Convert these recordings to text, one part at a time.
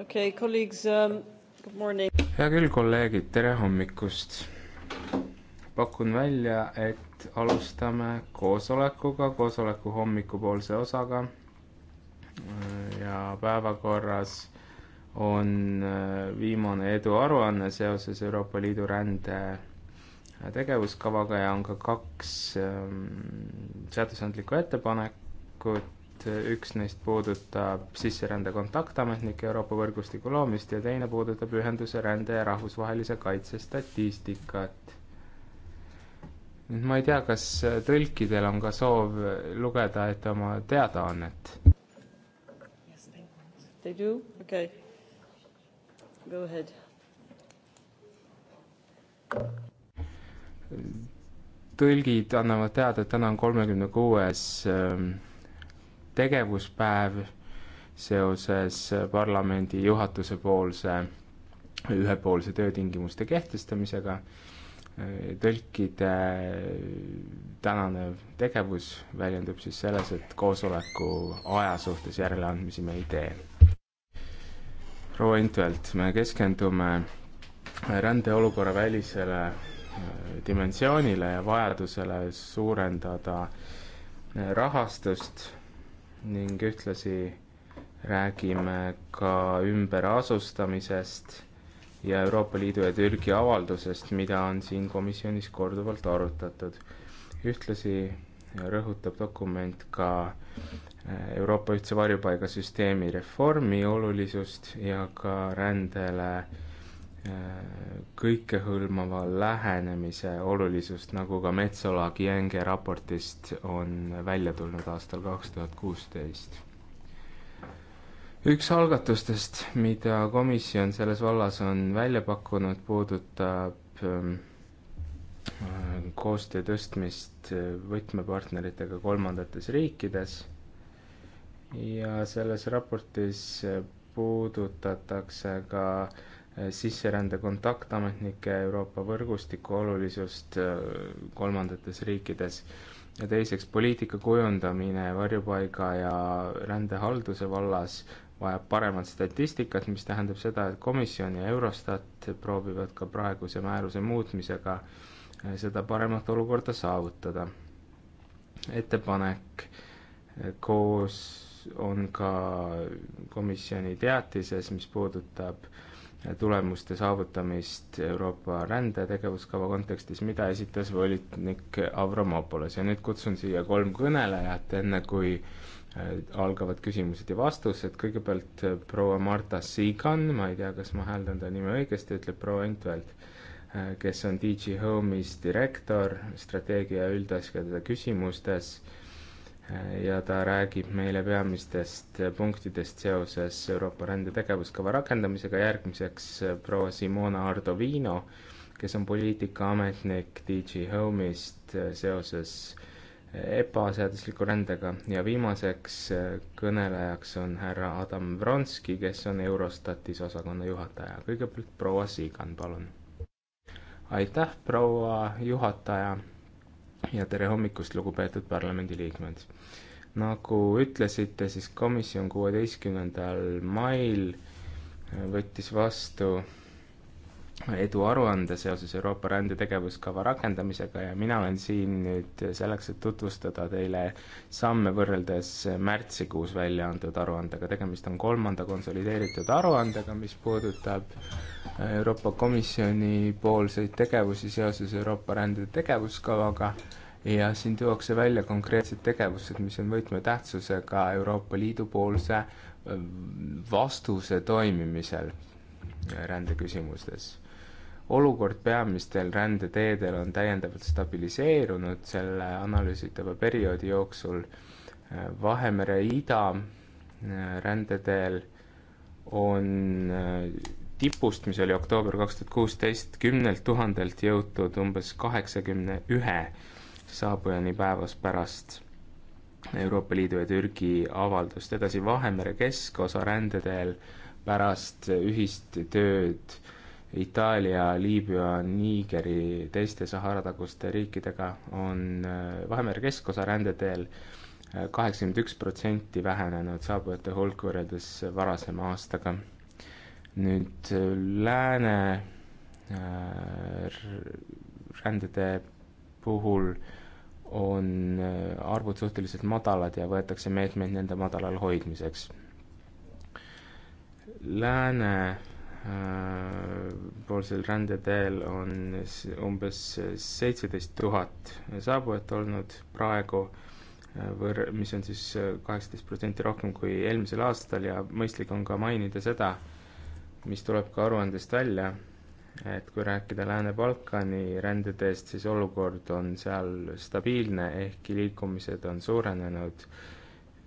okay, colleagues um,, good morning. hea küll, kolleegid, tere hommikust. pakun välja, et alustame koosolekuga, koosoleku hommikupoolse osaga. ja päevakorras on äh, viimane eduaruanne seoses Euroopa Liidu rände äh, tegevuskavaga ja on ka kaks ähm, seadusandlikku ettepanekut Äh, üks neist puudutab sisserände kontaktametnike Euroopa võrgustiku loomist ja teine puudutab ühenduse rände ja rahvusvahelise kaitse statistikat. nüüd ma ei tea, kas äh, tõlkidel on ka soov lugeda ette oma teadaannet? They do? Okay. Go ahead. tõlgid annavad teada, et täna on kolmekümne kuues ähm, tegevuspäev seoses parlamendi juhatuse poolse ühepoolse töötingimuste kehtestamisega. tõlkide tänane tegevus väljendub siis selles, et koosoleku aja suhtes järeleandmisi me ei tee. proua Intvelt, me keskendume rändeolukorra välisele äh, dimensioonile ja vajadusele suurendada äh, rahastust ning ühtlasi räägime ka ümberasustamisest ja Euroopa Liidu ja Türgi avaldusest, mida on siin komisjonis korduvalt arutatud. ühtlasi rõhutab dokument ka äh, Euroopa ühtse varjupaigasüsteemi reformi olulisust ja ka rändele kõikehõlmava lähenemise olulisust, nagu ka Metsola Kienge raportist on välja tulnud aastal kaks tuhat kuusteist. üks algatustest, mida komisjon selles vallas on välja pakkunud, puudutab ähm, äh, koostöö tõstmist võtmepartneritega kolmandates riikides ja selles raportis puudutatakse ka äh, Äh, sisserände kontaktametnike Euroopa võrgustiku olulisust äh, kolmandates riikides ja teiseks, poliitika kujundamine varjupaiga ja rändehalduse vallas vajab paremat statistikat, mis tähendab seda, et komisjon ja Eurostat proovivad ka praeguse määruse muutmisega äh, seda paremat olukorda saavutada. ettepanek koos on ka komisjoni teatises, mis puudutab tulemuste saavutamist Euroopa rändetegevuskava kontekstis, mida esitas volinik Avramopolos ja nüüd kutsun siia kolm kõnelejat, enne kui äh, algavad küsimused ja vastused, kõigepealt äh, proua Marta Siigan, ma ei tea, kas ma hääldan ta nime õigesti, ütleb proua Entvelt, äh, kes on DG Home'is direktor strateegia üldasjade küsimustes ja ta räägib meile peamistest punktidest seoses Euroopa rändetegevuskava rakendamisega, järgmiseks proua Simona Ardovino, kes on poliitikaametnik DG Home'ist seoses ebaseadusliku rändega ja viimaseks kõnelejaks on härra Adam Vronski, kes on Eurostatis osakonna juhataja. kõigepealt proua Siigan, palun. aitäh, proua juhataja ja tere hommikust, lugupeetud parlamendiliikmed nagu ütlesite, siis komisjon kuueteistkümnendal mail äh, võttis vastu eduaruande seoses Euroopa rändetegevuskava rakendamisega ja mina olen siin nüüd selleks, et tutvustada teile samme võrreldes märtsikuus välja antud aruandega. tegemist on kolmanda konsolideeritud aruandega, mis puudutab äh, Euroopa Komisjoni poolseid tegevusi seoses Euroopa rändetegevuskavaga ja siin tuuakse välja konkreetsed tegevused, mis on võtmetähtsusega Euroopa Liidu poolse vastuse toimimisel rändeküsimustes. olukord peamistel rändeteedel on täiendavalt stabiliseerunud selle analüüsitava perioodi jooksul. Vahemere ida rändeteel on tipust, mis oli oktoober kaks tuhat kuusteist, kümnelt tuhandelt jõutud umbes kaheksakümne ühe saabujani päevas pärast Euroopa Liidu ja Türgi avaldust, edasi Vahemere keskosa rändeteel pärast ühist tööd Itaalia, Liibüa, Nigeri, teiste Sahara-taguste riikidega on äh, Vahemere keskosa rändeteel äh, kaheksakümmend üks protsenti vähenenud saabujate hulk võrreldes varasema aastaga. nüüd äh, lääne äh, rändetee puhul äh, on äh, arvud suhteliselt madalad ja võetakse meetmeid nende madalal hoidmiseks. Lääne äh, poolsel rändeteel on umbes seitseteist tuhat saabujat olnud praegu, äh, võr-, mis on siis kaheksateist protsenti rohkem kui eelmisel aastal ja mõistlik on ka mainida seda, mis tuleb ka aruandest välja et kui rääkida Lääne-Balkani rändeteest, siis olukord on seal stabiilne, ehkki liikumised on suurenenud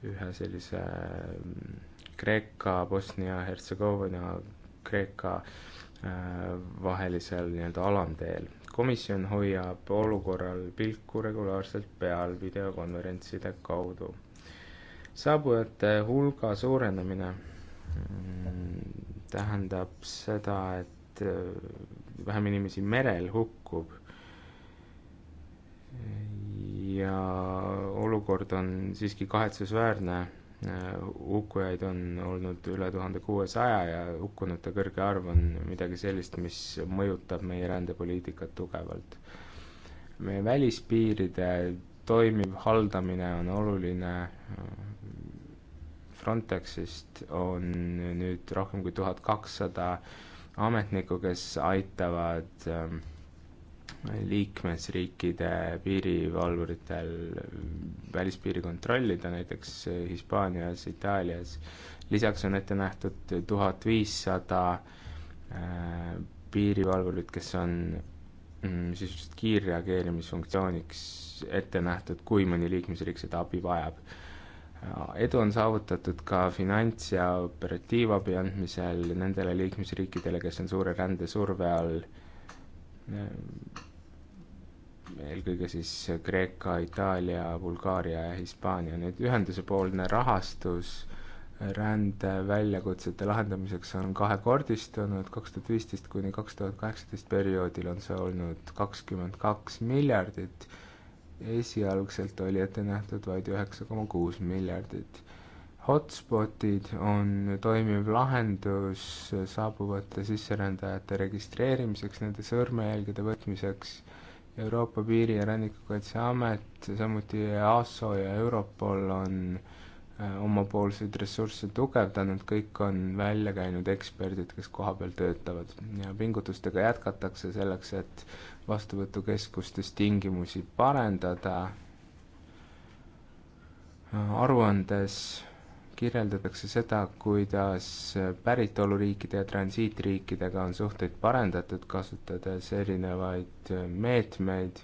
ühe sellise mm, Kreeka, Bosnia-Hertsegoovina, Kreeka äh, vahelisel nii-öelda alamteel. komisjon hoiab olukorral pilku regulaarselt peal videokonverentside kaudu. saabujate hulga suurenemine mm, tähendab seda, et et äh, vähem inimesi merel hukkub. ja olukord on siiski kahetsusväärne, äh, hukkujaid on olnud üle tuhande kuuesaja ja hukkunute kõrge arv on midagi sellist, mis mõjutab meie rändepoliitikat tugevalt. meie välispiiride toimiv haldamine on oluline Frontexist on nüüd rohkem kui tuhat kakssada ametnikku, kes aitavad ähm, liikmesriikide piirivalvuritel ähm, välispiiri kontrollida, näiteks äh, Hispaanias, Itaalias. lisaks on ette nähtud tuhat viissada äh, piirivalvurit, kes on mm, sisuliselt kiirreageerimisfunktsiooniks ette nähtud, kui mõni liikmesriik seda abi vajab edu on saavutatud ka finants- ja operatiivabi andmisel nendele liikmesriikidele, kes on suure rändesurve all, eelkõige siis Kreeka, Itaalia, Bulgaaria ja Hispaania, nüüd ühendusepoolne rahastus rände väljakutsete lahendamiseks on kahekordistunud, kaks tuhat viisteist kuni kaks tuhat kaheksateist perioodil on see olnud kakskümmend kaks miljardit esialgselt oli ette nähtud vaid üheksa koma kuus miljardit. Hotspotid on toimiv lahendus saabuvate sisserändajate registreerimiseks, nende sõrmejälgede võtmiseks, Euroopa Piiri- ja Rannikukaitseamet, samuti EASO ja Europol on äh, omapoolseid ressursse tugevdanud, kõik on välja käinud eksperdid, kes kohapeal töötavad ja pingutustega jätkatakse selleks, et vastuvõtukeskustes tingimusi parendada. aruandes kirjeldatakse seda, kuidas päritoluriikide ja transiitriikidega on suhteid parendatud, kasutades erinevaid meetmeid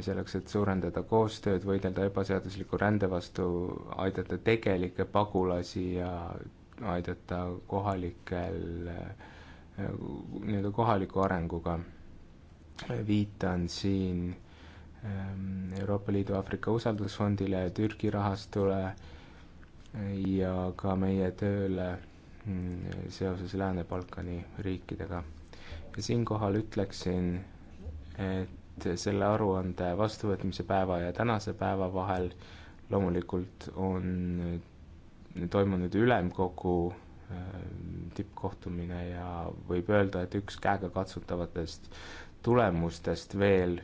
selleks, et suurendada koostööd, võidelda ebaseadusliku rände vastu, aidata tegelikke pagulasi ja aidata kohalikel, nii-öelda kohaliku arenguga viitan siin ähm, Euroopa Liidu Aafrika usaldusfondile, Türgi rahastule äh, ja ka meie tööle mm, seoses Lääne-Balkani riikidega. ja siinkohal ütleksin, et selle aruande vastuvõtmise päeva ja tänase päeva vahel loomulikult on toimunud ülemkogu äh, tippkohtumine ja võib öelda, et üks käegakatsutavatest äh, tulemustest veel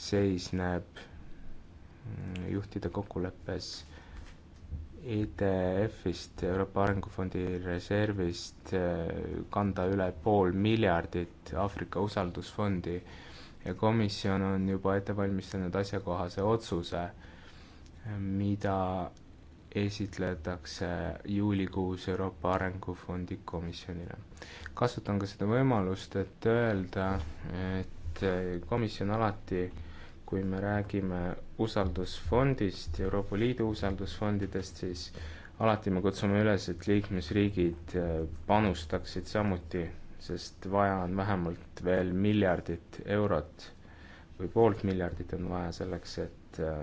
seisneb mm, juhtide kokkuleppes IDF-ist, e Euroopa Arengufondi reservist eh, kanda üle pool miljardit Aafrika usaldusfondi ja komisjon on juba ette valmistanud asjakohase otsuse, mida esitletakse juulikuus Euroopa Arengufondi komisjonile. kasutan ka seda võimalust, et öelda, et komisjon alati, kui me räägime usaldusfondist, Euroopa Liidu usaldusfondidest, siis alati me kutsume üles, et liikmesriigid panustaksid samuti, sest vaja on vähemalt veel miljardit eurot või poolt miljardit on vaja selleks, et äh,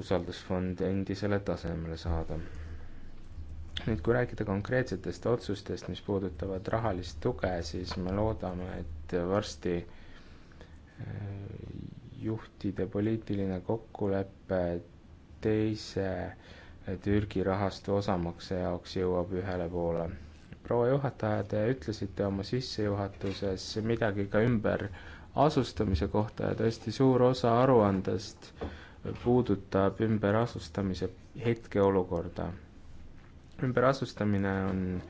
usaldusfond endisele tasemele saada. nüüd, kui rääkida konkreetsetest otsustest, mis puudutavad rahalist tuge, siis me loodame, et varsti äh, juhtide poliitiline kokkulepe teise äh, Türgi rahastu osamakse jaoks jõuab ühele poole. proua juhataja, te ütlesite oma sissejuhatuses midagi ka ümber asustamise kohta ja tõesti suur osa aruandest äh, puudutab ümberasustamise hetkeolukorda. ümberasustamine on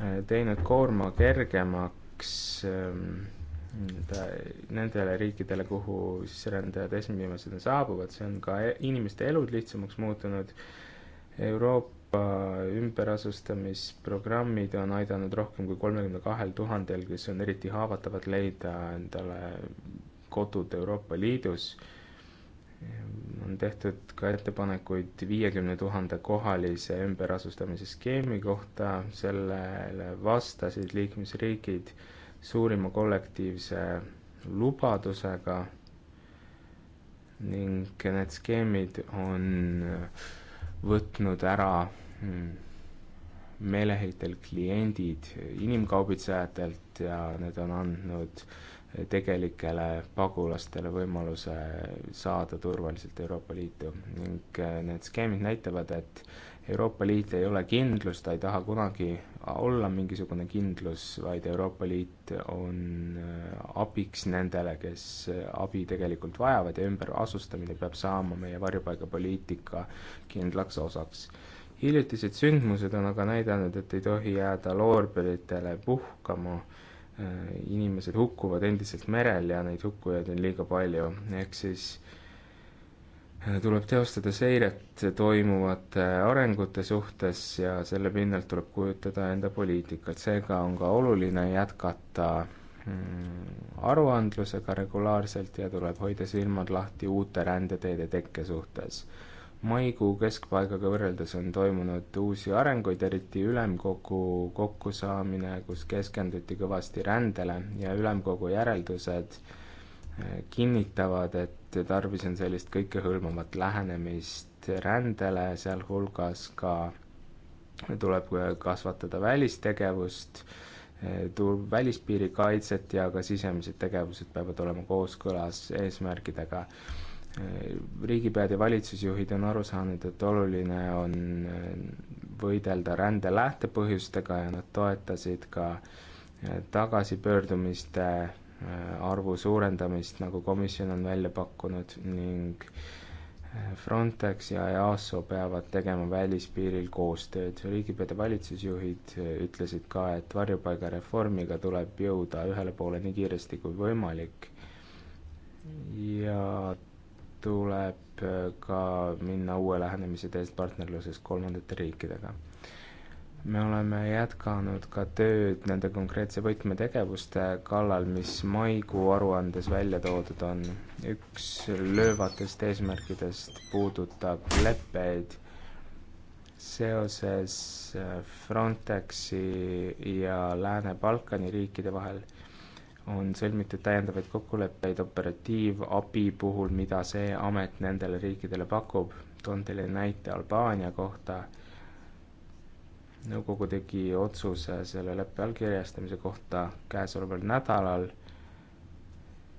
äh, teinud koorma kergemaks ta ähm, nendele riikidele, kuhu sisserändajad esimesena saabuvad, see on ka e-, inimeste elud lihtsamaks muutunud. Euroopa ümberasustamisprogrammid on aidanud rohkem kui kolmekümne kahel tuhandel, kes on eriti haavatavad, leida endale kodud Euroopa Liidus on tehtud ka ettepanekuid viiekümne tuhande kohalise ümberasustamise skeemi kohta, sellele vastasid liikmesriigid suurima kollektiivse lubadusega ning need skeemid on võtnud ära mm, meeleheitel kliendid inimkaubitsejatelt ja need on andnud äh, tegelikele pagulastele võimaluse saada turvaliselt Euroopa Liitu ning äh, need skeemid näitavad, et Euroopa Liit ei ole kindlus, ta ei taha kunagi olla mingisugune kindlus, vaid Euroopa Liit on äh, abiks nendele, kes äh, abi tegelikult vajavad ja ümberasustamine peab saama meie varjupaigapoliitika kindlaks osaks hiljutised sündmused on aga näidanud, et ei tohi jääda loorberitele puhkama äh, Äh, inimesed hukkuvad endiselt merel ja neid hukkujaid on liiga palju, ehk siis äh, tuleb teostada seiret toimuvate äh, arengute suhtes ja selle pinnalt tuleb kujutada enda poliitikat, seega on ka oluline jätkata mm, aruandlusega regulaarselt ja tuleb hoida silmad lahti uute rändeteede tekke suhtes maikuu keskpaigaga võrreldes on toimunud uusi arenguid, eriti ülemkogu kokkusaamine, kus keskenduti kõvasti rändele ja ülemkogu järeldused eh, kinnitavad, et tarvis on sellist kõikehõlmavat lähenemist rändele, sealhulgas ka tuleb kasvatada välistegevust, eh, tuleb välispiiri kaitset ja ka sisemised tegevused peavad olema kooskõlas eesmärkidega riigipead ja valitsusjuhid on aru saanud, et oluline on äh, võidelda rände lähtepõhjustega ja nad toetasid ka äh, tagasipöördumiste äh, arvu suurendamist, nagu komisjon on välja pakkunud ning Frontex ja EASO peavad tegema välispiiril koostööd. riigipead ja valitsusjuhid ütlesid ka, et varjupaigareformiga tuleb jõuda ühele poole nii kiiresti kui võimalik ja tuleb äh, ka minna uue lähenemise teest partnerluses kolmandate riikidega. me oleme jätkanud ka tööd nende konkreetse võtmetegevuste kallal, mis maikuu aruandes välja toodud on. üks löövatest eesmärkidest puudutab leppeid seoses äh, Frontexi ja Lääne-Balkani riikide vahel on sõlmitud täiendavaid kokkuleppeid operatiivabi puhul, mida see amet nendele riikidele pakub. toon teile näite Albaania kohta. nõukogu tegi otsuse selle leppe allkirjastamise kohta käesoleval nädalal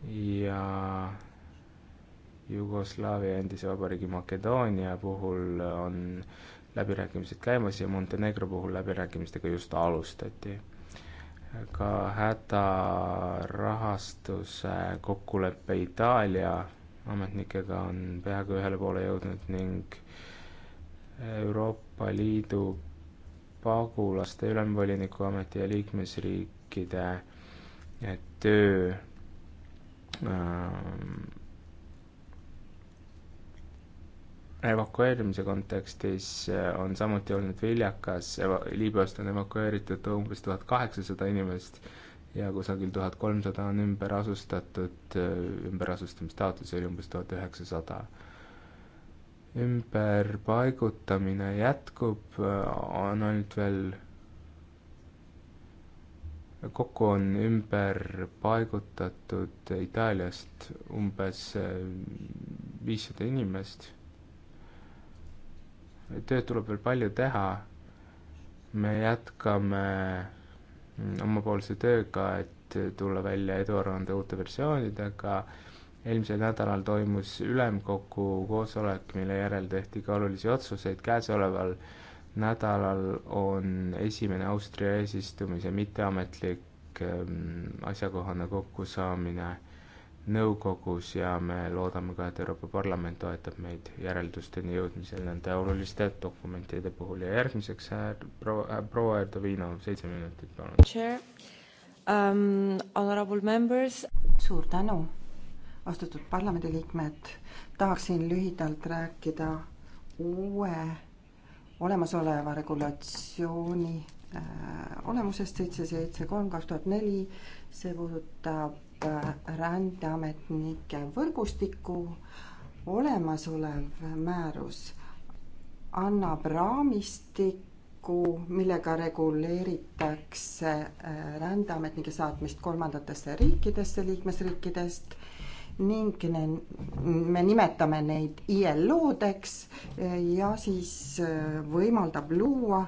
ja Jugoslaavia endise vabariigi Makedoonia puhul on läbirääkimised käimas ja Montenegro puhul läbirääkimistega just alustati ka hädarahastuse kokkulepe Itaalia ametnikega on peaaegu ühele poole jõudnud ning Euroopa Liidu pagulaste ülemvoliniku ameti ja liikmesriikide töö ähm, evakueerimise kontekstis äh, on samuti olnud viljakas, Liibüast on evakueeritud umbes tuhat kaheksasada inimest ja kusagil tuhat kolmsada on ümber asustatud, äh, ümberasustamistaotlusi oli umbes tuhat üheksasada. ümberpaigutamine jätkub, äh, on ainult veel, kokku on ümber paigutatud Itaaliast umbes viissada inimest tööd tuleb veel palju teha. me jätkame mm, omapoolse tööga, et tulla välja eduaruande uute versioonidega. eelmisel nädalal toimus ülemkogu koosolek, mille järel tehti ka olulisi otsuseid. käesoleval nädalal on esimene Austria eesistumise mitteametlik mm, asjakohane kokkusaamine nõukogus ja me loodame ka, et Euroopa Parlament toetab meid järeldusteni jõudmisel nende oluliste dokumentide puhul ja järgmiseks proua, proua Erdovino, seitse minutit, palun. Chair um,, honorable members. suur tänu, austatud parlamendiliikmed, tahaksin lühidalt rääkida uue olemasoleva regulatsiooni äh, olemusest seitse, seitse, kolm, kaks tuhat neli, see puudutab Äh, rändeametnike võrgustiku olemasolev määrus annab raamistiku, millega reguleeritakse äh, rändeametnike saatmist kolmandatesse riikidesse liikmesriikidest ning ne, me nimetame neid ILO-deks äh, ja siis võimaldab luua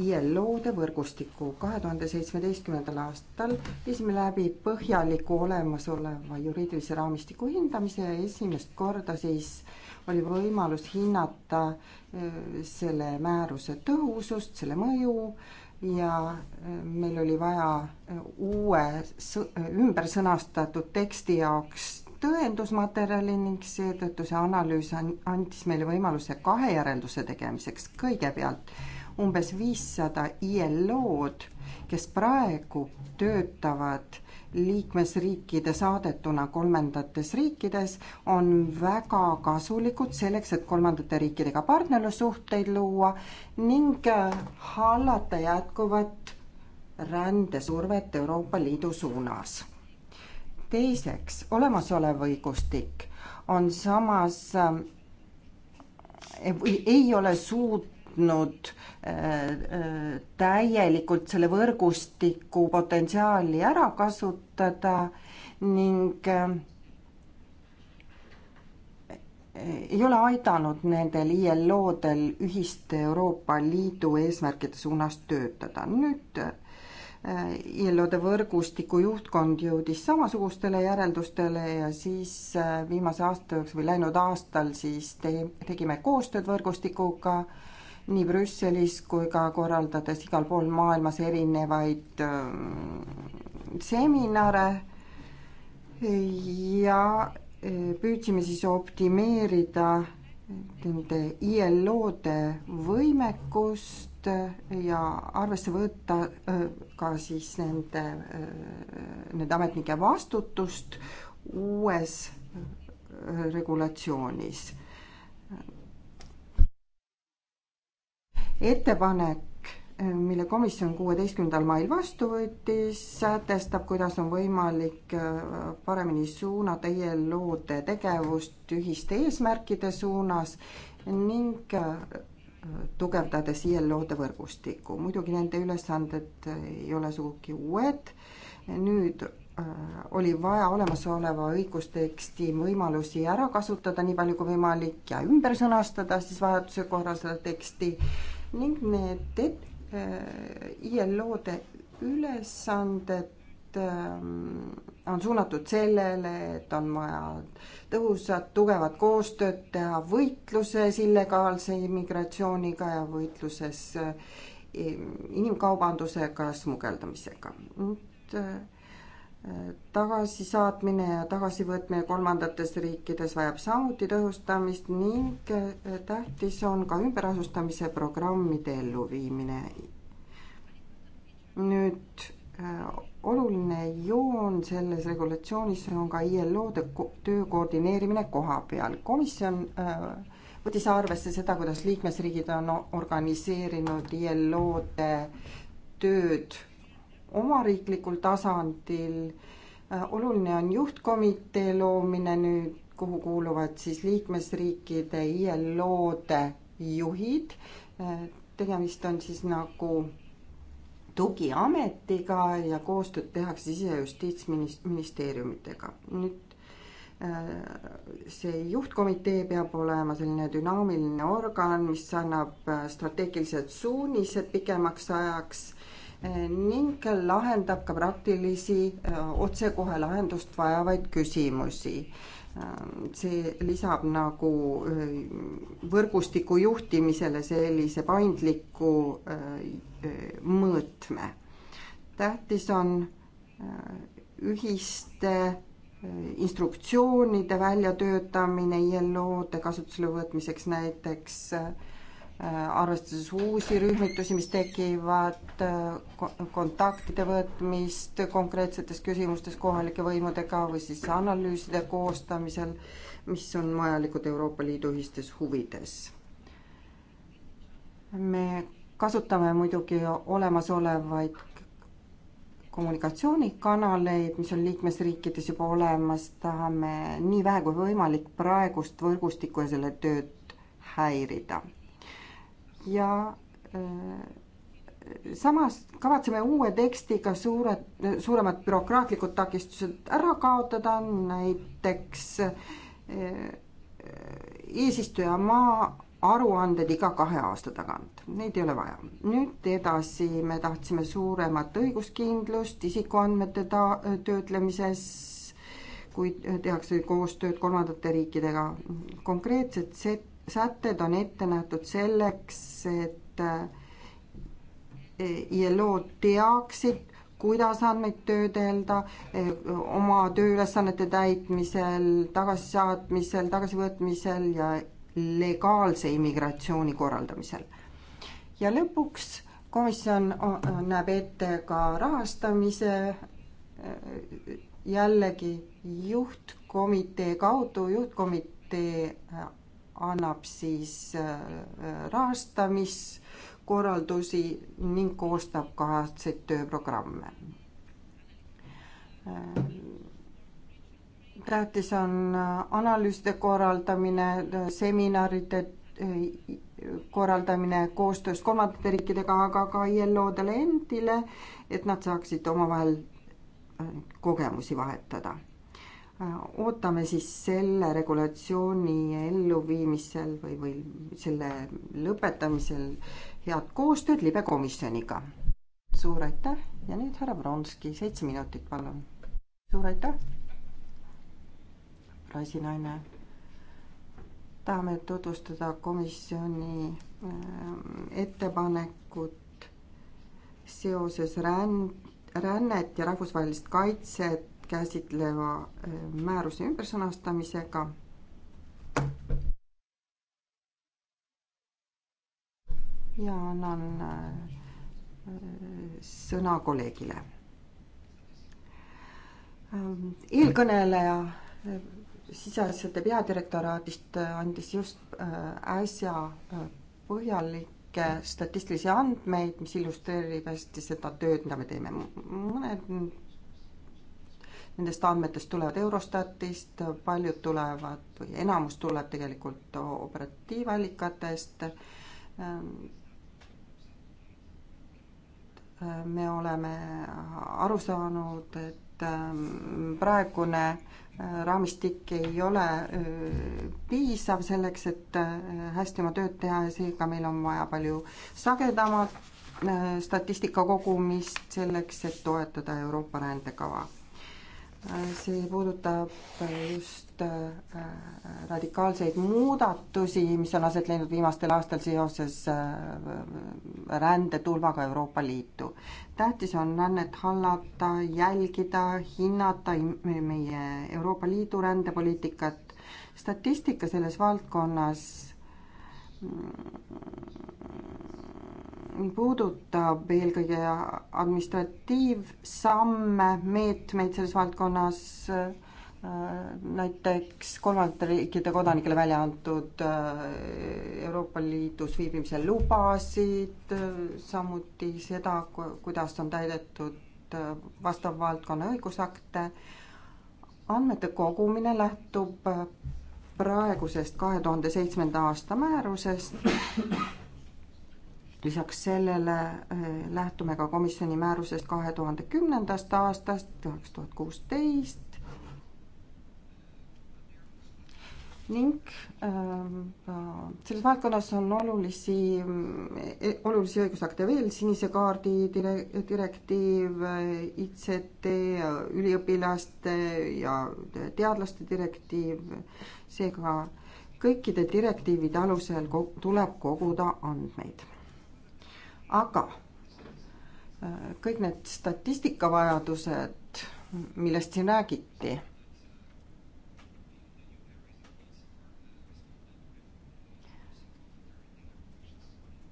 ILO-de võrgustiku. kahe tuhande seitsmeteistkümnendal aastal viisime läbi põhjaliku olemasoleva juriidilise raamistiku hindamise ja esimest korda siis oli võimalus hinnata eh, selle määruse tõhusust, selle mõju ja eh, meil oli vaja eh, uue ümber sõnastatud teksti jaoks tõendusmaterjali ning seetõttu see analüüs andis meile võimaluse kahe järelduse tegemiseks. kõigepealt umbes viissada ILO-d, kes praegu töötavad liikmesriikide saadetuna kolmandates riikides, on väga kasulikud selleks, et kolmandate riikidega partnerlussuhteid luua ning äh, hallata jätkuvat rändesurvet Euroopa Liidu suunas. teiseks, olemasolev õigustik on samas äh, või ei ole suut-, suutnud äh, äh, täielikult selle võrgustiku potentsiaali ära kasutada ning äh, ei ole aidanud nendel ILO-del ühiste Euroopa Liidu eesmärkide suunas töötada. nüüd ILO-de võrgustiku juhtkond jõudis samasugustele järeldustele ja siis viimase aasta jooksul või läinud aastal siis te, tegime koostööd võrgustikuga nii Brüsselis kui ka korraldades igal pool maailmas erinevaid äh, seminare ja äh, püüdsime siis optimeerida nende ILO-de võimekust äh, ja arvesse võtta ka siis nende, nende ametnike vastutust uues regulatsioonis ettepanek, eh, mille komisjon kuueteistkümnendal mail vastu võttis, sätestab, kuidas on võimalik eh, paremini suunata ILO-de tegevust ühiste eesmärkide suunas ning eh, tugevdades ILO-de võrgustikku. muidugi nende ülesanded ei ole sugugi uued, nüüd oli vaja olemasoleva õigusteksti võimalusi ära kasutada nii palju kui võimalik ja ümber sõnastada siis vajaduse korral seda teksti ning need äh, ILO-de ülesanded ähm, on suunatud sellele, et on vaja tõhusat, tugevat koostööd teha võitluses illegaalse immigratsiooniga ja võitluses äh, inimkaubandusega, smugeldamisega. et tagasisaatmine ja tagasivõtmine kolmandates riikides vajab samuti tõhustamist ning eh, tähtis on ka ümberasustamise programmide elluviimine. nüüd eh, oluline joon selles regulatsioonis on ka ILO töö koordineerimine koha peal. komisjon eh, võttis arvesse seda, kuidas liikmesriigid on organiseerinud ILO-de tööd oma riiklikul tasandil. Äh, oluline on juhtkomitee loomine nüüd, kuhu kuuluvad siis liikmesriikide ILO-de juhid. Äh, tegemist on siis nagu tugiametiga ja koostööd tehakse sise- ja justiitsministeeriumitega. nüüd äh, see juhtkomitee peab olema selline dünaamiline organ, mis annab strateegilised suunised pikemaks ajaks ning lahendab ka praktilisi äh, otsekohe lahendust vajavaid küsimusi. Äh, see lisab nagu äh, võrgustiku juhtimisele sellise paindliku mõõtme. tähtis on ühiste instruktsioonide väljatöötamine ILO-de kasutusele võtmiseks näiteks äh, Äh, arvestades uusi rühmitusi, mis tekivad, äh, kontaktide võtmist konkreetsetes küsimustes kohalike võimudega või siis analüüside koostamisel, mis on vajalikud Euroopa Liidu ühistes huvides. me kasutame muidugi olemasolevaid kommunikatsioonikanaleid, mis on liikmesriikides juba olemas, tahame nii vähe kui võimalik praegust võrgustikku ja selle tööd häirida ja äh, samas kavatseme uue tekstiga suured, suuremad bürokraatlikud takistused ära kaotada, näiteks äh, eesistujamaa aruanded iga kahe aasta tagant, neid ei ole vaja. nüüd edasi me tahtsime suuremat õiguskindlust isikuandmete ta-, töötlemises, kui tehakse koostööd kolmandate riikidega, konkreetset set-, sätted on ette nähtud selleks, et eh, ILO teaksid, kuidas andmeid töödelda eh, oma tööülesannete täitmisel, tagasisaatmisel, tagasivõtmisel ja legaalse immigratsiooni korraldamisel. ja lõpuks komisjon näeb ette ka rahastamise eh, jällegi juhtkomitee kaudu, juhtkomitee annab siis äh, äh, rahastamiskorraldusi ning koostab ka aastaseid tööprogramme. Äh, tähtis on analüüside korraldamine, seminaride korraldamine koostöös kolmandate riikidega, aga ka ILO-dele endile, et nad saaksid omavahel kogemusi vahetada Äh, ootame siis selle regulatsiooni elluviimisel või, või selle lõpetamisel head koostööd libekomisjoniga. suur aitäh ja nüüd härra Vronski, seitse minutit, palun. suur aitäh. rasinaine. tahame tutvustada komisjoni äh, ettepanekut seoses ränd, rännet ja rahvusvahelist kaitset käsitleva äh, määruse ümbersõnastamisega. ja annan äh, sõna kolleegile. Ähm, eelkõneleja äh, siseasjade peadirektoraadist andis just äsja põhjalikke statistilisi andmeid, mis illustreerib hästi seda tööd, mida me teeme. mõned nendest andmetest tulevad Eurostatist, paljud tulevad või enamus tuleb tegelikult operatiivallikatest. me oleme aru saanud, et praegune raamistik ei ole äh, piisav selleks, et äh, hästi oma tööd teha ja seega meil on vaja palju sagedamat äh, statistika kogumist selleks, et toetada Euroopa rändekava Äh, see puudutab äh, just äh, radikaalseid muudatusi, mis on aset leidnud viimastel aastal seoses rändetulvaga Euroopa Liitu. tähtis on rännet hallata, jälgida, hinnata meie Euroopa Liidu rändepoliitikat. statistika selles valdkonnas mm, puudutab eelkõige administratiivsamme, meetmeid selles valdkonnas, äh, näiteks kolmandate riikide kodanikele välja antud äh, Euroopa Liidus viibimise lubasid, äh, samuti seda, kuidas on täidetud vastav valdkonna õigusakte. andmete kogumine lähtub praegusest kahe tuhande seitsmenda aasta määrusest lisaks sellele äh, lähtume ka komisjoni määrusest kahe tuhande kümnendast aastast, kaks tuhat kuusteist ning ähm, selles valdkonnas on olulisi, e, olulisi õigusakte veel, sinise kaardi dire-, direktiiv, ICT, üliõpilaste ja teadlaste direktiiv, seega kõikide direktiivide alusel tuleb koguda andmeid aga äh, kõik need statistikavajadused, millest siin räägiti,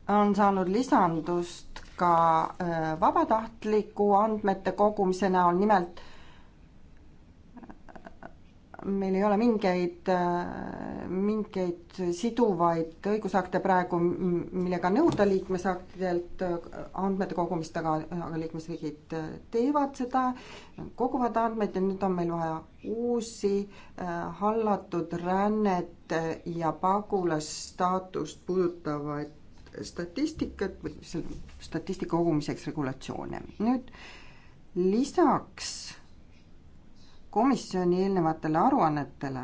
on saanud lisandust ka äh, vabatahtliku andmete kogumise näol, nimelt meil ei ole mingeid, äh, mingeid siduvaid õigusakte praegu, millega nõuda liikmesaktidelt äh, andmete kogumist, aga, aga liikmesriigid äh, teevad seda, koguvad andmeid ja nüüd on meil vaja uusi hallatud rännet ja pagulasstaatust puudutavaid statistikat või selle statistika kogumiseks regulatsioone. nüüd lisaks komisjoni eelnevatele aruannetele.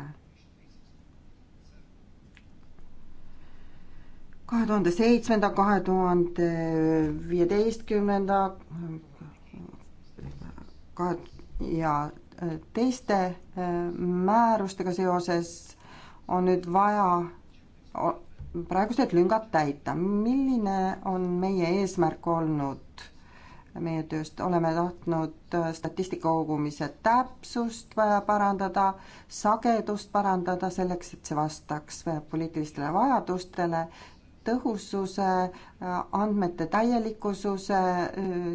kahe tuhande seitsmenda, kahe tuhande viieteistkümnenda, kahe ja äh, teiste äh, määrustega seoses on nüüd vaja praegused lüngad täita. milline on meie eesmärk olnud? meie tööst, oleme tahtnud äh, statistika kogumise täpsust parandada, sagedust parandada selleks, et see vastaks äh, poliitilistele vajadustele, tõhususe, äh, andmete täielikkususe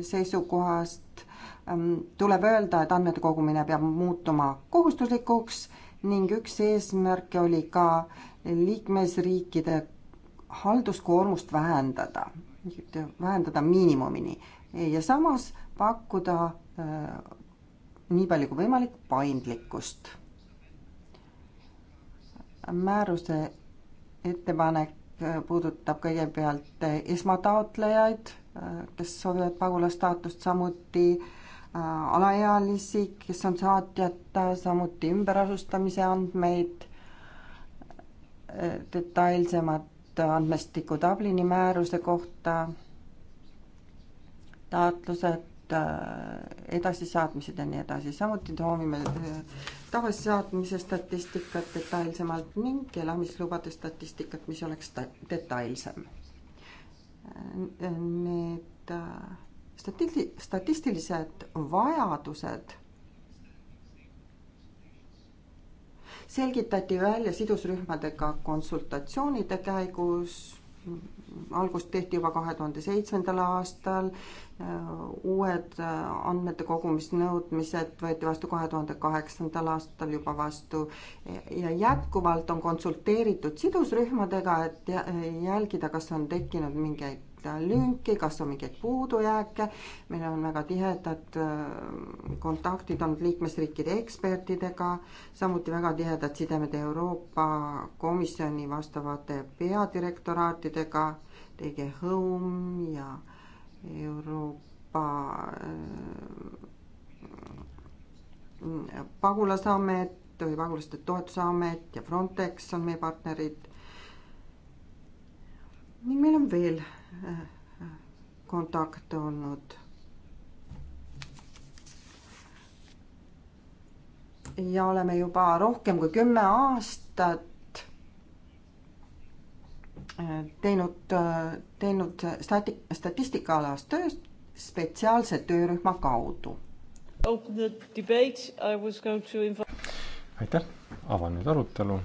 seisukohast ähm, tuleb öelda, et andmete kogumine peab muutuma kohustuslikuks ning üks eesmärke oli ka liikmesriikide halduskoormust vähendada, vähendada miinimumini ja samas pakkuda äh, nii palju kui võimalik paindlikkust. määruse ettepanek äh, puudutab kõigepealt äh, esmataotlejaid, kes soovivad pagulasstaatust, samuti alaealisi, kes on saatjata, samuti ümberasustamise andmeid, detailsemad andmestiku Dublini määruse kohta taotlused, äh, edasisaatmised ja nii edasi. samuti soovime äh, tagasisaatmise statistikat detailsemalt ning elamislubade statistikat, mis oleks detailsem. Äh, need statisti-, statistilised vajadused selgitati välja sidusrühmadega konsultatsioonide käigus algust tehti juba kahe tuhande seitsmendal aastal, äh, uued äh, andmete kogumisnõudmised võeti vastu kahe tuhande kaheksandal aastal juba vastu ja jätkuvalt on konsulteeritud sidusrühmadega, et jälgida, kas on tekkinud mingeid äh, lünki, kas on mingeid puudujääke. meil on väga tihedad kontaktid olnud liikmesriikide ekspertidega, samuti väga tihedad sidemed Euroopa Komisjoni vastavate peadirektoraatidega. DG Home ja Euroopa äh, pagulasamet või pagulaste toetusamet ja Frontex on meie partnerid. ning meil on veel äh, kontakte olnud. ja oleme juba rohkem kui kümme aastat teinud, teinud stati-, statistikaalast tööst spetsiaalse töörühma kaudu. aitäh, avan nüüd arutelu.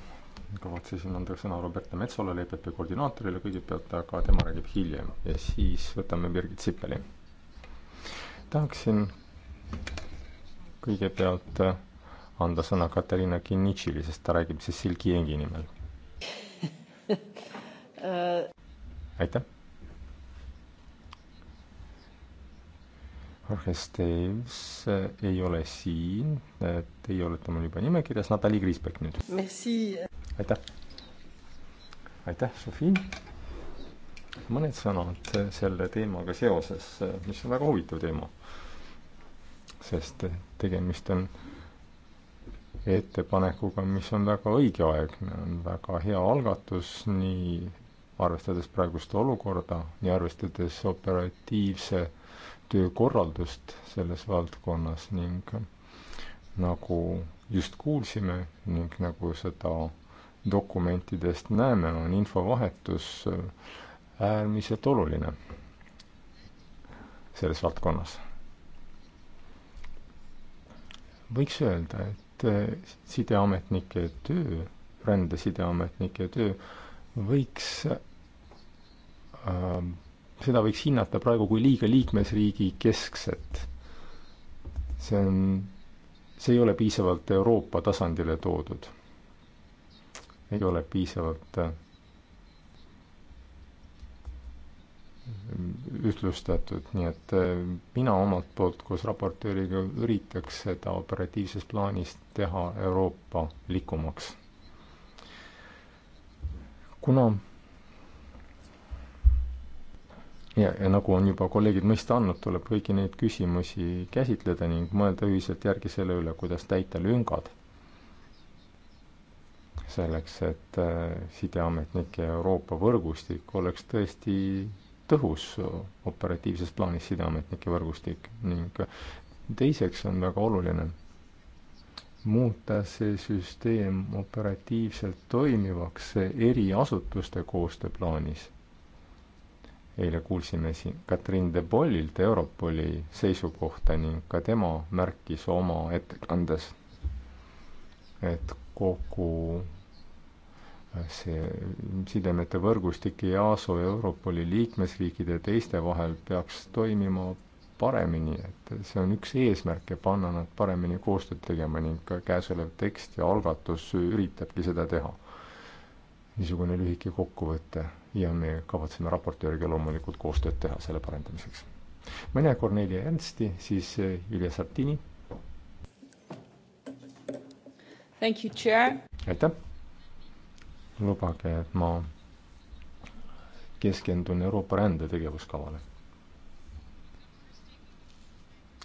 kavatsesin anda sõna Roberta Metsole, EPP koordinaatorile kõigepealt, aga tema räägib hiljem ja siis võtame Birgit Sipeli. tahaksin kõigepealt äh, anda sõna Katariina Kinnitšile, sest ta räägib siis Silki Jengi nimel aitäh. Jorge Steves eh, ei ole siin, eh, teie olete mul juba nimekirjas, Natalja Kriisbeck nüüd. aitäh. aitäh, Sofi. mõned sõnad eh, selle teemaga seoses, mis on väga huvitav teema. sest tegemist on ettepanekuga, mis on väga õigeaegne, on väga hea algatus nii arvestades praegust olukorda ja arvestades operatiivse töö korraldust selles valdkonnas ning nagu just kuulsime ning nagu seda dokumentidest näeme, on infovahetus äh, äärmiselt oluline selles valdkonnas. võiks öelda, et äh, sideametnike töö, rände sideametnike töö võiks Ähm, seda võiks hinnata praegu kui liiga liikmesriigi keskset. see on, see ei ole piisavalt Euroopa tasandile toodud. ei ole piisavalt äh, ühtlustatud, nii et äh, mina omalt poolt koos raportööriga üritaks seda operatiivses plaanis teha Euroopa likumaks. kuna ja, ja nagu on juba kolleegid mõista andnud, tuleb kõiki neid küsimusi käsitleda ning mõelda ühiselt järgi selle üle, kuidas täita lüngad. selleks, et äh, sideametnike Euroopa võrgustik oleks tõesti tõhus operatiivses plaanis sideametnike võrgustik ning teiseks on väga oluline muuta see süsteem operatiivselt toimivaks eri asutuste koostöö plaanis eile kuulsime siin Katrin de Bollilt Europoli seisukohta ning ka tema märkis oma ettekandes, et kogu äh, see sidemete võrgustik EASO ja Europoli liikmesriikide ja teiste vahel peaks toimima paremini, et see on üks eesmärke, panna nad paremini koostööd tegema ning ka käesolev tekst ja algatus üritabki seda teha. niisugune lühike kokkuvõte ja me kavatseme raportööriga loomulikult koostööd teha selle parendamiseks. ma ei näe Kornelia Ernsti, siis eh, Julia Sartini. aitäh. lubage, et ma keskendun Euroopa rändetegevuskavale.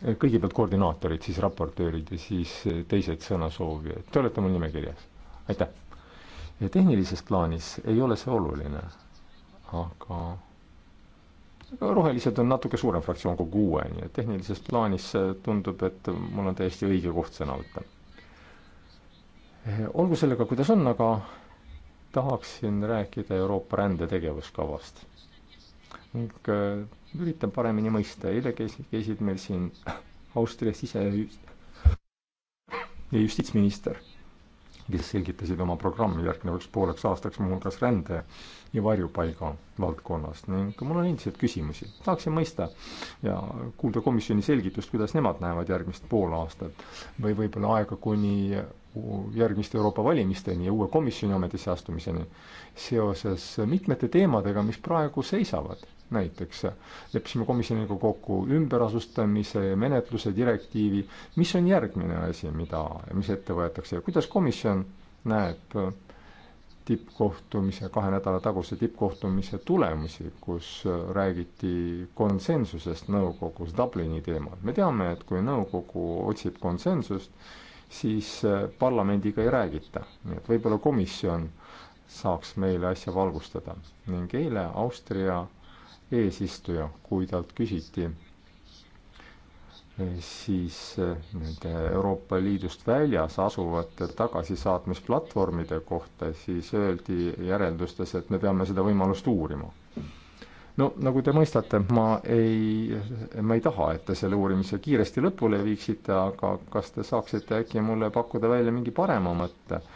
Eh, kõigepealt koordinaatorid, siis raportöörid ja siis eh, teised sõnasoovijad, te olete mul nimekirjas, aitäh. tehnilises plaanis ei ole see oluline aga rohelised on natuke suurem fraktsioon kui kuue, nii et tehnilises plaanis tundub, et mul on täiesti õige koht sõna võtta. Eh, olgu sellega, kuidas on, aga tahaksin rääkida Euroopa rändetegevuskavast ning eh, üritan paremini mõista, eile käisid, käisid meil siin Austria sise- ja justiitsminister kes selgitasid oma programmi järgnevaks pooleks aastaks muuhulgas rände ja varjupaiga valdkonnas ning mul on endiselt küsimusi. tahaksin mõista ja kuulda komisjoni selgitust, kuidas nemad näevad järgmist pool aastat või võib-olla aega kuni järgmiste Euroopa valimisteni ja uue komisjoni ametisse astumiseni seoses mitmete teemadega, mis praegu seisavad näiteks leppisime komisjoniga kokku ümberasustamise menetluse direktiivi, mis on järgmine asi, mida, mis ette võetakse ja kuidas komisjon näeb tippkohtumise, kahe nädala taguse tippkohtumise tulemusi, kus räägiti konsensusest nõukogus Dublini teemal. me teame, et kui nõukogu otsib konsensust, siis parlamendiga ei räägita, nii et võib-olla komisjon saaks meile asja valgustada. ning eile Austria eesistuja, kui talt küsiti siis nende Euroopa Liidust väljas asuvate tagasisaatmisplatvormide kohta, siis öeldi järeldustes, et me peame seda võimalust uurima. no nagu te mõistate, ma ei, ma ei taha, et te selle uurimise kiiresti lõpule viiksite, aga kas te saaksite äkki mulle pakkuda välja mingi parema mõtte äh,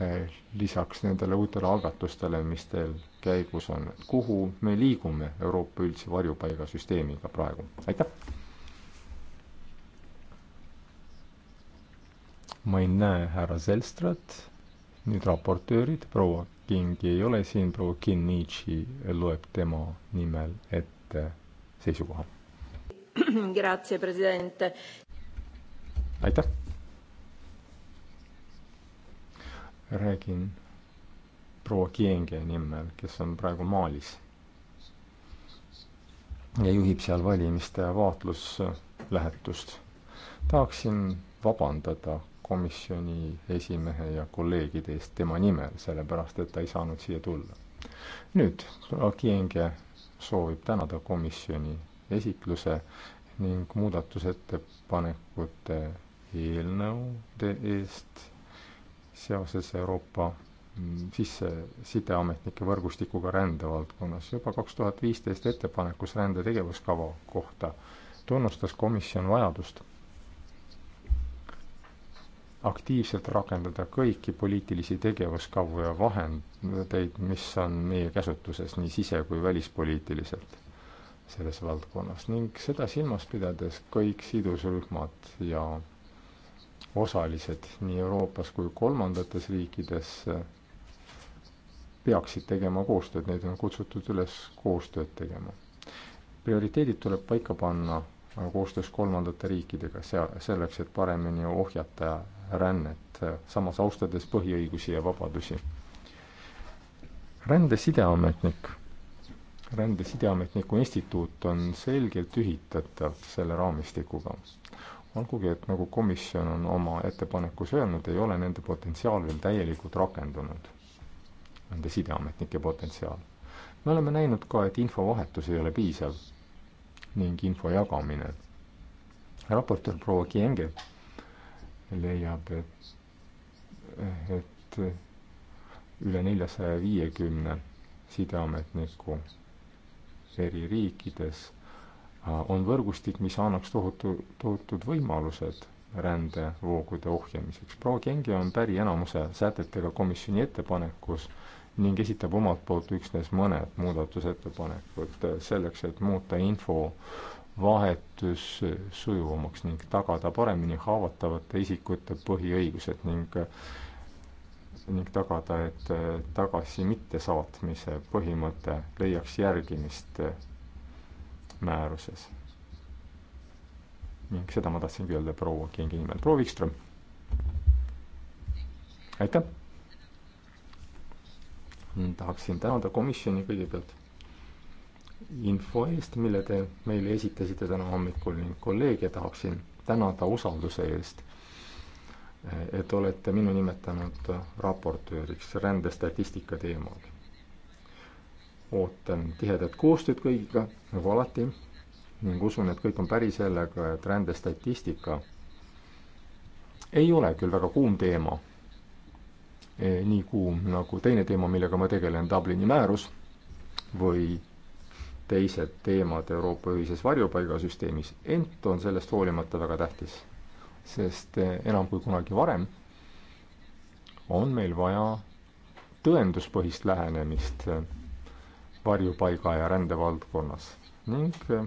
Eh, lisaks nendele uutele algatustele, mis teil käigus on, kuhu me liigume Euroopa üldise varjupaigasüsteemiga praegu, aitäh! ma ei näe härra Zelstrat, nüüd raportöörid, proua Kingi ei ole siin, proua Kinnichi loeb tema nimel ette seisukoha. aitäh! räägin proua Kienge nimel, kes on praegu Malis ja juhib seal valimiste vaatluslähetust. tahaksin vabandada komisjoni esimehe ja kolleegide eest tema nimel, sellepärast et ta ei saanud siia tulla. nüüd proua Kienge soovib tänada komisjoni esitluse ning muudatusettepanekute eelnõude eest seoses Euroopa mm, sissesideametnike võrgustikuga rändevaldkonnas. juba kaks tuhat viisteist ettepanekus rände tegevuskava kohta tunnustas komisjon vajadust aktiivselt rakendada kõiki poliitilisi tegevuskavu ja vahendeid, mis on meie käsutuses nii sise- kui välispoliitiliselt selles valdkonnas ning seda silmas pidades kõik sidusrühmad ja osalised nii Euroopas kui kolmandates riikides eh, peaksid tegema koostööd, neid on kutsutud üles koostööd tegema. prioriteedid tuleb paika panna eh, koostöös kolmandate riikidega, sea-, selleks, et paremini ohjata rännet, eh, samas austades põhiõigusi ja vabadusi. rände sideametnik, rände sideametniku instituut on selgelt ühitatav selle raamistikuga olgugi, et nagu komisjon on oma ettepanekus öelnud, ei ole nende potentsiaal veel täielikult rakendunud, nende sideametnike potentsiaal. me oleme näinud ka, et infovahetus ei ole piisav ning info jagamine. raportöör proua Kienge leiab, et, et üle neljasaja viiekümne sideametniku eri riikides on võrgustik, mis annaks tohutu, tohutud võimalused rändevoogude ohjamiseks. proua Kengi on päri enamuse sätetega komisjoni ettepanekus ning esitab omalt poolt üksnes mõned muudatusettepanekud selleks, et muuta infovahetus sujuvamaks ning tagada paremini haavatavate isikute põhiõigused ning ning tagada, et tagasi mittesaatmise põhimõte leiaks järgimist määruses. ning seda ma tahtsingi öelda proua Kingi nimel, proua Vikström. aitäh! tahaksin tänada komisjoni kõigepealt info eest, mille te meile esitasite täna hommikul ning kolleege tahaksin tänada usalduse eest, et olete minu nimetanud raportööriks rändestatistika teemal ootan tihedat koostööd kõigiga, nagu alati, ning usun, et kõik on päri sellega, et rändestatistika ei ole küll väga kuum teema, e, nii kuum nagu teine teema, millega ma tegelen, Dublini määrus või teised teemad Euroopa ühises varjupaigasüsteemis, ent on sellest hoolimata väga tähtis, sest e, enam kui kunagi varem on meil vaja tõenduspõhist lähenemist e, varjupaiga ja rändevaldkonnas ning eh,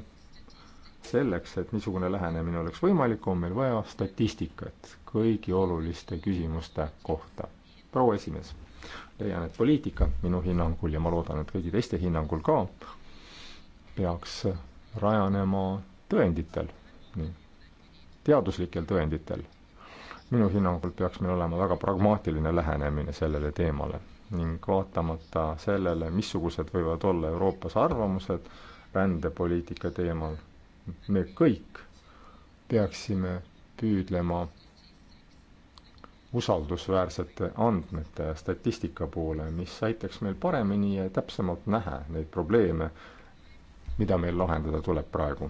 selleks, et niisugune lähenemine oleks võimalik, on meil vaja statistikat kõigi oluliste küsimuste kohta. proua esimees, leian, et poliitika minu hinnangul ja ma loodan, et kõigi teiste hinnangul ka, peaks rajanema tõenditel, teaduslikel tõenditel. minu hinnangul peaks meil olema väga pragmaatiline lähenemine sellele teemale ning vaatamata sellele, missugused võivad olla Euroopas arvamused rändepoliitika teemal, me kõik peaksime püüdlema usaldusväärsete andmete ja statistika poole, mis aitaks meil paremini ja täpsemalt näha neid probleeme, mida meil lahendada tuleb praegu.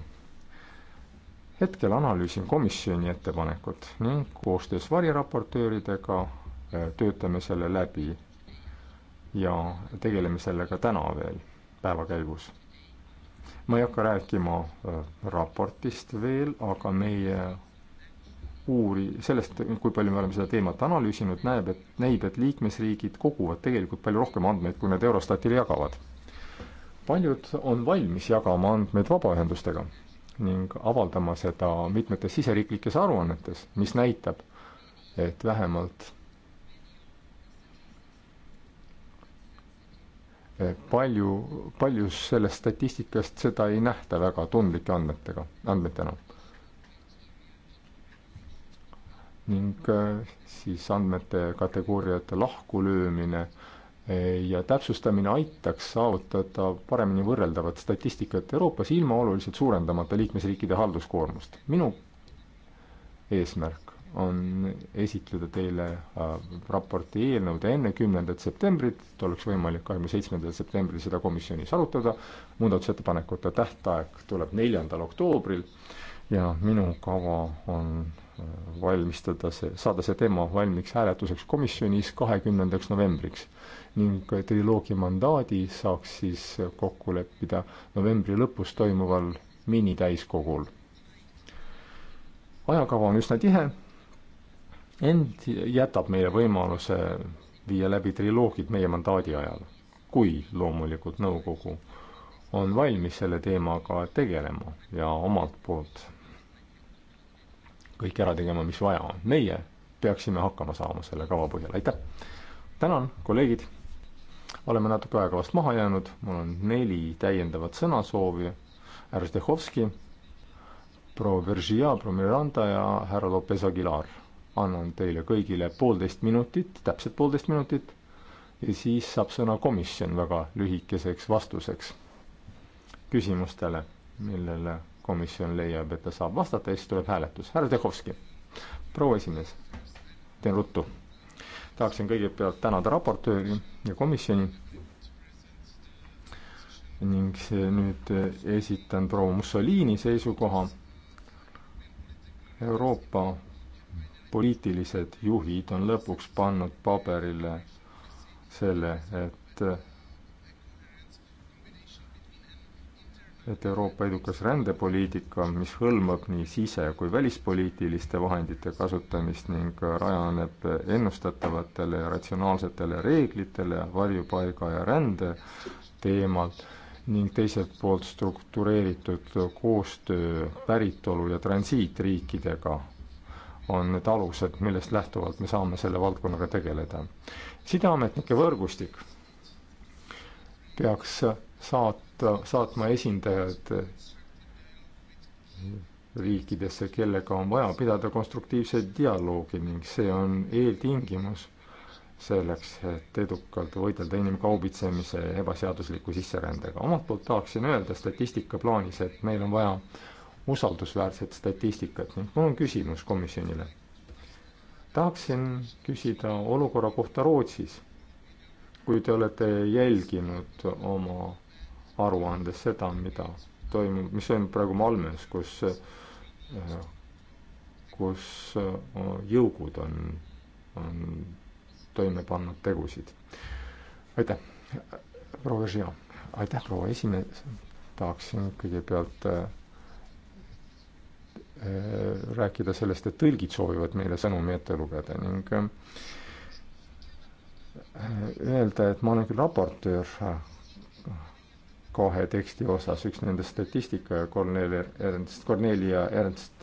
hetkel analüüsin komisjoni ettepanekut ning koostöös variraportööridega äh, töötame selle läbi ja tegeleme sellega täna veel päeva käigus. ma ei hakka rääkima äh, raportist veel, aga meie uuri-, sellest, kui palju me oleme seda teemat analüüsinud, näeb, et näib, et liikmesriigid koguvad tegelikult palju rohkem andmeid, kui nad Eurostatile jagavad. paljud on valmis jagama andmeid vabaühendustega ning avaldama seda mitmetes siseriiklikes aruannetes, mis näitab, et vähemalt palju, palju sellest statistikast seda ei nähta väga tundlike andmetega, andmetena. ning äh, siis andmete kategooriate lahkulöömine äh, ja täpsustamine aitaks saavutada paremini võrreldavat statistikat Euroopas ilma oluliselt suurendamata liikmesriikide halduskoormust. minu eesmärk on esitleda teile äh, raporti eelnõud enne kümnendat septembrit, et oleks võimalik kahekümne seitsmendal septembril seda komisjonis arutada. muudatusettepanekute tähtaeg tuleb neljandal oktoobril ja minu kava on äh, valmistada see, saada see teema valmiks hääletuseks komisjonis kahekümnendaks novembriks ning triloogi mandaadi saaks siis kokku leppida novembri lõpus toimuval minitäiskogul. ajakava on üsna tihe ent jätab meile võimaluse viia läbi triloogid meie mandaadi ajal, kui loomulikult nõukogu on valmis selle teemaga tegelema ja omalt poolt kõik ära tegema, mis vaja on. meie peaksime hakkama saama selle kava põhjal, aitäh! tänan, kolleegid! oleme natuke aega vast maha jäänud, mul on neli täiendavat sõnasoovi, härra Stehhovski, proua Veržia, proua Miranda ja härra Lopez Aguilar annan teile kõigile poolteist minutit, täpselt poolteist minutit, ja siis saab sõna komisjon väga lühikeseks vastuseks küsimustele, millele komisjon leiab, et ta saab vastata ja siis tuleb hääletus. härra Tehhovski, proua esimees, teen ruttu. tahaksin kõigepealt tänada raportööri ja komisjoni ning nüüd esitan proua Mussolini seisukoha Euroopa poliitilised juhid on lõpuks pannud paberile selle, et et Euroopa edukas rändepoliitika, mis hõlmab nii sise- kui välispoliitiliste vahendite kasutamist ning rajaneb ennustatavatele ja ratsionaalsetele reeglitele varjupaiga ja rände teemal ning teiselt poolt struktureeritud koostöö päritolu- ja transiitriikidega on need alused, millest lähtuvalt me saame selle valdkonnaga tegeleda. sideametnike võrgustik peaks saata, saatma esindajad riikidesse, kellega on vaja pidada konstruktiivset dialoogi ning see on eeltingimus selleks, et edukalt võidelda inimkaubitsemise ja ebaseadusliku sisserändega. omalt poolt tahaksin öelda statistika plaanis, et meil on vaja usaldusväärset statistikat ning mul on küsimus komisjonile. tahaksin küsida olukorra kohta Rootsis. kui te olete jälginud oma aruandes seda, mida toimub, mis toimub praegu Malmös, kus, kus jõugud on, on toime pannud tegusid. aitäh, proua Žia. aitäh, proua esimees. tahaksin kõigepealt äh, Äh, rääkida sellest, et tõlgid soovivad meile sõnumi ette lugeda ning äh, öelda, et ma olen küll raportöör äh, kahe teksti osas, üks nendest statistika ja Kornelia Ernst, Kornelia Ernst,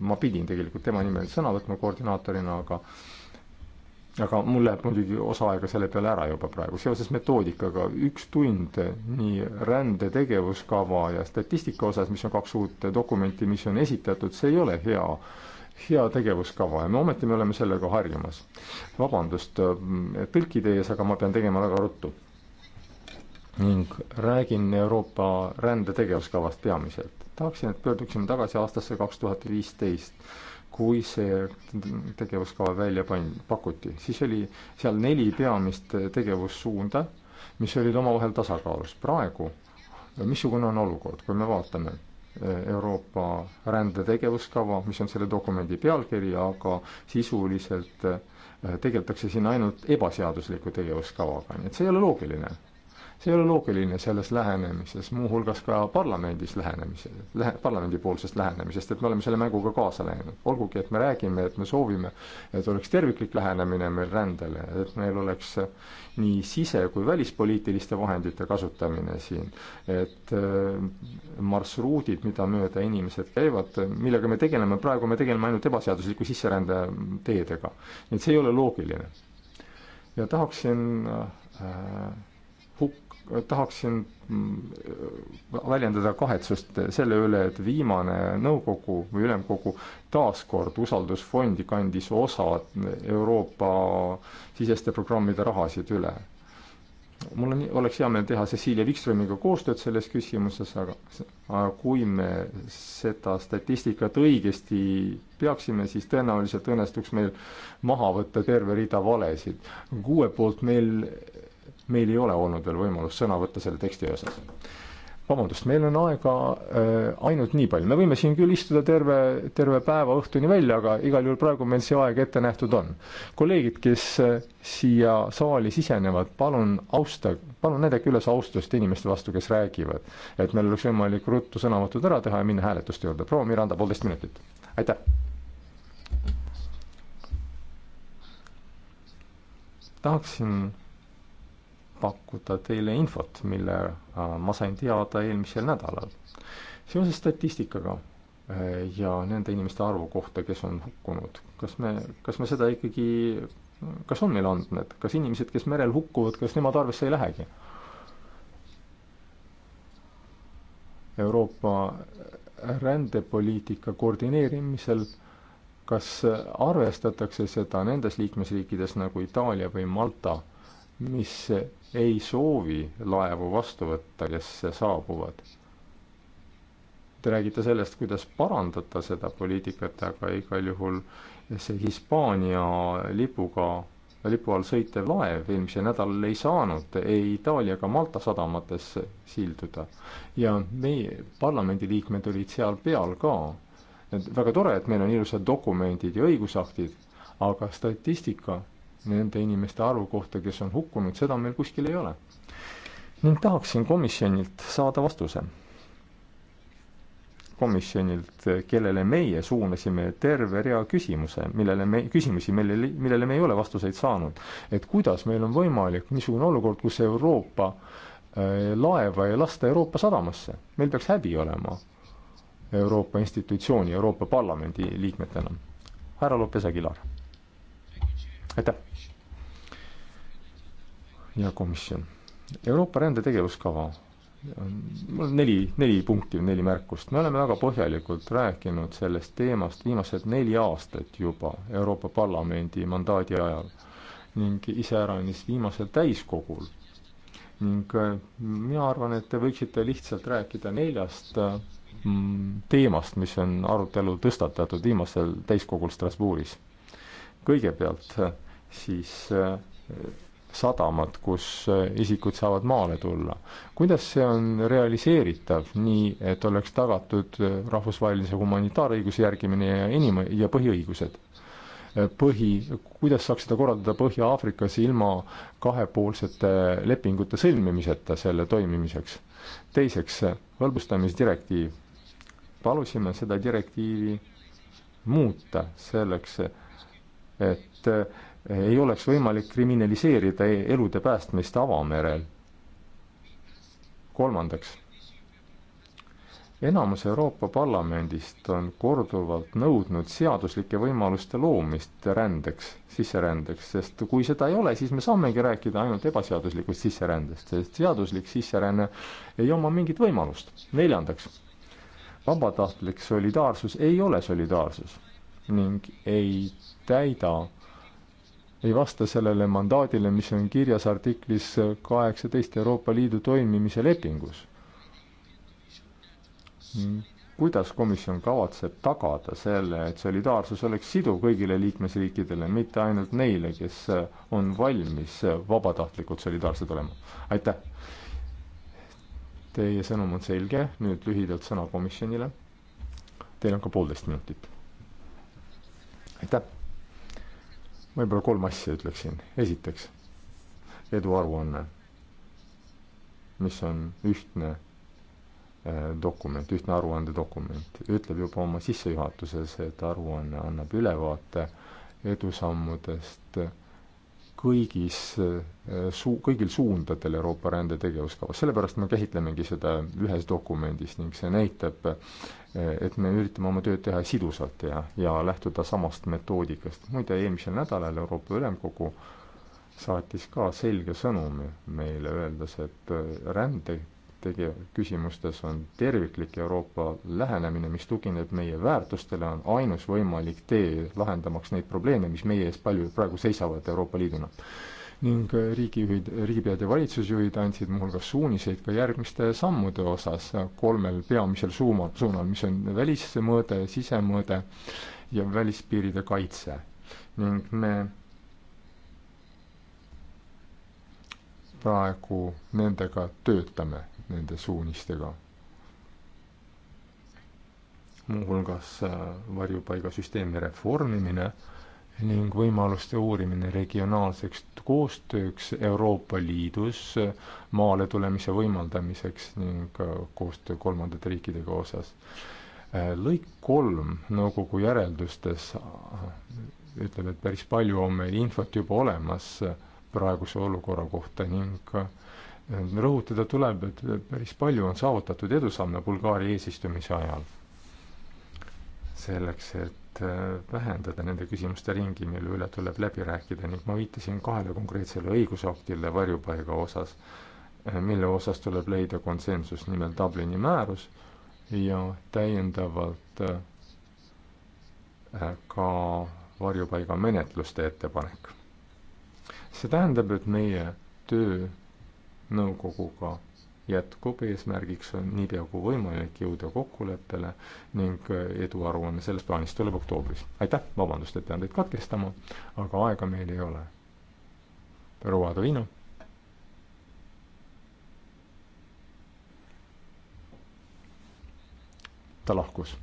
ma pidin tegelikult tema nimel sõna võtma koordinaatorina, aga aga mul läheb muidugi osa aega selle peale ära juba praegu, seoses metoodikaga, üks tund nii rände tegevuskava ja statistika osas, mis on kaks uut dokumenti, mis on esitatud, see ei ole hea, hea tegevuskava ja me ometi me oleme sellega harjumas. vabandust äh, tõlkide ees, aga ma pean tegema väga ruttu. ning räägin Euroopa rände tegevuskavast peamiselt. tahaksin, et pöörduksime tagasi aastasse kaks tuhat viisteist kui see tegevuskava välja pand-, pakuti, siis oli seal neli peamist tegevussuunda, mis olid omavahel tasakaalus. praegu, missugune on olukord, kui me vaatame eh, Euroopa rändetegevuskava, mis on selle dokumendi pealkiri, aga sisuliselt eh, tegeldakse siin ainult ebaseadusliku tegevuskavaga, nii et see ei ole loogiline see ei ole loogiline selles lähenemises, muuhulgas ka parlamendis lähenemises, lähe-, parlamendipoolsest lähenemisest, et me oleme selle mänguga kaasa läinud. olgugi, et me räägime, et me soovime, et oleks terviklik lähenemine meil rändele, et meil oleks nii sise- kui välispoliitiliste vahendite kasutamine siin, et äh, marsruudid, mida mööda inimesed käivad, millega me tegeleme, praegu me tegeleme ainult ebaseadusliku sisserände teedega. nii et see ei ole loogiline. ja tahaksin äh, tahaksin mm, väljendada kahetsust selle üle, et viimane nõukogu või ülemkogu taaskord usaldusfondi kandis osa Euroopa siseste programmide rahasid üle. mul on, oleks hea meel teha Cecilia Wikströmiga koostööd selles küsimuses, aga kui me seda statistikat õigesti peaksime, siis tõenäoliselt õnnestuks meil maha võtta terve rida valesid. kuue poolt meil meil ei ole olnud veel võimalust sõna võtta selle teksti osas. vabandust, meil on aega äh, ainult nii palju, me võime siin küll istuda terve, terve päeva õhtuni välja, aga igal juhul praegu meil see aeg ette nähtud on. kolleegid, kes äh, siia saali sisenevad, palun austa, palun näidake üles austust inimeste vastu, kes räägivad. et meil oleks võimalik ruttu sõnavõtud ära teha ja minna hääletuste juurde. proua Miranda, poolteist minutit, aitäh! tahaksin pakkuda teile infot, mille äh, ma sain teada eelmisel nädalal. seoses statistikaga äh, ja nende inimeste arvu kohta, kes on hukkunud, kas me, kas me seda ikkagi, kas on meil andmed, kas inimesed, kes merel hukkuvad, kas nemad arvesse ei lähegi? Euroopa rändepoliitika koordineerimisel kas arvestatakse seda nendes liikmesriikides nagu Itaalia või Malta, mis ei soovi laevu vastu võtta, kes saabuvad. Te räägite sellest, kuidas parandada seda poliitikat, aga igal juhul see Hispaania lipuga, lipu all sõitev laev eelmisel nädalal ei saanud ei Itaalia ega Malta sadamates silduda. ja meie parlamendiliikmed olid seal peal ka. et väga tore, et meil on ilusad dokumendid ja õigusaktid, aga statistika nende inimeste arvu kohta, kes on hukkunud, seda meil kuskil ei ole. ning tahaksin komisjonilt saada vastuse. komisjonilt, kellele meie suunasime terve rea küsimuse, millele me, küsimusi, millele, millele me ei ole vastuseid saanud. et kuidas meil on võimalik niisugune olukord, kus Euroopa äh, laeva ei lasta Euroopa sadamasse, meil peaks häbi olema Euroopa institutsiooni, Euroopa Parlamendi liikmetena. härra Lopes Aguilar aitäh! ja komisjon. Euroopa rändetegevuskava mul on neli, neli punkti või neli märkust. me oleme väga põhjalikult rääkinud sellest teemast viimased neli aastat juba Euroopa Parlamendi mandaadi ajal ning iseäranis viimasel täiskogul. ning äh, mina arvan, et te võiksite lihtsalt rääkida neljast äh, teemast, mis on arutelul tõstatatud viimasel täiskogul Strasbourgis kõigepealt äh, siis äh, sadamad, kus äh, isikud saavad maale tulla. kuidas see on realiseeritav, nii et oleks tagatud rahvusvahelise humanitaarõiguse järgimine ja inim- ja põhiõigused? põhi, kuidas saaks seda korraldada Põhja-Aafrikas ilma kahepoolsete lepingute sõlmimiseta selle toimimiseks? teiseks, hõlbustamisdirektiiv. palusime seda direktiivi muuta selleks, et eh, ei oleks võimalik kriminaliseerida e-, elude päästmist avamerel. kolmandaks, enamus Euroopa Parlamendist on korduvalt nõudnud seaduslike võimaluste loomist rändeks, sisserändeks, sest kui seda ei ole, siis me saamegi rääkida ainult ebaseaduslikust sisserändest, sest seaduslik sisseränne ei oma mingit võimalust. neljandaks, vabatahtlik solidaarsus ei ole solidaarsus ning ei täida, ei vasta sellele mandaadile, mis on kirjas artiklis kaheksateist Euroopa Liidu toimimise lepingus. kuidas komisjon kavatseb tagada selle, et solidaarsus oleks siduv kõigile liikmesriikidele, mitte ainult neile, kes on valmis vabatahtlikult solidaarsed olema? aitäh! Teie sõnum on selge, nüüd lühidalt sõna komisjonile. Teil on ka poolteist minutit aitäh! võib-olla kolm asja ütleksin. esiteks, eduaruanne, mis on ühtne äh, dokument, ühtne aruandedokument, ütleb juba oma sissejuhatuses, et aruanne annab ülevaate edusammudest kõigis äh, suu-, kõigil suundadel Euroopa rände tegevuskavas, sellepärast me käsitlemegi seda ühes dokumendis ning see näitab, äh, et me üritame oma tööd teha sidusalt ja, ja lähtuda samast metoodikast. muide, eelmisel nädalal Euroopa Ülemkogu saatis ka selge sõnumi meile, öeldes, et äh, rände tege-, küsimustes on terviklik Euroopa lähenemine, mis tugineb meie väärtustele, on ainus võimalik tee lahendamaks neid probleeme, mis meie ees palju praegu seisavad Euroopa Liiduna. ning äh, riigijuhid, riigipead ja valitsusjuhid andsid muuhulgas suuniseid ka järgmiste sammude osas äh, kolmel peamisel suuma, suunal, mis on välismõõde, sisemõõde ja välispiiride kaitse. ning me praegu nendega töötame nende suunistega. muuhulgas äh, varjupaigasüsteemi reformimine ning võimaluste uurimine regionaalseks koostööks Euroopa Liidus äh, maale tulemise võimaldamiseks ning äh, koostöö kolmandate riikidega osas. lõik kolm nõukogu järeldustes ütleb, et päris palju on meil infot juba olemas praeguse olukorra kohta ning rõhutada tuleb, et päris palju on saavutatud edusamme Bulgaaria eesistumise ajal. selleks, et äh, vähendada nende küsimuste ringi, mille üle tuleb läbi rääkida ning ma viitasin kahele konkreetsele õigusaktile varjupaiga osas, äh, mille osas tuleb leida konsensus, nimelt Dublini määrus ja täiendavalt äh, ka varjupaiga menetluste ettepanek. see tähendab, et meie töö nõukoguga jätkub, eesmärgiks on niipea kui võimalik jõuda kokkuleppele ning äh, eduaruanne selles plaanis tuleb oktoobris. aitäh, vabandust, et pean teid katkestama, aga aega meil ei ole. proua Adovino. ta lahkus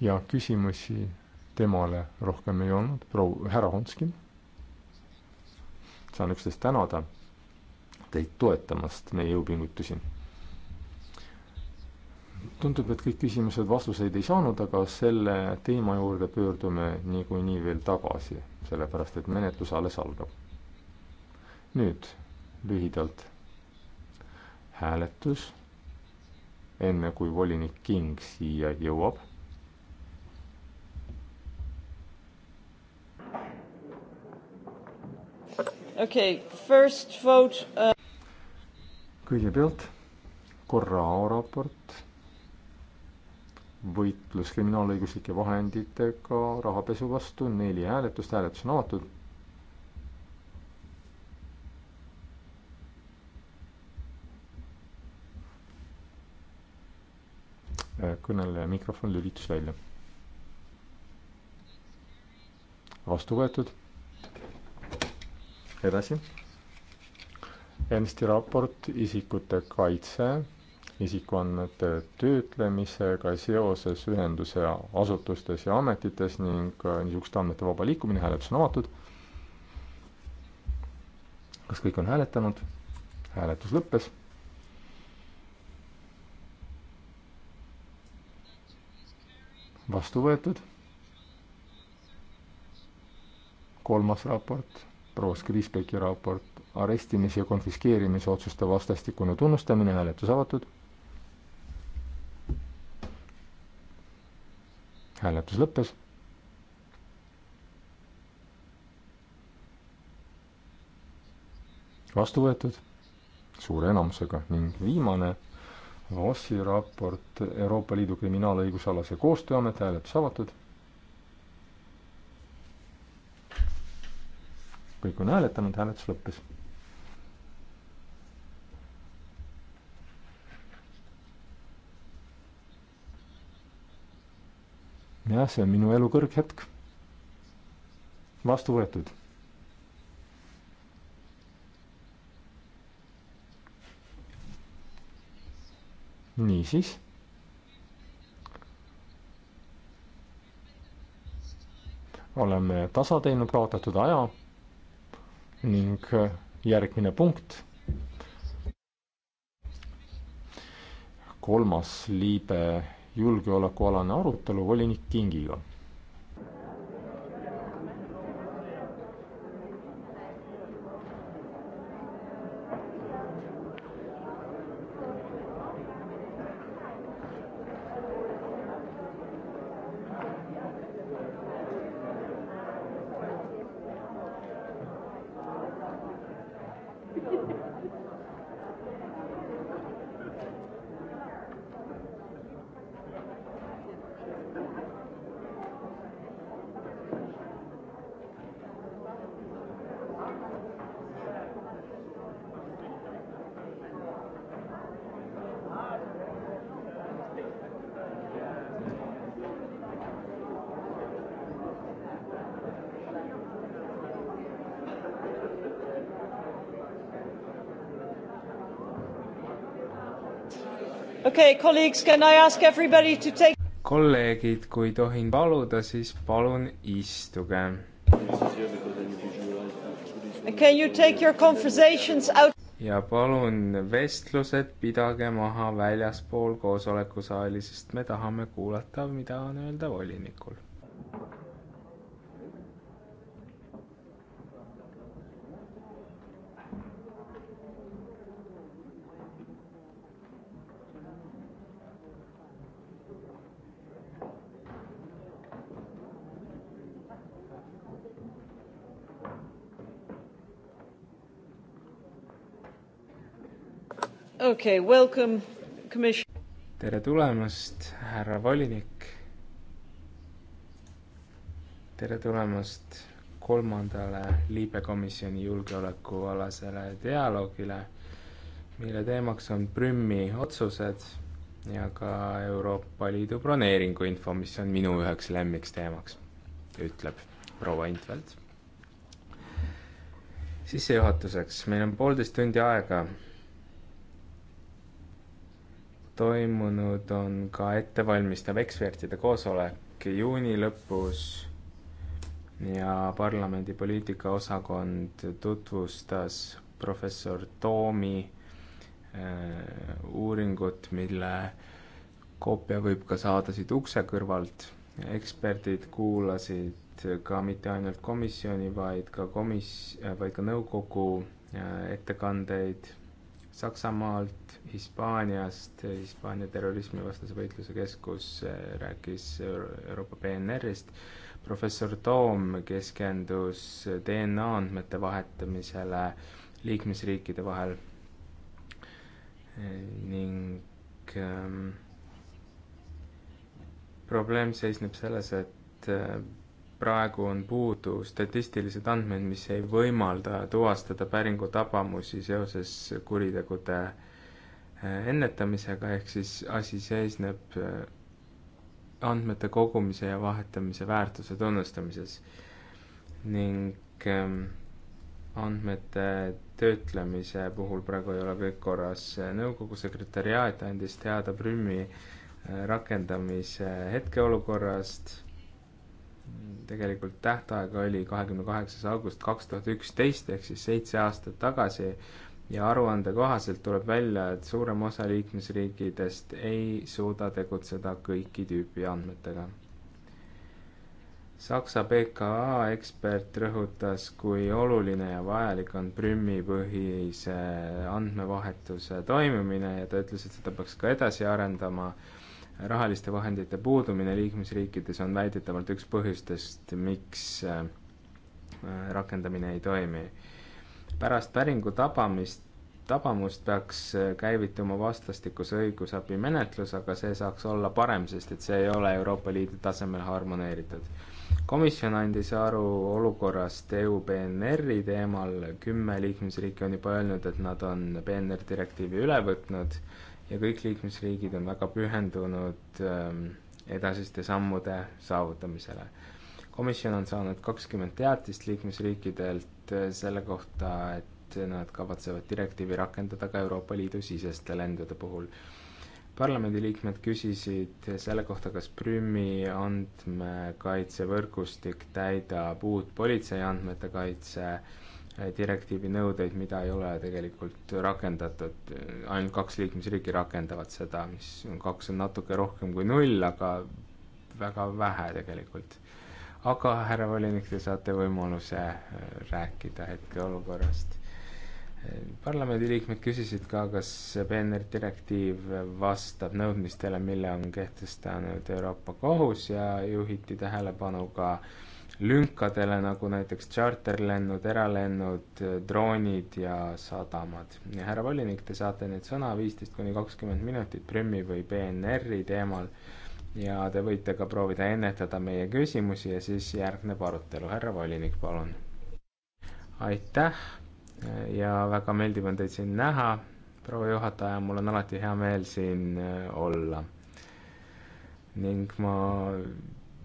ja küsimusi temale rohkem ei olnud, proua, härra Honskin. saan üksteist tänada teid toetamast, meie jõupingutusi. tundub, et kõik küsimused vastuseid ei saanud, aga selle teema juurde pöördume niikuinii veel tagasi, sellepärast et menetlus alles algab. nüüd lühidalt hääletus, enne kui volinik King siia jõuab Okay, first vote. Uh kõigepealt Corrao raport, võitlus kriminaalõiguslike vahenditega rahapesu vastu, neli hääletust, hääletus on avatud kõneleja mikrofon lülitus välja. vastu võetud. edasi Ernsti raport Isikute kaitse isikuandmete töötlemisega seoses ühenduse asutustes ja ametites ning äh, niisuguste andmete vaba liikumine, hääletus on avatud. kas kõik on hääletanud? hääletus lõppes. vastu võetud. kolmas raport, proua Skrispeki raport arestimis- ja konfiskeerimisotsuste vastastikune tunnustamine, hääletus avatud. hääletus lõppes. vastu võetud suure enamusega ning viimane Vossi raport Euroopa Liidu kriminaalõigusalase koostööamet, hääletus avatud. kõik on hääletanud, hääletus lõppes jah, see on minu elu kõrghetk. vastu võetud. niisiis. oleme tasa teinud kaotatud aja ning järgmine punkt. kolmas liibe julgeolekualane arutelu volinik Kingiga kolleegid, kui tohin paluda, siis palun istuge. ja palun vestlused pidage maha väljaspool koosolekusaali, sest me tahame kuulata, mida on öelda volinikul okay, welcome, commission. tere tulemast, härra volinik. tere tulemast kolmandale liibekomisjoni julgeolekualasele dialoogile, mille teemaks on Prümmi otsused ja ka Euroopa Liidu broneeringu info, mis on minu üheks lemmiksteemaks, ütleb proua Intvelt sissejuhatuseks, meil on poolteist tundi aega toimunud on ka ettevalmistav ekspertide koosolek juuni lõpus ja parlamendi poliitikaosakond tutvustas professor Toomi äh, uuringut, mille koopia võib ka saada siit ukse kõrvalt. eksperdid kuulasid ka mitte ainult komisjoni, vaid ka komis-, vaid ka nõukogu äh, ettekandeid Saksamaalt, Hispaaniast, Hispaania terrorismivastase võitluse keskus eh, rääkis Euroopa PNR-ist, professor Toom keskendus DNA andmete vahetamisele liikmesriikide vahel eh, ning ähm, probleem seisneb selles, et äh, praegu on puudu statistilised andmed, mis ei võimalda tuvastada päringu tabamusi seoses kuritegude äh, ennetamisega, ehk siis asi seisneb äh, andmete kogumise ja vahetamise väärtuse tunnustamises ning ähm, andmete töötlemise puhul praegu ei ole kõik korras. nõukogu sekretäriaat andis teada Prümi äh, rakendamise hetkeolukorrast tegelikult tähtaeg oli kahekümne kaheksas august kaks tuhat üksteist ehk siis seitse aastat tagasi ja aruande kohaselt tuleb välja, et suurem osa liikmesriikidest ei suuda tegutseda kõiki tüüpi andmetega. Saksa BKA ekspert rõhutas, kui oluline ja vajalik on prümmipõhise andmevahetuse toimimine ja ta ütles, et seda peaks ka edasi arendama rahaliste vahendite puudumine liikmesriikides on väidetavalt üks põhjustest, miks äh, äh, rakendamine ei toimi. pärast päringu tabamist, tabamust peaks äh, käivituma vastastikuse õigusabi menetlus, aga see saaks olla parem, sest et see ei ole Euroopa Liidu tasemel harmoneeritud. komisjon andis aru olukorrast EU PNR-i teemal, kümme liikmesriiki on juba öelnud, et nad on PNR direktiivi üle võtnud ja kõik liikmesriigid on väga pühendunud ähm, edasiste sammude saavutamisele. komisjon on saanud kakskümmend teatist liikmesriikidelt äh, selle kohta, et nad kavatsevad direktiivi rakendada ka Euroopa Liidu siseste lendude puhul. parlamendiliikmed küsisid selle kohta, kas Prümi andmekaitsevõrgustik täidab uut politsei andmete kaitse Äh, direktiivi nõudeid, mida ei ole tegelikult rakendatud, ainult kaks liikmesriiki rakendavad seda, mis on kaks on natuke rohkem kui null, aga väga vähe tegelikult. aga härra volinik, te saate võimaluse äh, rääkida hetkeolukorrast. Äh, parlamendiliikmed küsisid ka, kas PNR direktiiv vastab nõudmistele, mille on kehtestanud Euroopa Kohus ja juhiti tähelepanu ka äh, lünkadele, nagu näiteks tšarterlennud, eralennud, droonid ja sadamad. ja härra volinik, te saate nüüd sõna viisteist kuni kakskümmend minutit Prümi või PNR-i teemal ja te võite ka proovida ennetada meie küsimusi ja siis järgneb arutelu. härra volinik, palun. aitäh ja väga meeldiv on teid siin näha, proua juhataja, mul on alati hea meel siin äh, olla ning ma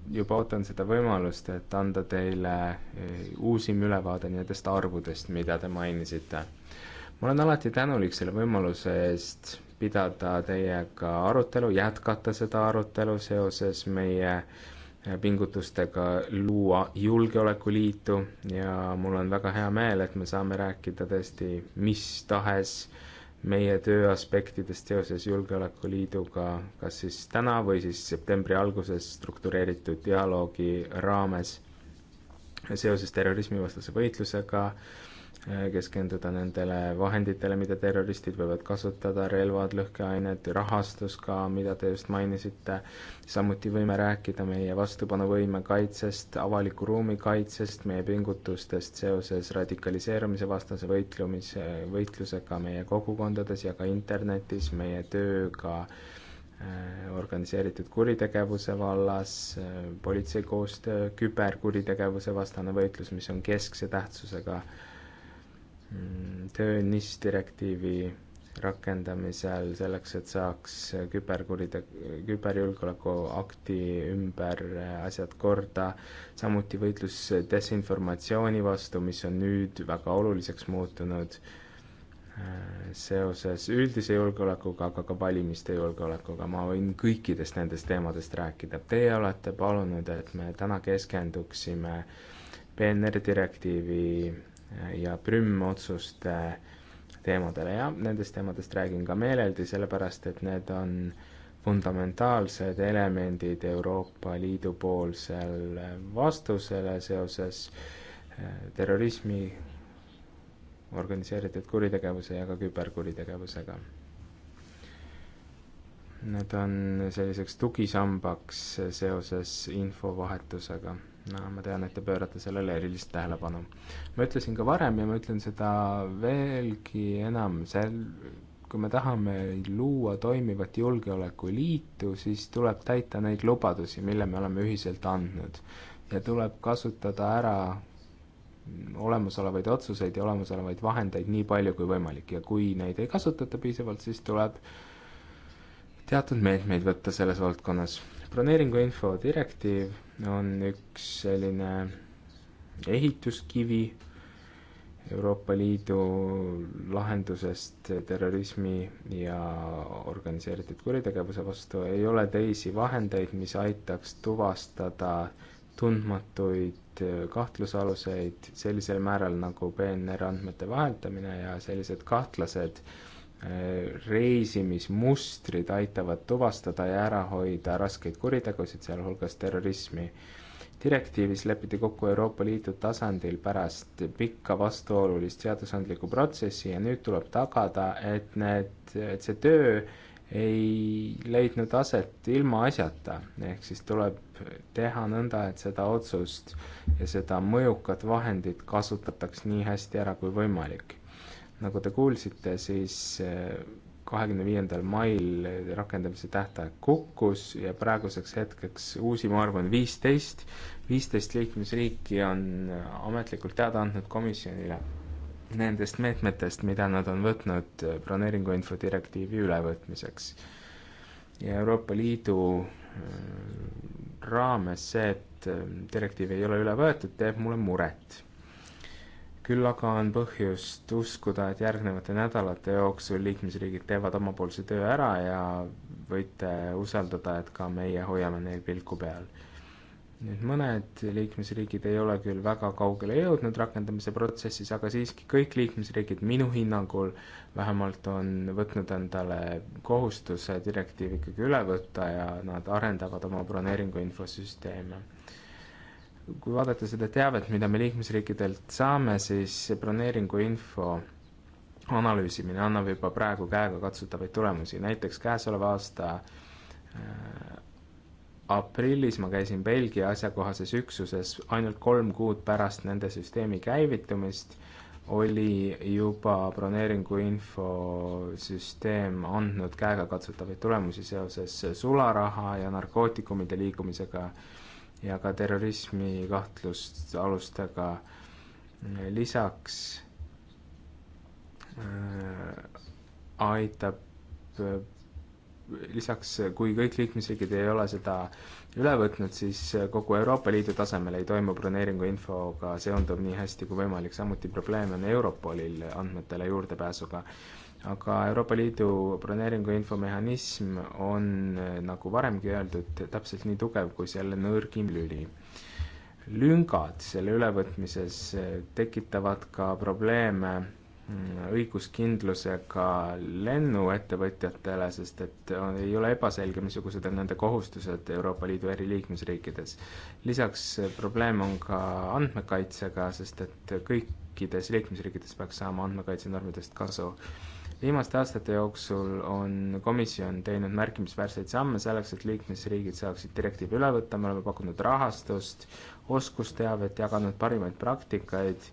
juba ootan seda võimalust, et anda teile eh, uusim ülevaade nendest arvudest, mida te mainisite. ma olen alati tänulik selle võimaluse eest pidada teiega arutelu, jätkata seda arutelu seoses meie eh, pingutustega luua julgeolekuliitu ja mul on väga hea meel, et me saame rääkida tõesti mis tahes äh, meie töö aspektidest seoses Julgeolekuliiduga kas siis täna või siis septembri alguses struktureeritud dialoogi raames seoses terrorismivastase võitlusega äh,, Äh, keskenduda nendele vahenditele, mida terroristid võivad kasutada, relvad, lõhkeained, rahastus ka, mida te just mainisite, samuti võime rääkida meie vastupanuvõime kaitsest, avaliku ruumi kaitsest, meie pingutustest seoses radikaliseerumise vastase võitlemise, võitlusega meie kogukondades ja ka internetis, meie tööga äh, organiseeritud kuritegevuse vallas, äh, politsei koostöö, küberkuritegevuse vastane võitlus, mis on keskse tähtsusega äh, Mm, töönis direktiivi rakendamisel selleks, et saaks küberkurite, küberjulgeoleku akti ümber asjad korda, samuti võitlus desinformatsiooni vastu, mis on nüüd väga oluliseks muutunud äh, seoses üldise julgeolekuga, aga ka valimiste julgeolekuga, ma võin kõikidest nendest teemadest rääkida. Teie olete palunud, et me täna keskenduksime PNR direktiivi ja prümmotsuste teemadele ja nendest teemadest räägin ka meeleldi, sellepärast et need on fundamentaalsed elemendid Euroopa Liidu poolsel vastusele seoses äh, terrorismi, organiseeritud kuritegevuse ja ka küberkuritegevusega. Need on selliseks tugisambaks seoses infovahetusega no ma tean, et te pöörate sellele erilist tähelepanu. ma ütlesin ka varem ja ma ütlen seda veelgi enam, sel-, kui me tahame luua toimivat julgeolekuliitu, siis tuleb täita neid lubadusi, mille me oleme ühiselt andnud. ja tuleb kasutada ära olemasolevaid otsuseid ja olemasolevaid vahendeid nii palju kui võimalik ja kui neid ei kasutata piisavalt, siis tuleb teatud meetmeid võtta selles valdkonnas broneeringuinfo direktiiv on üks selline ehituskivi Euroopa Liidu lahendusest terrorismi ja organiseeritud kuritegevuse vastu, ei ole teisi vahendeid, mis aitaks tuvastada tundmatuid kahtlusaluseid sellisel määral nagu PNR andmete vahetamine ja sellised kahtlased äh, reisimismustrid aitavad tuvastada ja ära hoida raskeid kuritegusid, sealhulgas terrorismi. direktiivis lepiti kokku Euroopa Liidu tasandil pärast pikka vastuolulist seadusandlikku protsessi ja nüüd tuleb tagada, et need, et see töö ei leidnud aset ilmaasjata, ehk siis tuleb teha nõnda, et seda otsust ja seda mõjukat vahendit kasutataks nii hästi ära kui võimalik nagu te kuulsite, siis äh, kahekümne viiendal mail rakendamise tähtaeg kukkus ja praeguseks hetkeks uusi, ma arvan, viisteist, viisteist liikmesriiki on äh, ametlikult teada andnud komisjonile nendest meetmetest, mida nad on võtnud äh, broneeringuinfo direktiivi ülevõtmiseks. ja Euroopa Liidu raames see, et direktiiv ei ole üle võetud, teeb mulle muret küll aga on põhjust uskuda, et järgnevate nädalate jooksul liikmesriigid teevad omapoolse töö ära ja võite usaldada, et ka meie hoiame neil pilku peal. nüüd mõned liikmesriigid ei ole küll väga kaugele jõudnud rakendamise protsessis, aga siiski kõik liikmesriigid minu hinnangul vähemalt on võtnud endale kohustuse direktiiv ikkagi üle võtta ja nad arendavad oma broneeringu infosüsteeme kui vaadata seda teavet, mida me liikmesriikidelt saame, siis broneeringu info analüüsimine annab juba praegu käegakatsutavaid tulemusi, näiteks käesoleva aasta äh, aprillis ma käisin Belgia asjakohases üksuses, ainult kolm kuud pärast nende süsteemi käivitumist oli juba broneeringu infosüsteem andnud käegakatsutavaid tulemusi seoses sularaha ja narkootikumide liikumisega äh, ja ka terrorismi kahtlust alustega. lisaks äh, aitab äh, lisaks, kui kõik liikmesriigid ei ole seda üle võtnud, siis kogu Euroopa Liidu tasemel ei toimu broneeringu infoga seonduv nii hästi kui võimalik, samuti probleeme on Europolil andmetele juurdepääsuga aga Euroopa Liidu broneeringu infomehhanism on, eh, nagu varemgi öeldud, täpselt nii tugev kui selle nõrgim lüli. lüngad selle ülevõtmises eh, tekitavad ka probleeme mm, õiguskindlusega lennuettevõtjatele, sest et on, ei ole ebaselge, missugused on nende kohustused Euroopa Liidu eri liikmesriikides. lisaks eh, probleem on ka andmekaitsega, sest et kõikides liikmesriikides peaks saama andmekaitsenormidest kasu viimaste aastate jooksul on komisjon teinud märkimisväärseid samme selleks, et liikmesriigid saaksid direktiivi üle võtta, me oleme pakkunud rahastust, oskusteavet, jaganud parimaid praktikaid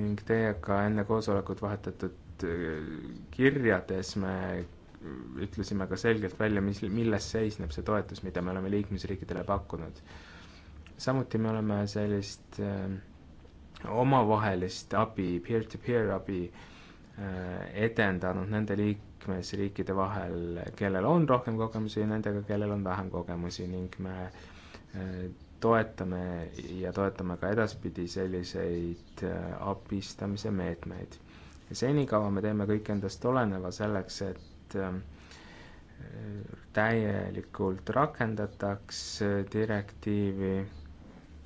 ning teiega enne koosolekut vahetatud äh, kirjades me ütlesime ka selgelt välja, mis, milles seisneb see toetus, mida me oleme liikmesriikidele pakkunud. samuti me oleme sellist äh, omavahelist abi peer, peer-to-peer abi äh, Äh, edendanud nende liikmesriikide vahel, kellel on rohkem kogemusi, nendega, kellel on vähem kogemusi ning me äh, toetame ja toetame ka edaspidi selliseid äh, abistamise meetmeid. senikaua me teeme kõik endast oleneva selleks, et täielikult rakendataks direktiivi,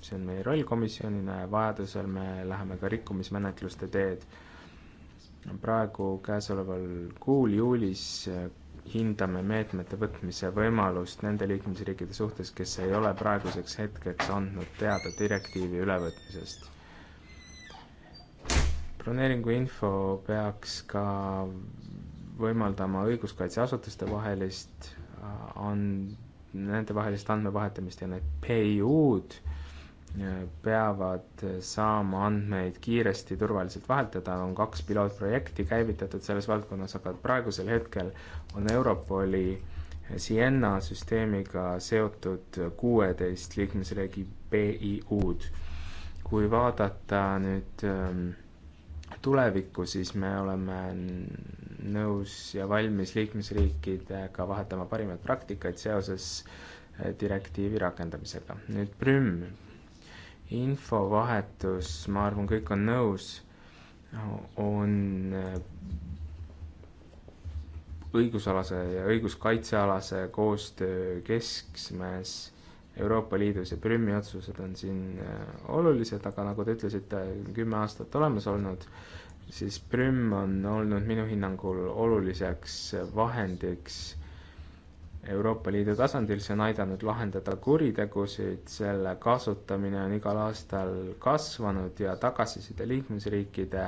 see on meie roll komisjonina ja vajadusel me läheme ka rikkumismenetluste teed praegu käesoleval kuul, juulis, äh, hindame meetmete võtmise võimalust nende liikmesriikide suhtes, kes ei ole praeguseks hetkeks andnud teada direktiivi ülevõtmisest. broneeringu info peaks ka võimaldama õiguskaitseasutuste vahelist äh, and-, nendevahelist andmevahetamist ja need PIU-d Äh, peavad äh, saama andmeid kiiresti, turvaliselt vahetada, on kaks pilootprojekti käivitatud selles valdkonnas, aga praegusel hetkel on Europoli äh, Sienna süsteemiga seotud kuueteist liikmesriigi PIU-d. kui vaadata nüüd ähm, tulevikku, siis me oleme nõus ja valmis liikmesriikidega vahetama parimaid praktikaid seoses direktiivi rakendamisega. nüüd Prüm infovahetus, ma arvan, kõik on nõus, on äh, õigusalase ja õiguskaitsealase koostöö keskmes Euroopa Liidus ja Prümi otsused on siin äh, olulised, aga nagu te ütlesite, kümme aastat olemas olnud, siis Prüm on olnud minu hinnangul oluliseks vahendiks Euroopa Liidu tasandil, see on aidanud lahendada kuritegusid, selle kasutamine on igal aastal kasvanud ja tagasiside liikmesriikide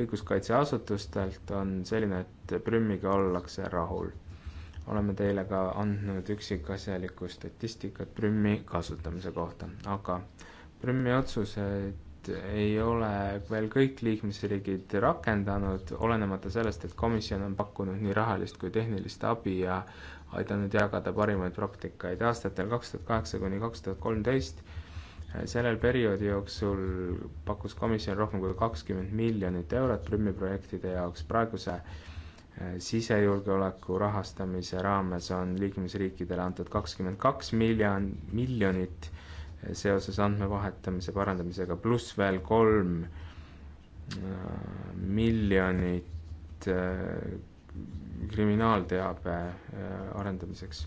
õiguskaitseasutustelt on selline, et Prümiga ollakse rahul. oleme teile ka andnud üksikasjalikku statistikat Prümi kasutamise kohta, aga Prümi otsused ei ole veel kõik liikmesriigid rakendanud, olenemata sellest, et komisjon on pakkunud nii rahalist kui tehnilist abi ja aidanud jagada parimaid praktikaid. aastatel kaks tuhat kaheksa kuni kaks tuhat kolmteist äh, sellel perioodi jooksul pakkus komisjon rohkem kui kakskümmend miljonit eurot Prümi projektide jaoks. praeguse äh, sisejulgeoleku rahastamise raames on liikmesriikidele antud kakskümmend kaks miljon, miljonit äh, seoses andmevahetamise parandamisega, pluss veel kolm miljonit kriminaalteabe äh, arendamiseks.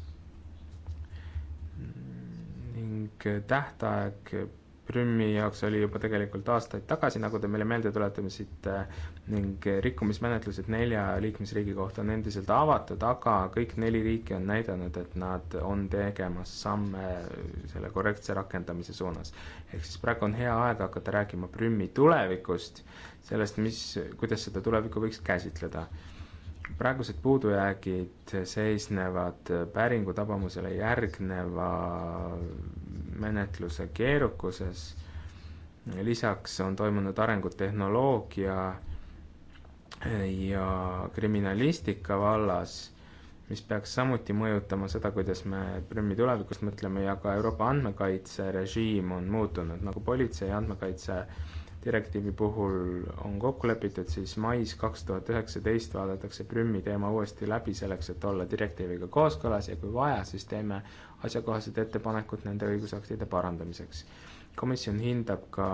ning äh, tähtaeg Prümi jaoks oli juba tegelikult aastaid tagasi, nagu te meile meelde tuletasite, ning äh, rikkumismenetlused nelja liikmesriigi kohta on endiselt avatud, aga kõik neli riiki on näidanud, et nad on tegemas samme selle korrektse rakendamise suunas. ehk siis praegu on hea aeg hakata rääkima Prümi tulevikust, sellest, mis, kuidas seda tulevikku võiks käsitleda praegused puudujäägid seisnevad päringu tabamusele järgneva menetluse keerukuses, lisaks on toimunud arengud tehnoloogia ja kriminalistika vallas, mis peaks samuti mõjutama seda, kuidas me Prümi tulevikust mõtleme ja ka Euroopa andmekaitserežiim on muutunud, nagu politsei andmekaitse direktiivi puhul on kokku lepitud, siis mais kaks tuhat üheksateist vaadatakse Prümi teema uuesti läbi selleks, et olla direktiiviga kooskõlas ja kui vaja, siis teeme asjakohased ettepanekud nende õigusaktide parandamiseks. komisjon hindab ka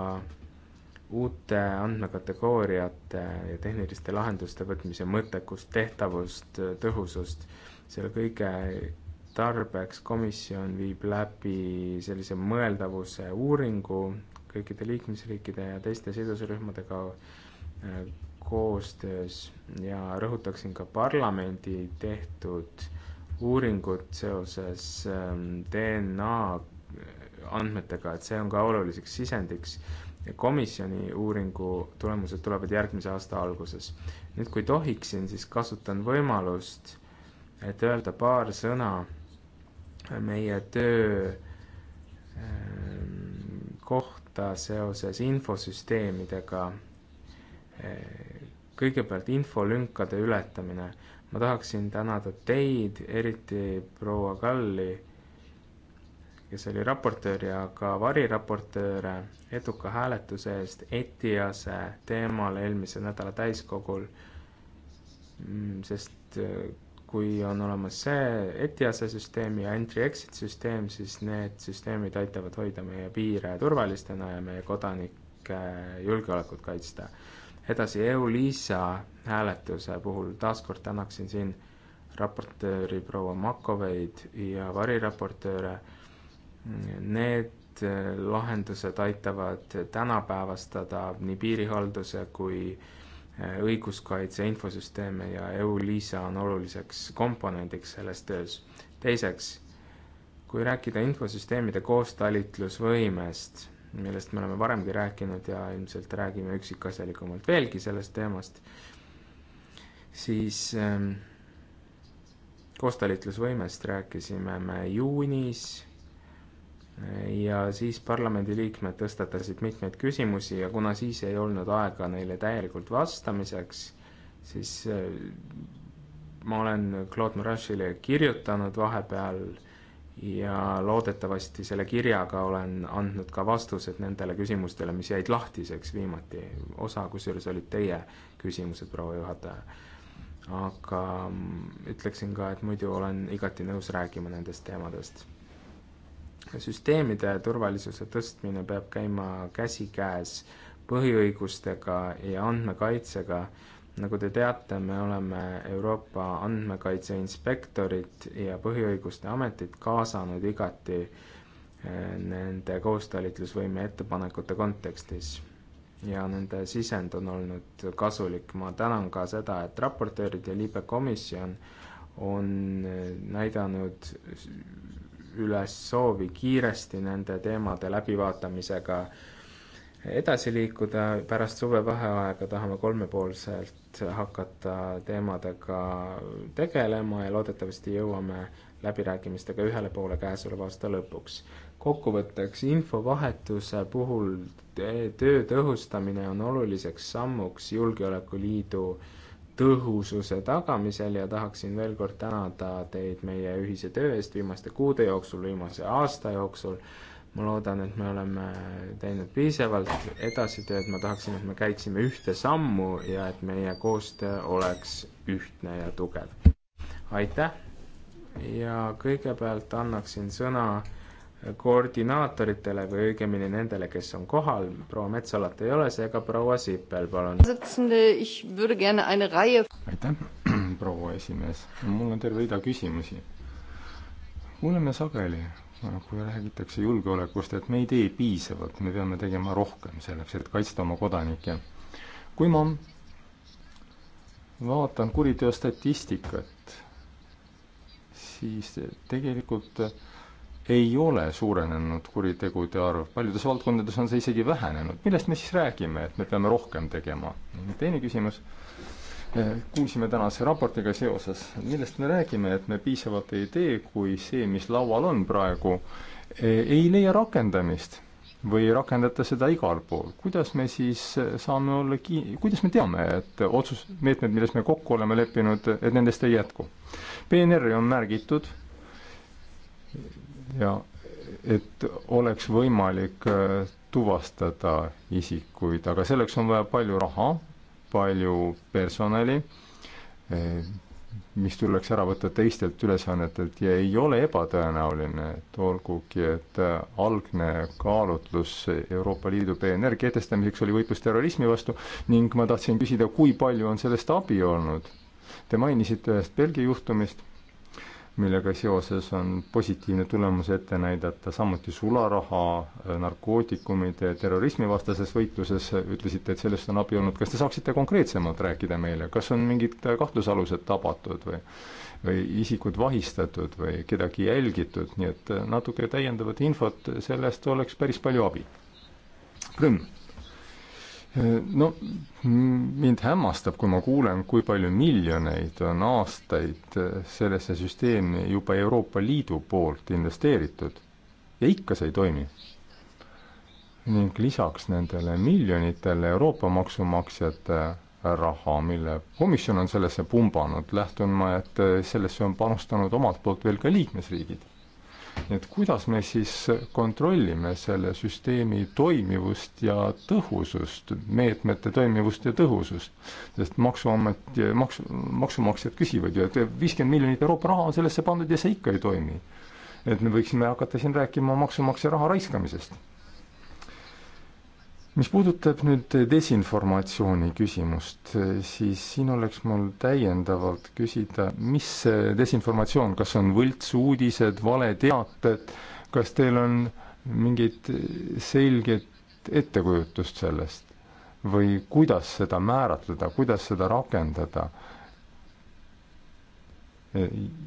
uute andmekategooriate ja tehniliste lahenduste võtmise mõttekust, tehtavust, tõhusust, selle kõige tarbeks komisjon viib läbi sellise mõeldavuse uuringu kõikide liikmesriikide ja teiste sidusrühmadega äh, koostöös ja rõhutaksin ka parlamendi tehtud uuringut seoses ähm, DNA äh, andmetega, et see on ka oluliseks sisendiks. komisjoni uuringu tulemused tulevad järgmise aasta alguses. nüüd, kui tohiksin, siis kasutan võimalust, et öelda paar sõna äh, meie töö ähm, kohta kohta seoses infosüsteemidega. Eh, kõigepealt infolünkade ületamine. ma tahaksin tänada teid, eriti proua Kalli, kes oli raportöör ja ka variraportööre eduka hääletuse eest ETIAS-e teemal eelmise nädala täiskogul, mm, sest eh, kui on olemas see ETIAS-e süsteem ja entry-exit süsteem, siis need süsteemid aitavad hoida meie piire turvalistena ja meie kodanike julgeolekut kaitsta. edasi, EU-LISA hääletuse puhul taaskord tänaksin siin raportööri proua Makoveid ja variraportööre. Need lahendused aitavad tänapäevastada nii piirihalduse kui äh, Äh, õiguskaitse infosüsteeme ja EU-LISA on oluliseks komponendiks selles töös. teiseks, kui rääkida infosüsteemide koostalitlusvõimest, millest me oleme varemgi rääkinud ja ilmselt räägime üksikasjalikumalt veelgi sellest teemast, siis ähm, koostalitlusvõimest rääkisime me juunis ja siis parlamendiliikmed tõstatasid mitmeid küsimusi ja kuna siis ei olnud aega neile täielikult vastamiseks, siis äh, ma olen Claude Murachile kirjutanud vahepeal ja loodetavasti selle kirjaga olen andnud ka vastused nendele küsimustele, mis jäid lahtiseks viimati. osa kusjuures olid teie küsimused, proua juhataja. aga mm, ütleksin ka, et muidu olen igati nõus rääkima nendest teemadest süsteemide turvalisuse tõstmine peab käima käsikäes põhiõigustega ja andmekaitsega. nagu te teate, me oleme Euroopa andmekaitse inspektorit ja põhiõiguste ametit kaasanud igati eh, nende koostalitlusvõime ettepanekute kontekstis ja nende sisend on olnud kasulik. ma tänan ka seda, et raportöörid ja liibekomisjon on eh, näidanud üles soovi kiiresti nende teemade läbivaatamisega edasi liikuda, pärast suvevaheaega tahame kolmepoolselt hakata teemadega tegelema ja loodetavasti jõuame läbirääkimistega ühele poole käesoleva aasta lõpuks. kokkuvõtteks, infovahetuse puhul töö tõhustamine on oluliseks sammuks Julgeolekuliidu äh, tõhususe tagamisel ja tahaksin veel kord tänada teid meie ühise töö eest viimaste kuude jooksul, viimase aasta jooksul. ma loodan, et me oleme teinud piisavalt edasitööd, ma tahaksin, et me käiksime ühte sammu ja et meie koostöö oleks ühtne ja tugev. aitäh ja kõigepealt annaksin sõna koordinaatoritele või õigemini nendele, kes on kohal, proua Metsalat ei ole, seega proua Sippel, palun. aitäh, proua esimees, mul on terve rida küsimusi. kuuleme sageli, kui räägitakse julgeolekust, et me ei tee piisavalt, me peame tegema rohkem selleks, et kaitsta oma kodanikke. kui ma vaatan kuriteo statistikat, siis tegelikult ei ole suurenenud kuritegude arv, paljudes valdkondades on see isegi vähenenud. millest me siis räägime, et me peame rohkem tegema? teine küsimus, kuulsime tänase raportiga seoses, millest me räägime, et me piisavalt ei tee, kui see, mis laual on praegu, ei leia rakendamist või rakendate seda igal pool, kuidas me siis saame olla ki-, kuidas me teame, et otsus, meetmed, milles me kokku oleme leppinud, et nendest ei jätku? PNR-i on märgitud ja et oleks võimalik äh, tuvastada isikuid, aga selleks on vaja palju raha, palju personali, äh, mis tuleks ära võtta teistelt ülesannetelt ja ei ole ebatõenäoline, et olgugi, et äh, algne kaalutlus Euroopa Liidu PNR kehtestamiseks oli võitlus terrorismi vastu ning ma tahtsin küsida, kui palju on sellest abi olnud? Te mainisite ühest Belgia juhtumist millega seoses on positiivne tulemus ette näidata, samuti sularaha, äh, narkootikumid terrorismivastases võitluses, ütlesite, et sellest on abi olnud, kas te saaksite konkreetsemalt rääkida meile, kas on mingid äh, kahtlusalused tabatud või või isikud vahistatud või kedagi jälgitud, nii et äh, natuke täiendavat infot sellest oleks päris palju abi. Prõmm no mind hämmastab, kui ma kuulen, kui palju miljoneid on aastaid sellesse süsteemi juba Euroopa Liidu poolt investeeritud ja ikka see ei toimi. ning lisaks nendele miljonitele Euroopa maksumaksjate raha, mille komisjon on sellesse pumbanud, lähtun ma, et sellesse on panustanud omalt poolt veel ka liikmesriigid nii et kuidas me siis kontrollime selle süsteemi toimivust ja tõhusust, meetmete toimivust ja tõhusust? sest Maksuamet ja maks, maksumaksjad küsivad ju, et viiskümmend miljonit Euroopa raha on sellesse pandud ja see ikka ei toimi. et me võiksime hakata siin rääkima maksumaksja raha raiskamisest mis puudutab nüüd desinformatsiooni küsimust, siis siin oleks mul täiendavalt küsida, mis see desinformatsioon, kas on võltsuudised, valeteated, kas teil on mingit selget ettekujutust sellest või kuidas seda määratleda, kuidas seda rakendada?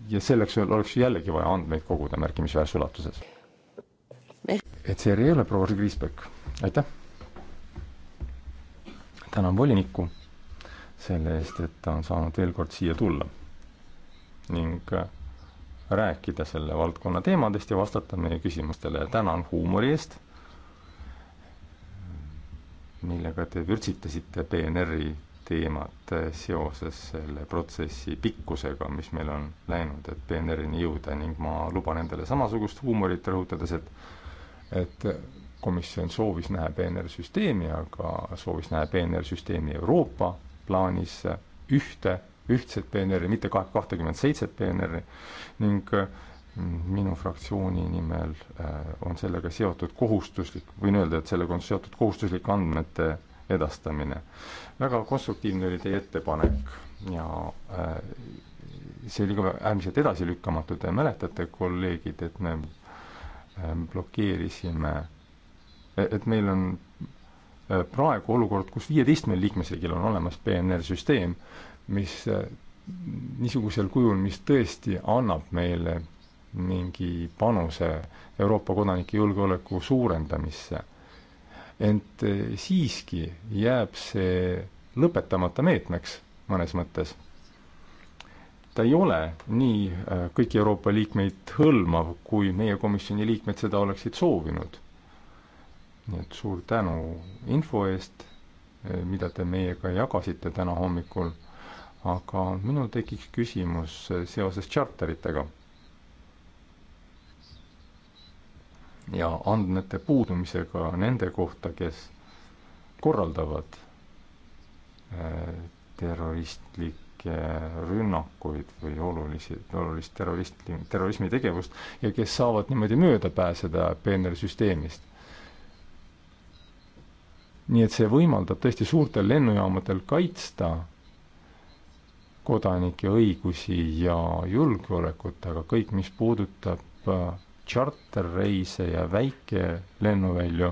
ja selleks oleks jällegi vaja andmeid koguda märkimisväärses ulatuses. et see ei ole proua Kriisbeck, aitäh! tänan volinikku selle eest, et ta on saanud veel kord siia tulla ning äh, rääkida selle valdkonna teemadest ja vastata meie küsimustele. tänan huumori eest, millega te vürtsitasite PNR-i teemat äh, seoses selle protsessi pikkusega, mis meil on läinud, et PNR-ini jõuda ning ma luban endale samasugust huumorit, rõhutades, et et komisjon soovis näha peenersüsteemi, aga soovis näha peenersüsteemi Euroopa plaanis ühte, ühtset peeneri, mitte kahe, kahtekümmet seitset peeneri ning mm, minu fraktsiooni nimel äh, on sellega seotud kohustuslik, võin öelda, et sellega on seotud kohustuslik andmete edastamine. väga konstruktiivne oli teie ettepanek ja äh, see oli ka äärmiselt edasilükkamatu, te mäletate, kolleegid, et me äh, blokeerisime E-, et meil on e, praegu olukord, kus viieteistkümnel liikmesriigil on olemas PNR-süsteem, mis e, niisugusel kujul, mis tõesti annab meile mingi panuse Euroopa kodanike julgeoleku suurendamisse. ent siiski jääb see lõpetamata meetmeks mõnes mõttes. ta ei ole nii kõiki Euroopa liikmeid hõlmav, kui meie komisjoni liikmed seda oleksid soovinud nii et suur tänu info eest, eh, mida te meiega jagasite täna hommikul, aga minul tekiks küsimus eh, seoses tšarteritega. ja andmete puudumisega nende kohta, kes korraldavad eh, terroristlikke rünnakuid või olulisi, olulist terrorist, terrorismitegevust ja kes saavad niimoodi mööda pääseda peenersüsteemist nii et see võimaldab tõesti suurtel lennujaamadel kaitsta kodanike õigusi ja julgeolekut, aga kõik, mis puudutab äh, tšarterreise ja väikelennuvälju,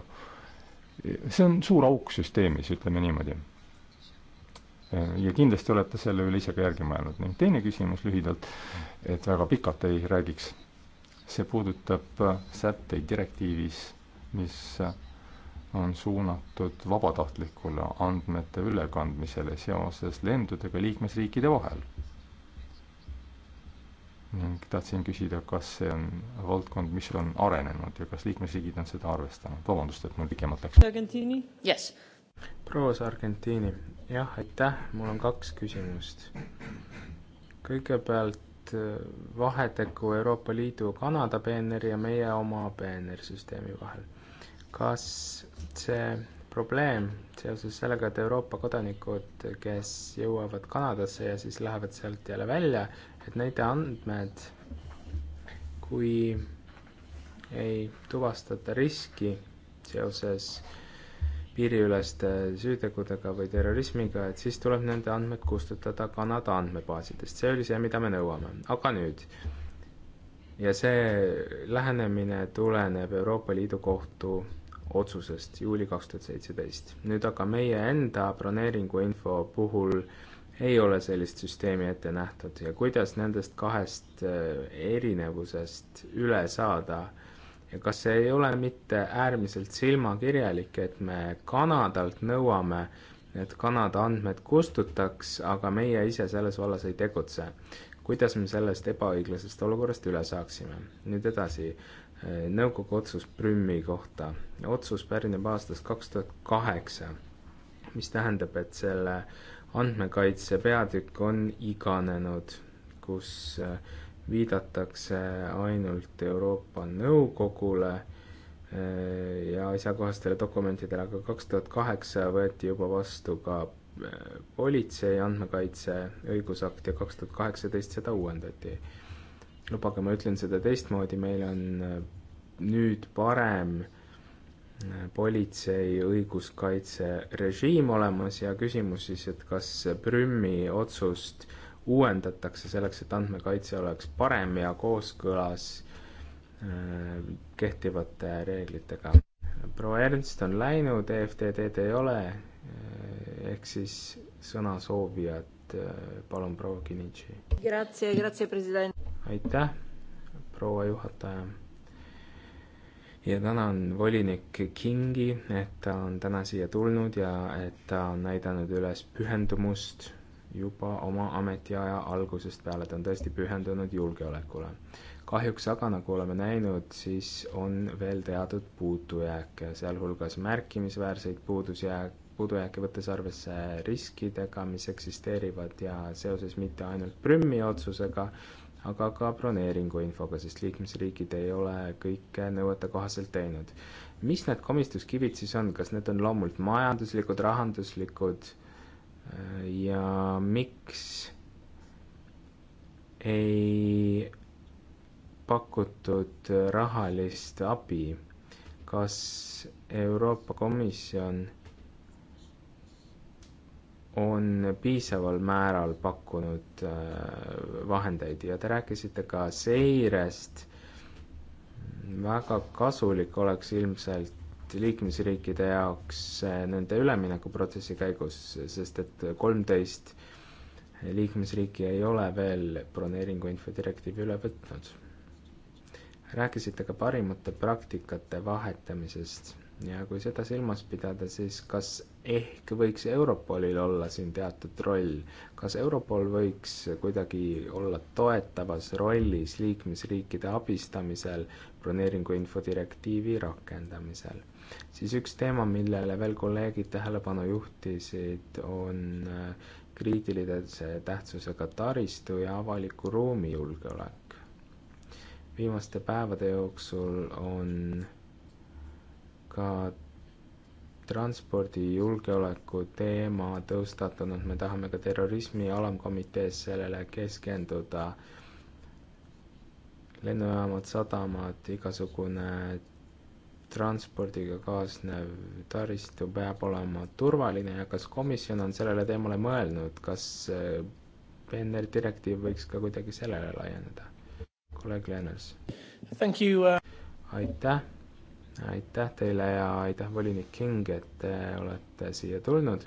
see on suur auk süsteemis, ütleme niimoodi. Äh, ja kindlasti olete selle üle ise ka järgi mõelnud ning teine küsimus lühidalt, et väga pikalt ei räägiks, see puudutab äh, sätteid direktiivis, mis on suunatud vabatahtlikule andmete ülekandmisele seoses lendudega liikmesriikide vahel. ning tahtsin küsida, kas see on valdkond, mis on arenenud ja kas liikmesriigid on seda arvestanud, vabandust, et mul pikemalt läks. Argentiini, yes. proua Sargentini, jah, aitäh, mul on kaks küsimust. kõigepealt äh, vahetegu Euroopa Liidu Kanada peeneri ja meie oma peenersüsteemi vahel kas see probleem seoses sellega, et Euroopa kodanikud, kes jõuavad Kanadasse ja siis lähevad sealt jälle välja, et nende andmed, kui ei tuvastata riski seoses piiriüleste süütegudega või terrorismiga, et siis tuleb nende andmed kustutada Kanada andmebaasidest, see oli see, mida me nõuame, aga nüüd ja see lähenemine tuleneb Euroopa Liidu kohtu otsusest juuli kaks tuhat seitseteist. nüüd aga meie enda broneeringuinfo puhul ei ole sellist süsteemi ette nähtud ja kuidas nendest kahest äh, erinevusest üle saada ja kas see ei ole mitte äärmiselt silmakirjalik, et me Kanadalt nõuame, et Kanada andmed kustutaks, aga meie ise selles vallas ei tegutse? kuidas me sellest ebaõiglasest olukorrast üle saaksime? nüüd edasi Äh, nõukogu otsus Prümmi kohta. otsus pärineb aastast kaks tuhat kaheksa, mis tähendab, et selle andmekaitse peatükk on iganenud, kus äh, viidatakse ainult Euroopa Nõukogule äh, ja asjakohastele dokumentidele, aga kaks tuhat kaheksa võeti juba vastu ka politsei andmekaitse õigusakt ja kaks tuhat kaheksateist seda uuendati lubage, ma ütlen seda teistmoodi, meil on äh, nüüd parem äh, politsei õiguskaitserežiim olemas ja küsimus siis, et kas Prümi otsust uuendatakse selleks, et andmekaitse oleks parem ja kooskõlas äh, kehtivate reeglitega. proua Ernst on läinud, EFTD-d ei ole, ehk siis sõnasoovijad, palun proua Kinitši aitäh, proua juhataja. ja tänan volinik Kingi, et ta on täna siia tulnud ja et ta on näidanud üles pühendumust juba oma ametiaja algusest peale, ta on tõesti pühendunud julgeolekule. kahjuks aga, nagu oleme näinud, siis on veel teatud puudujääke, sealhulgas märkimisväärseid puudusjääke, puudujääke, võttes arvesse riskidega, mis eksisteerivad ja seoses mitte ainult Prümi otsusega, aga ka broneeringu infoga, sest liikmesriigid ei ole kõike nõuetekohaselt teinud. mis need komistuskivid siis on, kas need on loomult majanduslikud, rahanduslikud ja miks ei pakutud rahalist abi, kas Euroopa Komisjon on piisaval määral pakkunud äh, vahendeid ja te rääkisite ka seirest. väga kasulik oleks ilmselt liikmesriikide jaoks äh, nende üleminekuprotsessi käigus, sest et kolmteist liikmesriiki ei ole veel broneeringuinfo direktiivi üle võtnud. rääkisite ka parimate praktikate vahetamisest ja kui seda silmas pidada, siis kas ehk võiks Europolil olla siin teatud roll, kas Europol võiks kuidagi olla toetavas rollis liikmesriikide abistamisel broneeringuinfo direktiivi rakendamisel? siis üks teema, millele veel kolleegid tähelepanu juhtisid, on äh, kriitilise tähtsusega taristu ja avaliku ruumi julgeolek. viimaste päevade jooksul on ka transpordijulgeoleku teema tõstatanud, me tahame ka terrorismi alamkomitees sellele keskenduda. lennujaamad, sadamad, igasugune transpordiga kaasnev taristu peab olema turvaline ja kas komisjon on sellele teemale mõelnud, kas PNR eh, direktiiv võiks ka kuidagi sellele laieneda? kolleeg Lenners. Uh aitäh aitäh teile ja aitäh, volinik King, et te olete siia tulnud.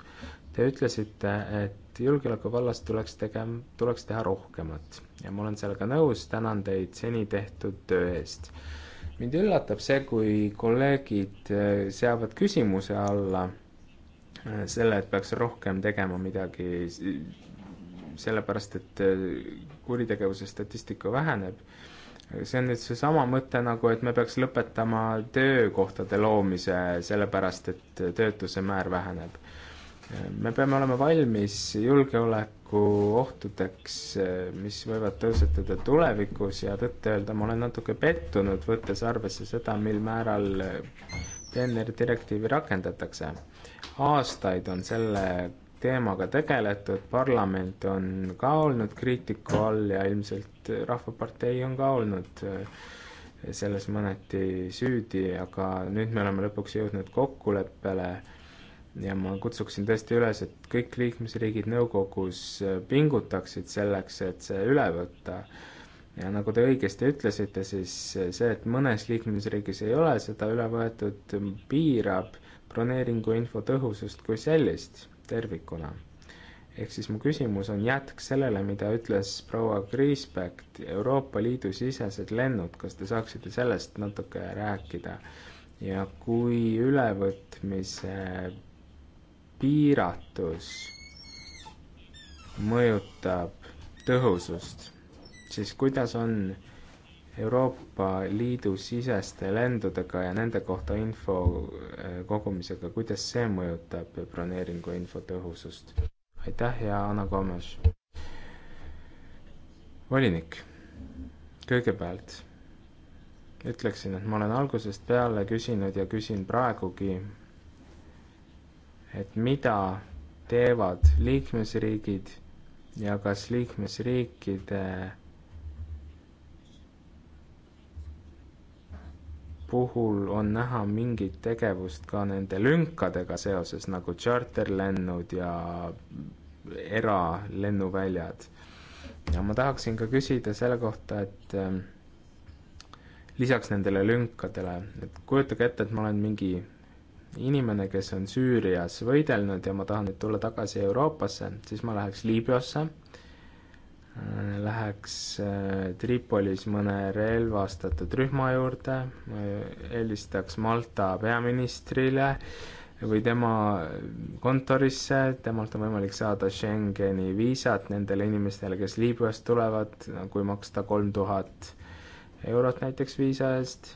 Te ütlesite, et julgeoleku vallas tuleks tegema, tuleks teha rohkemat ja ma olen sellega nõus, tänan teid seni tehtud töö eest. mind üllatab see, kui kolleegid eh, seavad küsimuse alla eh, selle, et peaks rohkem tegema midagi sellepärast, et eh, kuritegevuse statistika väheneb see on nüüd seesama mõte nagu, et me peaks lõpetama töökohtade loomise, sellepärast et töötuse määr väheneb. me peame olema valmis julgeolekuohtudeks, mis võivad tõusetuda tulevikus ja tõtt-öelda ma olen natuke pettunud, võttes arvesse seda, mil määral teener direktiivi rakendatakse. aastaid on selle teemaga tegeletud, parlament on ka olnud kriitiku all ja ilmselt Rahvapartei on ka olnud äh, selles mõneti süüdi, aga nüüd me oleme lõpuks jõudnud kokkuleppele ja ma kutsuksin tõesti üles, et kõik liikmesriigid nõukogus äh, pingutaksid selleks, et see üle võtta. ja nagu te õigesti ütlesite, siis äh, see, et mõnes liikmesriigis ei ole seda üle võetud, piirab broneeringuinfo tõhusust kui sellist tervikuna. ehk siis mu küsimus on jätk sellele, mida ütles proua Kriisbeck, Euroopa Liidu sisesed lennud, kas te saaksite sellest natuke rääkida? ja kui ülevõtmise piiratus mõjutab tõhusust, siis kuidas on äh, Euroopa Liidu siseste lendudega ja nende kohta info äh, kogumisega, kuidas see mõjutab broneeringuinfo tõhusust? aitäh ja Anna Komes. volinik, kõigepealt ütleksin, et ma olen algusest peale küsinud ja küsin praegugi, et mida teevad liikmesriigid ja kas liikmesriikide puhul on näha mingit tegevust ka nende lünkadega seoses, nagu tšarterlennud ja eralennuväljad. ja ma tahaksin ka küsida selle kohta, et ähm, lisaks nendele lünkadele, et kujutage ette, et ma olen mingi inimene, kes on Süürias võidelnud ja ma tahan nüüd tulla tagasi Euroopasse, siis ma läheks Liibüasse, Äh, läheks äh, Tripolis mõne relvastatud rühma juurde, helistaks äh, Malta peaministrile või tema kontorisse, temalt on võimalik saada Schengeni viisat nendele inimestele, kes Liibüast tulevad, kui maksta kolm tuhat eurot näiteks viisa eest.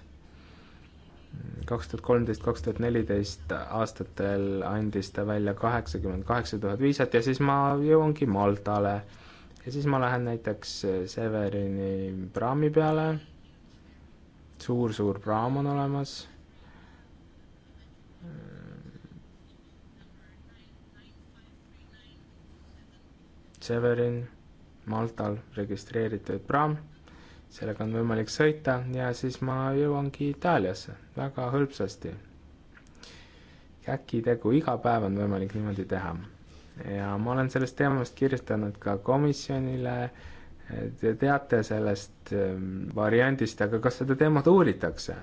kaks tuhat kolmteist, kaks tuhat neliteist aastatel andis ta välja kaheksakümmend kaheksa tuhat viisat ja siis ma jõuangi Maltale ja siis ma lähen näiteks äh, Severini praami peale suur,, suur-suur praam on olemas, Severin, Maltal registreeritud praam, sellega on võimalik sõita ja siis ma jõuangi Itaaliasse väga hõlpsasti. käkitegu, iga päev on võimalik niimoodi teha ja ma olen sellest teemast kirjutanud ka komisjonile, te teate sellest ehm, variandist, aga kas seda teemat uuritakse?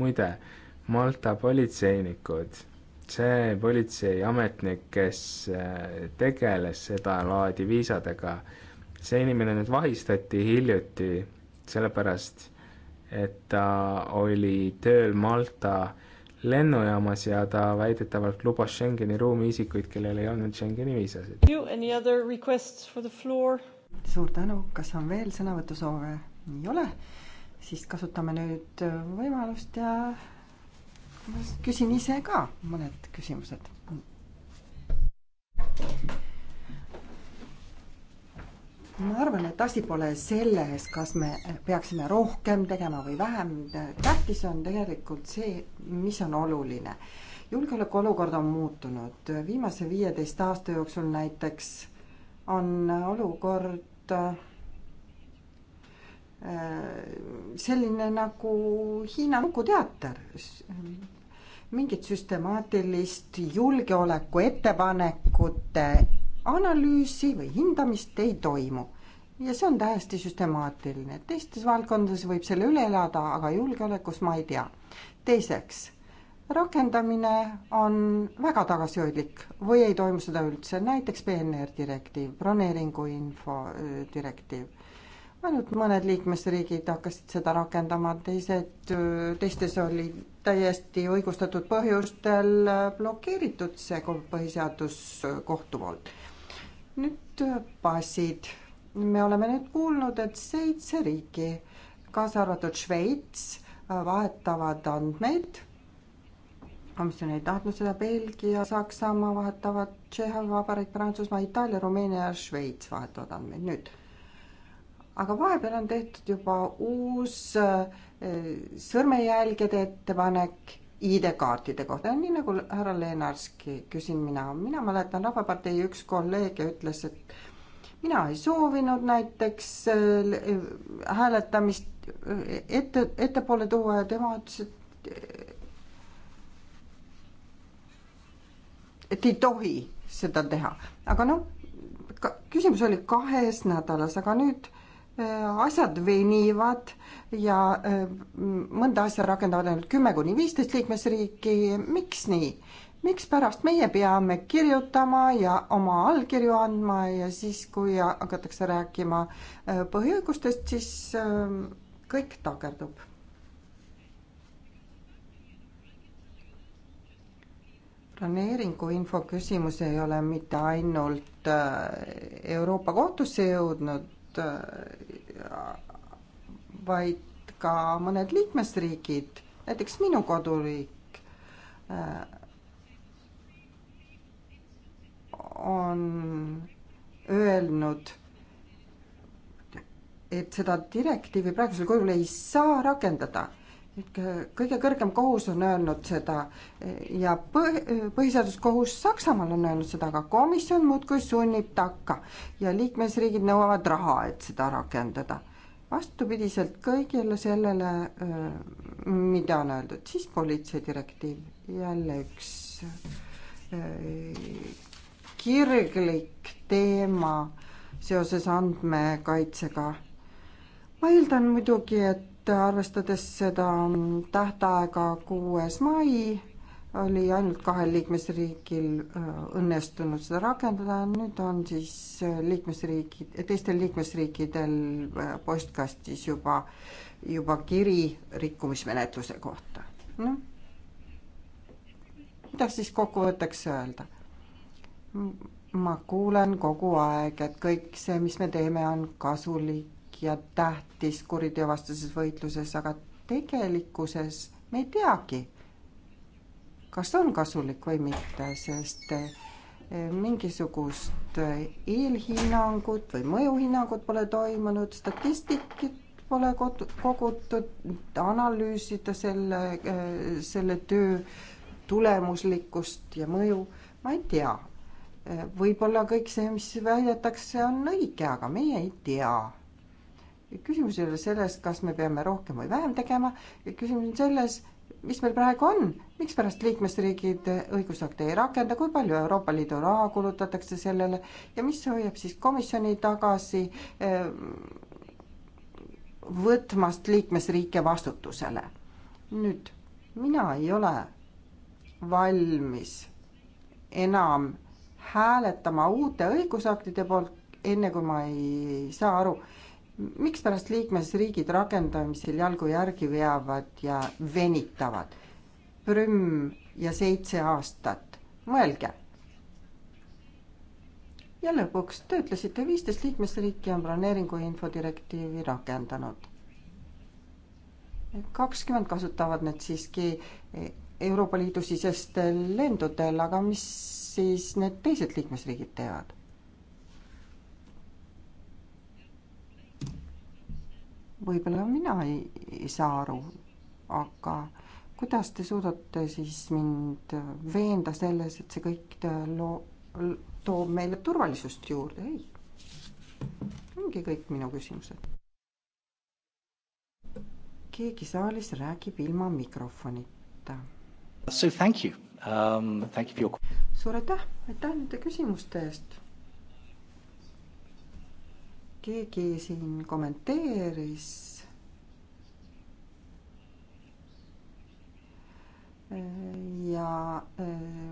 muide, Malta politseinikud, see politseiametnik, kes eh, tegeles sedalaadi viisadega, see inimene nüüd vahistati hiljuti sellepärast, et ta oli tööl Malta äh, lennujaamas ja ta väidetavalt lubas Schengeni ruumi isikuid, kellel ei olnud Schengeni viisasid. suur tänu, kas on veel sõnavõtusoove? ei ole, siis kasutame nüüd äh, võimalust ja küsin ise ka mõned küsimused ma arvan, et asi pole selles, kas me peaksime rohkem tegema või vähem. tähtis on tegelikult see, mis on oluline. julgeolekuolukord on muutunud. viimase viieteist aasta jooksul näiteks on olukord äh, selline nagu Hiina lukuteater. mingit süstemaatilist julgeoleku ettepanekute analüüsi või hindamist ei toimu. ja see on täiesti süstemaatiline, teistes valdkondades võib selle üle elada, aga julgeolekus ma ei tea. teiseks, rakendamine on väga tagasihoidlik või ei toimu seda üldse, näiteks PNR direktiiv, broneeringu info direktiiv ainult mõned liikmesriigid hakkasid seda rakendama, teised, teistes oli täiesti õigustatud põhjustel blokeeritud see põhiseaduskohtu poolt nüüd äh, passid. me oleme nüüd kuulnud, et seitse riiki, kaasa arvatud Šveits, äh, vahetavad andmeid. komisjon ei tahtnud seda, Belgia, Saksamaa vahetavad, Tšehhi Vabariik, Prantsusmaa, Itaalia, Rumeenia ja Šveits vahetavad andmeid nüüd. aga vahepeal on tehtud juba uus äh, sõrmejälgede ettepanek ID-kaartide kohta, nii nagu härra Leenarski küsin mina, mina mäletan Rahvapartei üks kolleeg ja ütles, et mina ei soovinud näiteks äh, hääletamist äh, ette, ettepoole tuua ja tema ütles, et et ei tohi seda teha, aga noh, küsimus oli kahes nädalas, aga nüüd Äh, asjad venivad ja äh, mõnda asja rakendavad ainult kümme kuni viisteist liikmesriiki, miks nii? mikspärast meie peame kirjutama ja oma allkirju andma ja siis, kui hakatakse rääkima äh, põhiõigustest, siis kõik takerdub planeeringu info küsimus ei ole mitte ainult Euroopa kohtusse jõudnud, Äh, vaid ka mõned liikmesriigid, näiteks minu koduriik äh, on öelnud, et seda direktiivi praegusel kujul ei saa rakendada Äh, kõige kõrgem kohus on öelnud seda ja põh-, põhiseaduskohus Saksamaal on öelnud seda, aga komisjon muudkui sunnib takka ja liikmesriigid nõuavad raha, et seda rakendada. vastupidiselt kõigele sellele, äh, mida on öeldud, siis politseidirektiiv, jälle üks äh, kirglik teema seoses andmekaitsega. ma eeldan muidugi, et arvestades seda tähtaega kuues mai, oli ainult kahel liikmesriigil äh, õnnestunud seda rakendada, nüüd on siis äh, liikmesriigid, teistel liikmesriikidel äh, postkastis juba, juba kiri rikkumismenetluse kohta. noh, mida siis kokkuvõtteks öelda? ma kuulen kogu aeg, et kõik see, mis me teeme, on kasulik ja tähtis kuriteovastases võitluses, aga tegelikkuses me ei teagi, kas on kasulik või mitte, sest eh, mingisugust eelhinnangut või mõjuhinnangut pole toimunud, statistikat pole kogutud, analüüsida selle, eh, selle töö tulemuslikkust ja mõju, ma ei tea. Eh, võib-olla kõik see, mis väidetakse, on õige, aga meie ei tea küsimus ei ole selles, kas me peame rohkem või vähem tegema, küsimus on selles, mis meil praegu on, mikspärast liikmesriigid õigusakte ei rakenda, kui palju Euroopa Liidu raha kulutatakse sellele ja mis hoiab siis komisjoni tagasi eh, võtmast liikmesriike vastutusele. nüüd, mina ei ole valmis enam hääletama uute õigusaktide poolt, enne kui ma ei saa aru, mikspärast liikmesriigid rakendamisel jalgu järgi veavad ja venitavad? Prüm ja seitse aastat, mõelge. ja lõpuks, te ütlesite, viisteist liikmesriiki on planeeringu infodirektiivi rakendanud. kakskümmend kasutavad need siiski Euroopa Liidu sisestel lendudel, aga mis siis need teised liikmesriigid teevad? võib-olla mina ei, ei saa aru, aga kuidas te suudate siis mind veenda selles, et see kõik loo-, toob meile turvalisust juurde, ei. ongi kõik minu küsimused. keegi saalis räägib ilma mikrofonita. So thank you um,, thank you for your. suur aitäh, aitäh nende küsimuste eest keegi siin kommenteeris ja eh,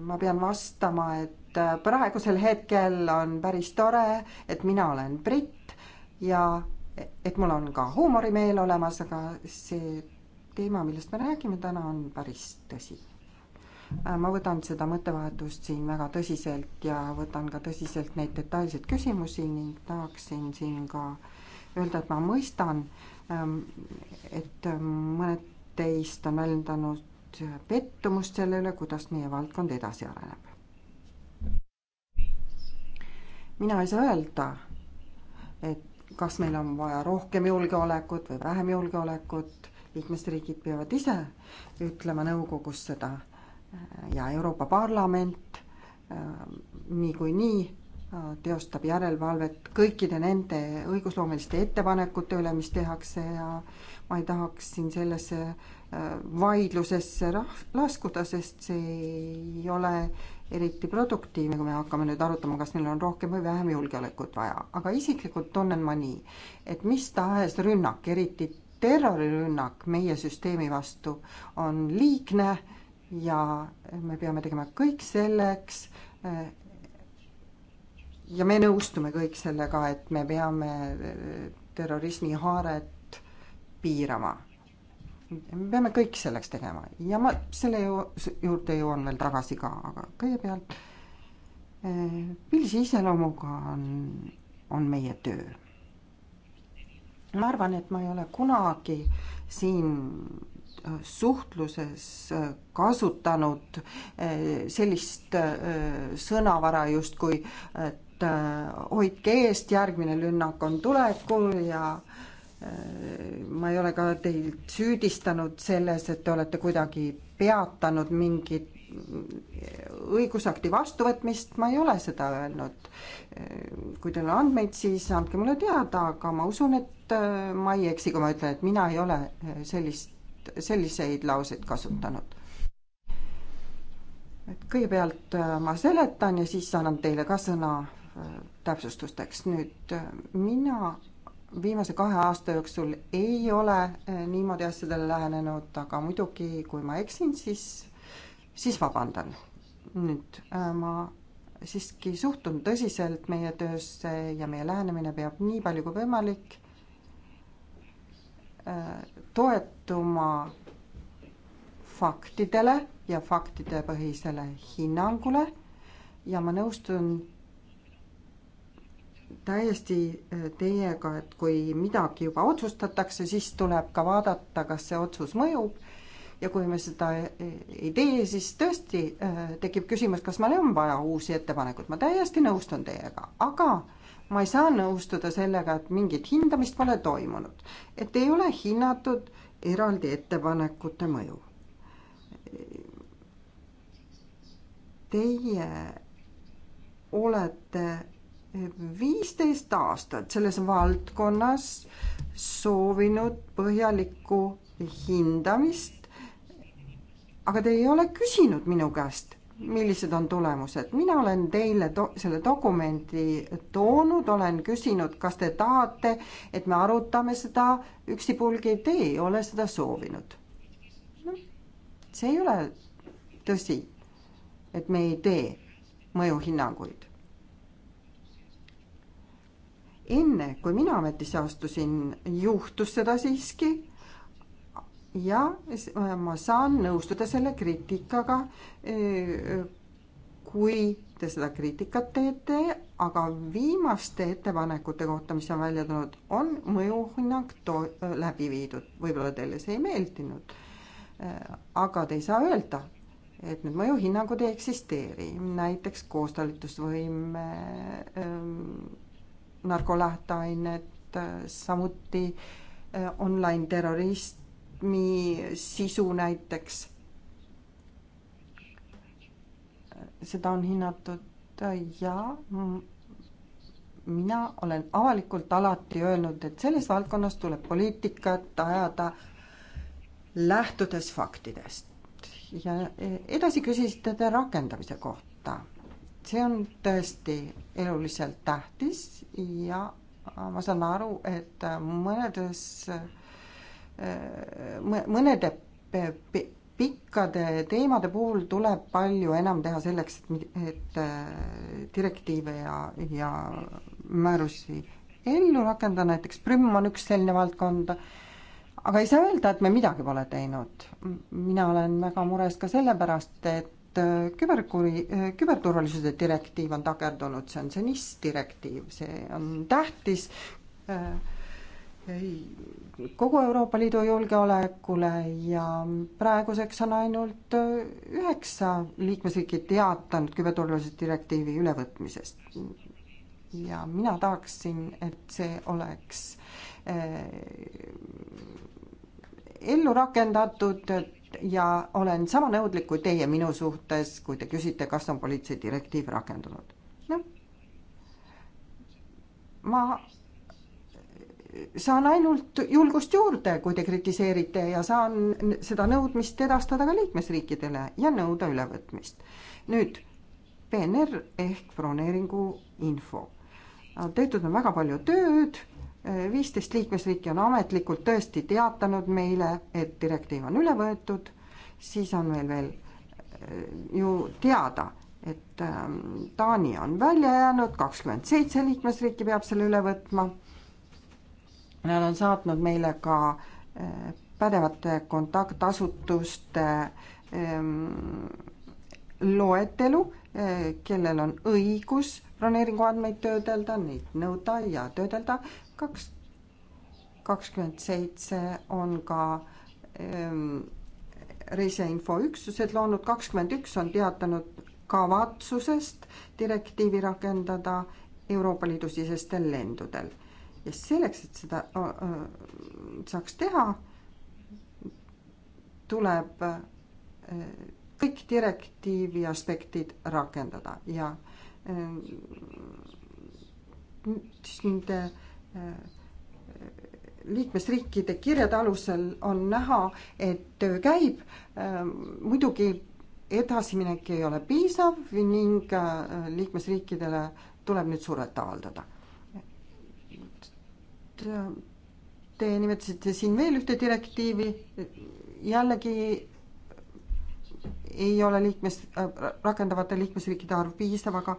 ma pean vastama, et eh, praegusel hetkel on päris tore, et mina olen britt ja eh, et mul on ka huumorimeel olemas, aga see teema, millest me räägime täna, on päris tõsine. Äh, ma võtan seda mõttevahetust siin väga tõsiselt ja võtan ka tõsiselt neid detailseid küsimusi ning tahaksin siin ka öelda, et ma mõistan, ähm, et mõned teist on väljendanud pettumust selle üle, kuidas meie valdkond edasi areneb. mina ei saa öelda, et kas meil on vaja rohkem julgeolekut või vähem julgeolekut, liikmesriigid peavad ise ütlema nõukogus seda ja Euroopa Parlament äh, niikuinii äh, teostab järelevalvet kõikide nende õigusloomeliste ettepanekute üle, mis tehakse ja ma ei tahaks siin sellesse äh, vaidlusesse rah-, laskuda, sest see ei ole eriti produktiivne, kui me hakkame nüüd arutama, kas meil on rohkem või vähem julgeolekut vaja. aga isiklikult tunnen ma nii, et mis tahes rünnak, eriti terrorirünnak meie süsteemi vastu on liigne äh, ja me peame tegema kõik selleks, eh, ja me nõustume kõik sellega, et me peame eh, terrorismi haaret piirama. me peame kõik selleks tegema ja ma selle ju juurde jõuan veel tagasi ka, aga kõigepealt eh, millise iseloomuga on, on meie töö? ma arvan, et ma ei ole kunagi siin suhtluses äh, kasutanud äh, sellist äh, sõnavara justkui, et hoidke eest, järgmine rünnak on tulekul ja ma ei ole ka teid süüdistanud selles, et te olete kuidagi peatanud mingit õigusakti vastuvõtmist, ma ei ole seda öelnud. kui teil on andmeid, siis andke mulle teada, aga ma usun, et ma ei eksi, kui ma ütlen, et mina ei ole sellist selliseid lauseid kasutanud. et kõigepealt äh, ma seletan ja siis annan teile ka sõna äh, täpsustusteks. nüüd äh, mina viimase kahe aasta jooksul ei ole niimoodi asjadele lähenenud, aga muidugi, kui ma eksin, siis, siis vabandan. nüüd ma siiski suhtun tõsiselt meie töösse ja meie lähenemine peab nii palju kui võimalik Äh, toetuma faktidele ja faktidepõhisele hinnangule ja ma nõustun täiesti äh, teiega, et kui midagi juba otsustatakse, siis tuleb ka vaadata, kas see otsus mõjub. ja kui me seda äh, ei tee, siis tõesti tekib küsimus, kas meil on vaja uusi ettepanekuid, ma täiesti nõustun teiega, aga äh, ma ei saa nõustuda sellega, et mingit hindamist pole toimunud, et ei ole hinnatud eraldi ettepanekute mõju. Teie olete viisteist aastat selles valdkonnas soovinud põhjalikku hindamist, aga te ei ole küsinud minu käest millised on tulemused. mina olen teile do selle dokumendi toonud, olen küsinud, kas te tahate, et me arutame seda üksipulgi, te ei ole seda soovinud no,. see ei ole tõsi, et me ei tee mõjuhinnanguid. enne, kui mina ametisse astusin, juhtus seda siiski ja äh, ma saan nõustuda selle kriitikaga, äh, äh, kui te seda kriitikat teete, aga viimaste ettepanekute kohta, mis on välja tulnud, on mõjuhinnang to-, läbi viidud. võib-olla teile see ei meeldinud, aga te ei saa öelda, et need mõjuhinnangud ei eksisteeri, näiteks koostalitusvõime ähm,, narkolähteained, samuti online terrorist, programmi sisu näiteks. seda on hinnatud ja mina olen avalikult alati öelnud, et selles valdkonnas tuleb poliitikat ajada lähtudes faktidest. ja edasi küsisite te rakendamise kohta. see on tõesti eluliselt tähtis ja ma saan aru, et mõnedes mõnede pikkade teemade puhul tuleb palju enam teha selleks, et, et äh, direktiive ja, ja määrusi ellu rakendada, näiteks Prüm on üks selline valdkond, aga ei saa öelda, et me midagi pole teinud. mina olen väga mures ka sellepärast, et äh, küberkuri, äh, küberturvalisuse direktiiv on takerdunud, see on see NIS direktiiv, see on tähtis äh, kogu Euroopa Liidu julgeolekule ja praeguseks on ainult äh, üheksa liikmesriiki teatanud küberturvalisuse direktiivi ülevõtmisest. ja mina tahaksin, et see oleks äh, ellu rakendatud ja olen sama nõudlik kui teie minu suhtes, kui te küsite, kas on politsei direktiiv rakendunud. noh, ma saan ainult julgust juurde, kui te kritiseerite ja saan seda nõudmist edastada ka liikmesriikidele ja nõuda ülevõtmist. nüüd PNR ehk broneeringu info. tehtud on väga palju tööd, viisteist liikmesriiki on ametlikult tõesti teatanud meile, et direktiiv on üle võetud, siis on meil veel eh, ju teada et ehm, Taani on välja jäänud, kakskümmend seitse liikmesriiki peab selle üle võtma Nad on saatnud meile ka eh, pädevate kontaktasutuste ehm, loetelu, eh, kellel on õigus broneeringuandmeid töödelda, neid nõuda ja töödelda. kaks, kakskümmend seitse on ka ehm, reisiinfoüksused loonud, kakskümmend üks on teatanud kavatsusest direktiivi rakendada Euroopa Liidu sisestel lendudel ja selleks, et seda äh, äh, saaks teha, tuleb äh, kõik direktiivi aspektid rakendada ja siis nende liikmesriikide kirjade alusel on näha, et töö käib. muidugi edasiminek ei ole piisav ning liikmesriikidele tuleb nüüd survet avaldada te nimetasite siin veel ühte direktiivi, jällegi ei ole liikmes, rakendavate liikmesriikide arv piisav, aga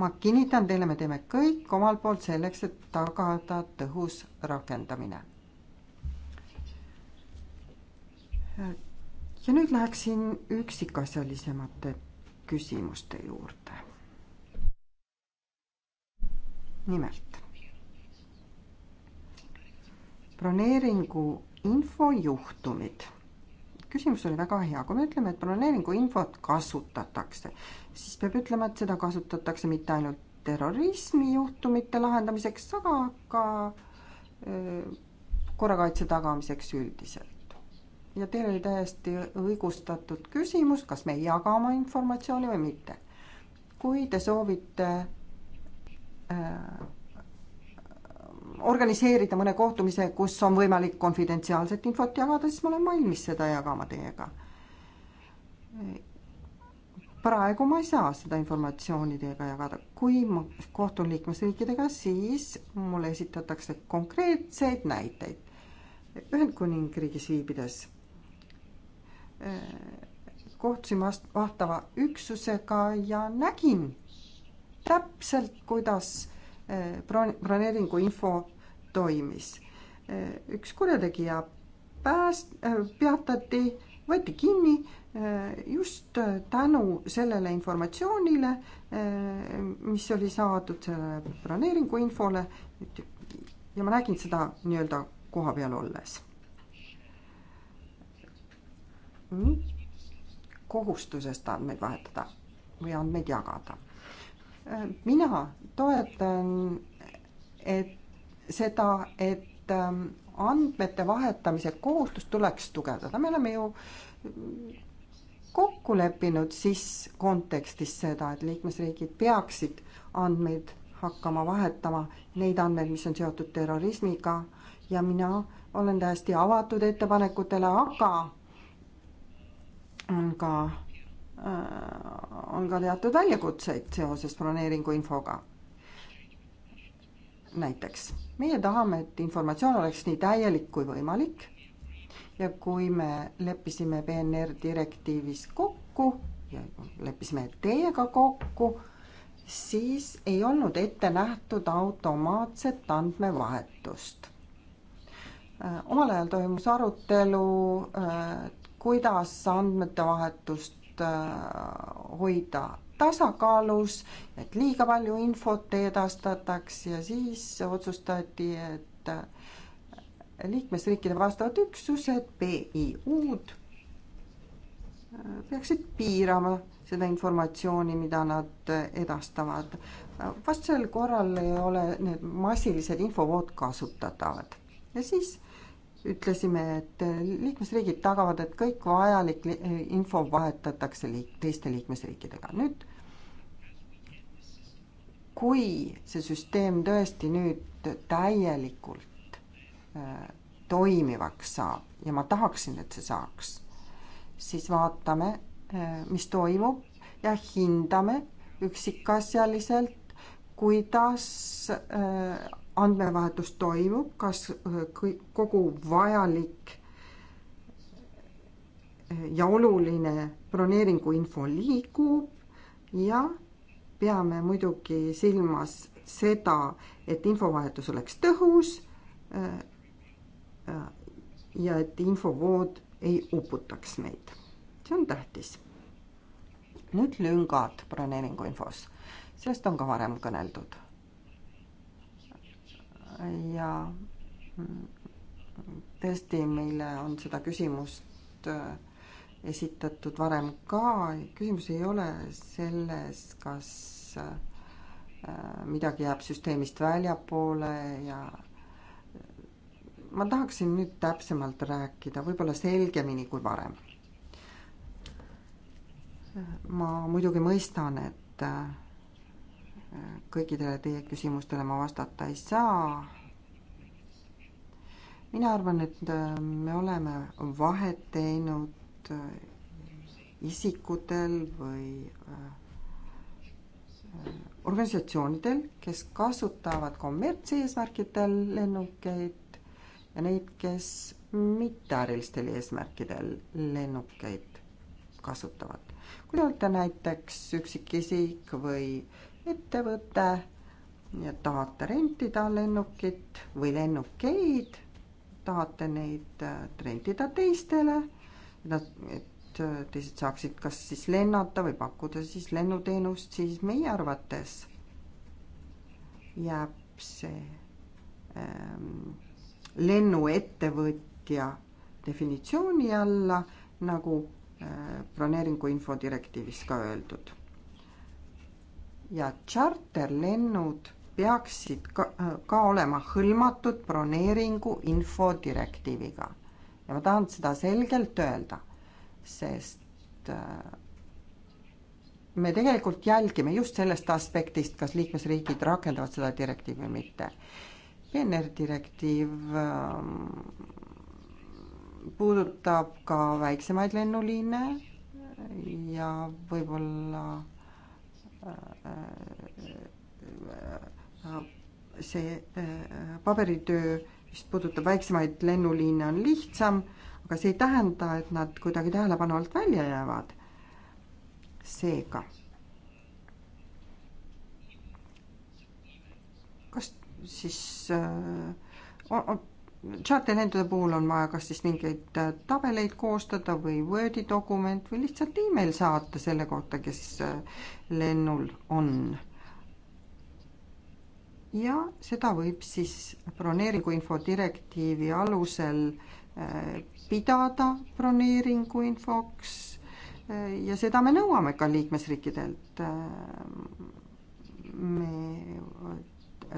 ma kinnitan teile, me teeme kõik omalt poolt selleks, et tagada tõhus rakendamine. ja nüüd läheksin üksikasjalisemate küsimuste juurde. nimelt, broneeringu infojuhtumid. küsimus oli väga hea, kui me ütleme, et broneeringu infot kasutatakse, siis peab ütlema, et seda kasutatakse mitte ainult terrorismijuhtumite lahendamiseks, aga ka äh, korrakaitse tagamiseks üldiselt. ja teil oli täiesti õigustatud küsimus, kas me jagame informatsiooni või mitte. kui te soovite äh, organiseerida mõne kohtumise, kus on võimalik konfidentsiaalset infot jagada, siis ma olen valmis seda jagama teiega. praegu ma ei saa seda informatsiooni teiega jagada. kui ma kohtun liikmesriikidega, siis mulle esitatakse konkreetseid näiteid. Ühendkuningriigis viibides eh, kohtusin vast-, vahtava üksusega ja nägin täpselt, kuidas broneeringu info toimis. üks kurjategija pääst-, peatati, võeti kinni just tänu sellele informatsioonile, mis oli saadud sellele broneeringu infole ja ma nägin seda nii-öelda koha peal olles. kohustusest andmeid vahetada või andmeid jagada mina toetan et seda, et ähm, andmete vahetamise kohustust tuleks tugevdada, me oleme ju kokku leppinud siis kontekstis seda, et liikmesriigid peaksid andmeid hakkama vahetama, neid andmeid, mis on seotud terrorismiga ja mina olen täiesti avatud ettepanekutele, aga on ka Äh, on ka teatud väljakutseid seoses broneeringu infoga. näiteks meie tahame, et informatsioon oleks nii täielik kui võimalik ja kui me leppisime PNR direktiivis kokku ja leppisime teiega kokku, siis ei olnud ette nähtud automaatset andmevahetust. Äh, omal ajal toimus arutelu, äh, kuidas andmete vahetust Äh, hoida tasakaalus, et liiga palju infot ei edastataks ja siis otsustati, et äh, liikmesriikide vastavad üksused, PIU-d, äh, peaksid piirama seda informatsiooni, mida nad edastavad. vastasel korral ei ole need massilised infovood kasutatavad ja siis ütlesime, et äh, liikmesriigid tagavad, et kõik vajalik äh, info vahetatakse liik-, teiste liikmesriikidega. nüüd kui see süsteem tõesti nüüd täielikult äh, toimivaks saab ja ma tahaksin, et see saaks, siis vaatame, mis toimub ja hindame üksikasjaliselt, kuidas andmevahetus toimub, kas äh, kõik, kogu vajalik äh, ja oluline broneeringu info liigub ja peame muidugi silmas seda, et infovahetus oleks tõhus äh, ja et infovood ei uputaks meid. see on tähtis. nüüd lüngad broneeringu infos, sellest on ka varem kõneldud ja mm, tõesti, meile on seda küsimust äh, esitatud varem ka, küsimus ei ole selles, kas äh, midagi jääb süsteemist väljapoole ja äh, ma tahaksin nüüd täpsemalt rääkida, võib-olla selgemini kui varem. ma muidugi mõistan, et kõikidele teie küsimustele ma vastata ei saa. mina arvan, et äh, me oleme vahet teinud äh, isikutel või äh, organisatsioonidel, kes kasutavad kommertseesmärkidel lennukeid ja neid, kes mitteärilistel eesmärkidel lennukeid kasutavad. kui te olete näiteks üksikisik või ettevõte ja tahate rentida lennukit või lennukeid, tahate neid äh, rentida teistele, et äh, teised saaksid kas siis lennata või pakkuda siis lennuteenust, siis meie arvates jääb see ähm, lennuettevõtja definitsiooni alla, nagu äh, broneeringu infodirektiivis ka öeldud ja tšarterlennud peaksid ka, ka olema hõlmatud broneeringu infodirektiiviga. ja ma tahan seda selgelt öelda, sest äh, me tegelikult jälgime just sellest aspektist, kas liikmesriigid rakendavad seda direktiivi või mitte. PNR direktiiv ähm, puudutab ka väiksemaid lennuliine ja võib-olla see äh, paberitöö, mis puudutab väiksemaid lennuliine, on lihtsam, aga see ei tähenda, et nad kuidagi tähelepanu alt välja jäävad. seega. kas siis äh, charterlendude puhul on vaja kas siis mingeid äh, tabeleid koostada või Wordi dokument või lihtsalt email saata selle kohta, kes äh, lennul on. ja seda võib siis broneeringu infodirektiivi alusel äh, pidada broneeringu infoks ja seda me nõuame ka liikmesriikidelt. me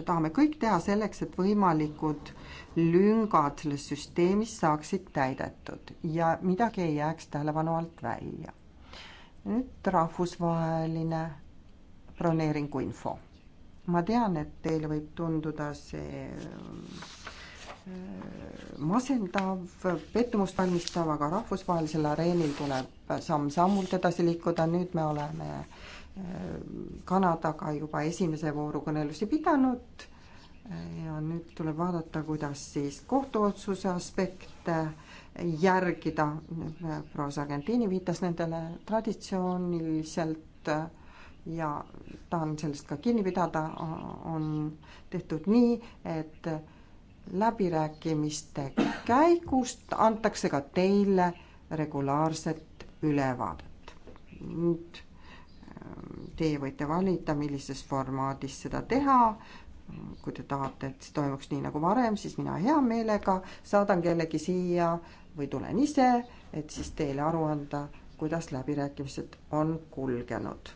tahame kõik teha selleks, et võimalikud lüngad selles süsteemis saaksid täidetud ja midagi ei jääks tähelepanu alt välja. nüüd rahvusvaheline broneeringu info. ma tean, et teile võib tunduda see äh, masendav, pettumust valmistav, aga rahvusvahelisel areenil tuleb samm-sammult edasi liikuda, nüüd me oleme äh, Kanadaga juba esimese vooru kõnelusi pidanud ja nüüd tuleb vaadata, kuidas siis kohtuotsuse aspekte järgida. proua Sargentini viitas nendele traditsiooniliselt ja tahan sellest ka kinni pidada, on tehtud nii, et läbirääkimiste käigust antakse ka teile regulaarset ülevaadet. nüüd Teie võite valida, millises formaadis seda teha. kui te tahate, et see toimuks nii nagu varem, siis mina hea meelega saadan kellegi siia või tulen ise, et siis teile aru anda, kuidas läbirääkimised on kulgenud.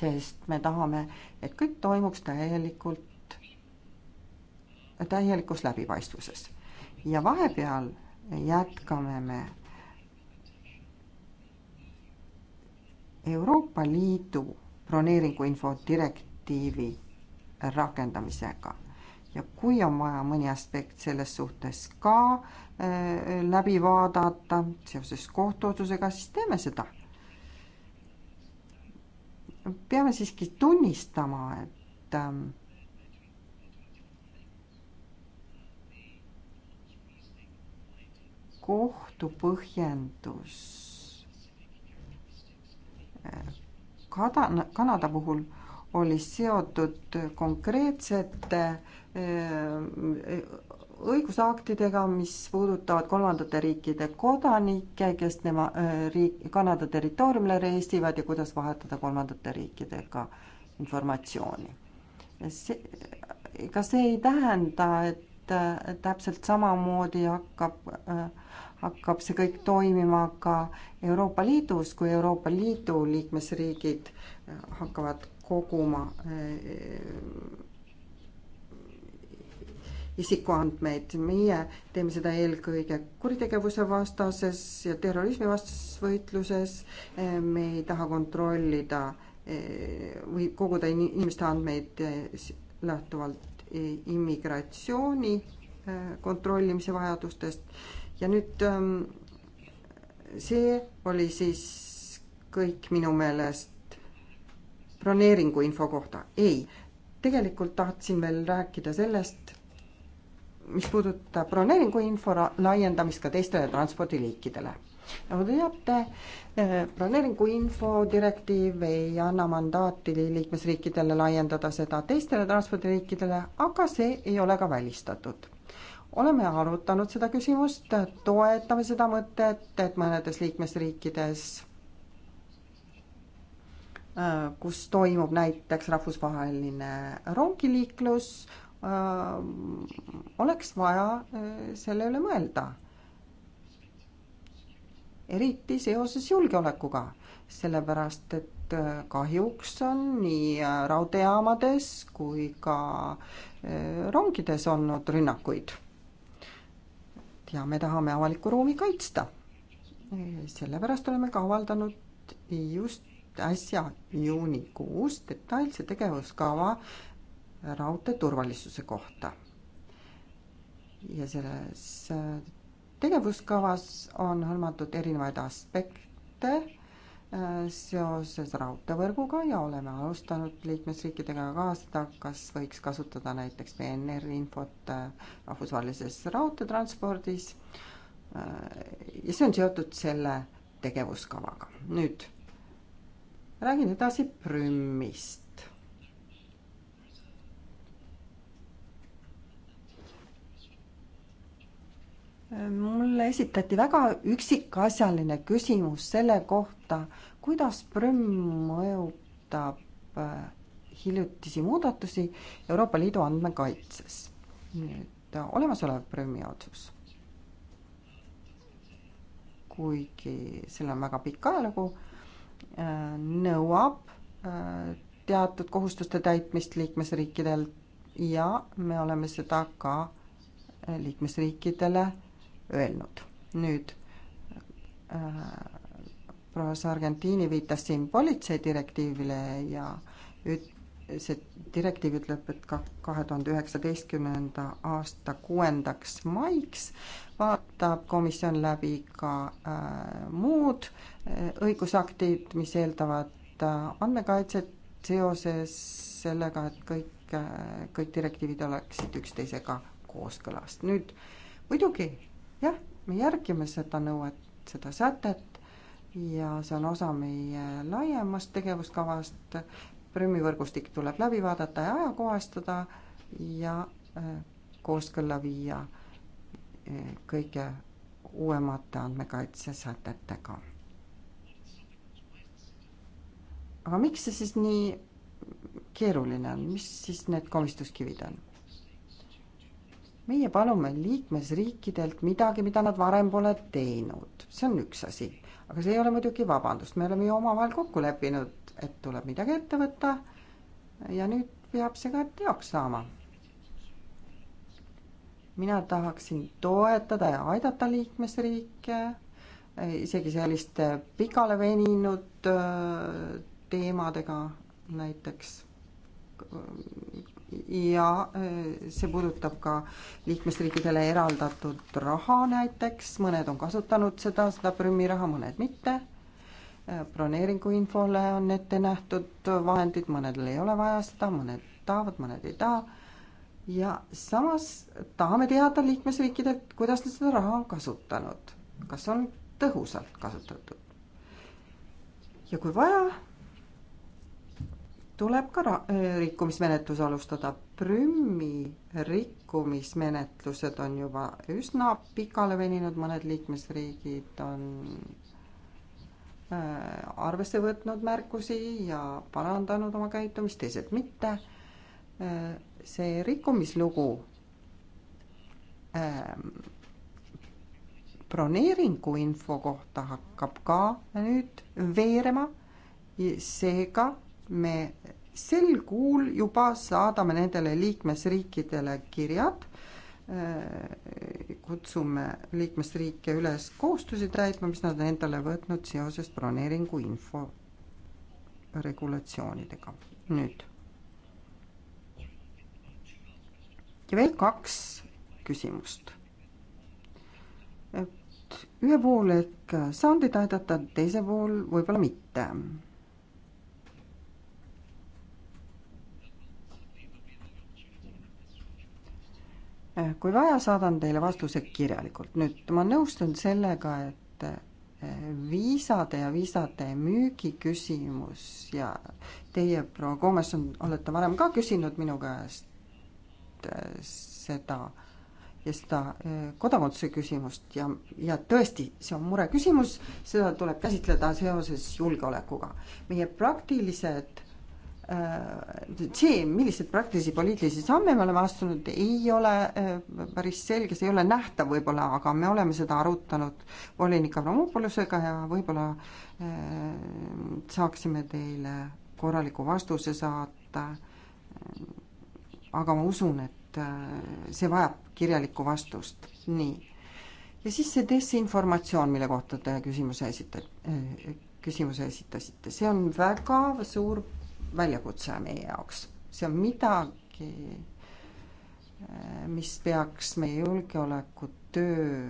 sest me tahame, et kõik toimuks täielikult, täielikus läbipaistvuses ja vahepeal jätkame me Euroopa Liidu broneeringuinfo direktiivi rakendamisega ja kui on vaja mõni aspekt selles suhtes ka äh, läbi vaadata seoses kohtuotsusega, siis teeme seda. peame siiski tunnistama, et ähm, kohtu põhjendus Kada-, Kanada puhul oli seotud konkreetsete eh, õigusaktidega, mis puudutavad kolmandate riikide kodanikke, kes tema eh, riik, Kanada territooriumile reisivad ja kuidas vahetada kolmandate riikidega informatsiooni. see, ega see ei tähenda, et eh, täpselt samamoodi hakkab hakkab see kõik toimima ka Euroopa Liidus, kui Euroopa Liidu liikmesriigid äh, hakkavad koguma äh, isikuandmeid, meie teeme seda eelkõige kuritegevuse vastases ja terrorismi vastases võitluses, äh, me ei taha kontrollida või koguda inimeste andmeid lähtuvalt immigratsiooni kontrollimise vajadustest ja nüüd ähm, see oli siis kõik minu meelest broneeringu info kohta. ei, tegelikult tahtsin veel rääkida sellest, mis puudutab broneeringu info laiendamist ka teistele transpordiliikidele. nagu te teate, äh, broneeringu info direktiiv ei anna mandaati liikmesriikidele laiendada seda teistele transpordiliikidele, aga see ei ole ka välistatud oleme arutanud seda küsimust, toetame seda mõtet, et mõnedes liikmesriikides, äh, kus toimub näiteks rahvusvaheline rongiliiklus, äh, oleks vaja äh, selle üle mõelda. eriti seoses julgeolekuga, sellepärast et kahjuks on nii raudteejaamades kui ka rongides olnud rünnakuid ja me tahame avalikku ruumi kaitsta. sellepärast oleme ka avaldanud just äsja juunikuus detailse tegevuskava raudtee turvalisuse kohta. ja selles tegevuskavas on hõlmatud erinevaid aspekte seoses raudteevõrguga ja oleme alustanud liikmesriikidega ka seda, kas võiks kasutada näiteks PNR-i infot äh, rahvusvahelises raudteetranspordis. Äh, ja see on seotud selle tegevuskavaga. nüüd räägin edasi Prümmist. mulle esitati väga üksikasjaline küsimus selle kohta, kuidas Prüm mõjutab äh, hiljutisi muudatusi Euroopa Liidu andmekaitses. nüüd äh, olemasolev Prümi otsus, kuigi sellel on väga pikk ajalugu, äh, nõuab teatud kohustuste täitmist liikmesriikidelt ja me oleme seda ka liikmesriikidele öelnud. nüüd äh, professor Argentiini viitas siin politsei direktiivile ja üt-, see direktiiv ütleb, et ka kahe tuhande üheksateistkümnenda aasta kuuendaks maiks vaatab komisjon läbi ka äh, muud äh, õigusaktid, mis eeldavad äh, andmekaitset seoses sellega, et kõik äh,, kõik direktiivid oleksid üksteisega kooskõlas. nüüd muidugi jah, me järgime seda nõuet, seda sätet ja see on osa meie laiemast tegevuskavast. Prümi võrgustik tuleb läbi vaadata ja ajakohastada ja äh, kooskõlla viia äh, kõige uuemate andmekaitsesätetega. aga miks see siis nii keeruline on, mis siis need komistuskivid on? meie palume liikmesriikidelt midagi, mida nad varem pole teinud, see on üks asi, aga see ei ole muidugi vabandust, me oleme ju omavahel kokku leppinud, et tuleb midagi ette võtta ja nüüd peab see ka teoks saama. mina tahaksin toetada ja aidata liikmesriike, isegi selliste pikale veninud äh, teemadega näiteks ja äh, see puudutab ka liikmesriikidele eraldatud raha näiteks, mõned on kasutanud seda, seda Prümi raha, mõned mitte. Äh, broneeringu infole on ette nähtud vahendid, mõnedel ei ole vaja seda, mõned tahavad, mõned ei taha. ja samas tahame teada liikmesriikidelt, kuidas nad seda raha on kasutanud, kas on tõhusalt kasutatud. ja kui vaja, tuleb ka äh, rikkumismenetlus alustada. Prümmi rikkumismenetlused on juba üsna pikale veninud, mõned liikmesriigid on äh, arvesse võtnud märkusi ja parandanud oma käitumist, teised mitte. Äh, see rikkumislugu ähm, broneeringu info kohta hakkab ka nüüd veerema, seega me sel kuul juba saadame nendele liikmesriikidele kirjad, äh, kutsume liikmesriike üles kohustusi täitma, mis nad on endale võtnud seoses broneeringu info regulatsioonidega. nüüd. ja veel kaks küsimust. et ühe pool ehk saan teid aidata, teise pool võib-olla mitte Eh, kui vaja, saadan teile vastuse kirjalikult. nüüd ma nõustun sellega, et eh, viisade ja viisade müügi küsimus ja teie, proua Koomes, on, olete varem ka küsinud minu käest eh, seda ja seda kodakondsuse küsimust ja, ja tõesti, see on mureküsimus, seda tuleb käsitleda seoses julgeolekuga. meie praktilised Äh, see, milliseid praktilisi poliitilisi samme me oleme astunud, ei ole äh, päris selge, see ei ole nähtav võib-olla, aga me oleme seda arutanud volinik Avramopolusega ja võib-olla äh, saaksime teile korraliku vastuse saata. aga ma usun, et see vajab kirjalikku vastust, nii. ja siis see desinformatsioon, mille kohta te küsimuse esitati küsimuse esitasite, see on väga suur väljakutse meie jaoks. see on midagi, mis peaks meie julgeolekutöö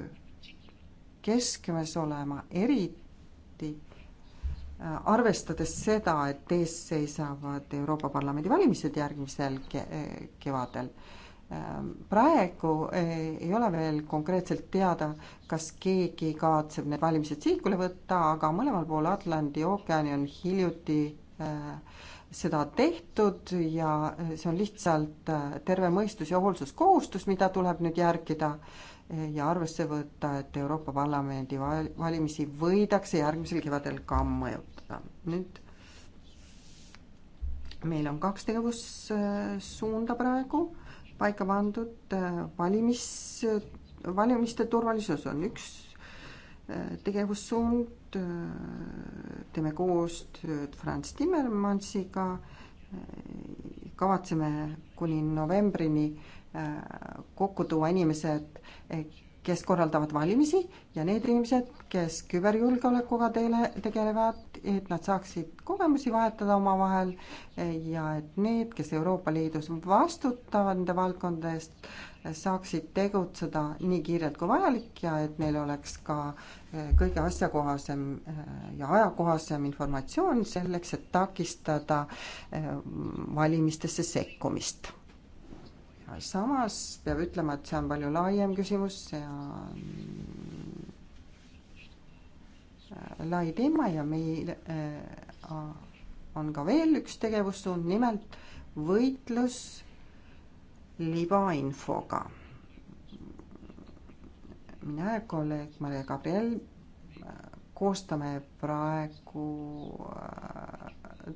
keskmes olema, eriti äh, arvestades seda, et ees seisavad Euroopa Parlamendi valimised järgmisel ke kevadel. Ähm, praegu äh, ei ole veel konkreetselt teada, kas keegi kavatseb need valimised sihikule võtta, aga mõlemal pool Atlandi ookeani on hiljuti äh, seda tehtud ja see on lihtsalt äh, terve mõistus ja hoolsuskohustus, mida tuleb nüüd järgida äh, ja arvesse võtta, et Euroopa Parlamendi valimisi võidakse järgmisel kevadel ka mõjutada. nüüd meil on kaks tegevussuunda praegu paika pandud, äh, valimis, valimiste turvalisus on üks tegevussuund, Äh, teeme koostööd Franz Timmermansiga, kavatseme kuni novembrini äh, kokku tuua inimesed, kes korraldavad valimisi ja need inimesed, kes küberjulgeolekuga teele, tegelevad, et nad saaksid kogemusi vahetada omavahel ja et need, kes Euroopa Liidus vastutavad nende valdkondade eest, saaksid tegutseda nii kiirelt kui vajalik ja et neil oleks ka eh, kõige asjakohasem eh, ja ajakohasem informatsioon selleks, et takistada eh, valimistesse sekkumist samas peab ütlema, et see on palju laiem küsimus, see on äh, lai teema ja meil äh, on ka veel üks tegevussuund, nimelt võitlus libainfoga. mina ja kolleeg Maria Gabriel äh, koostame praegu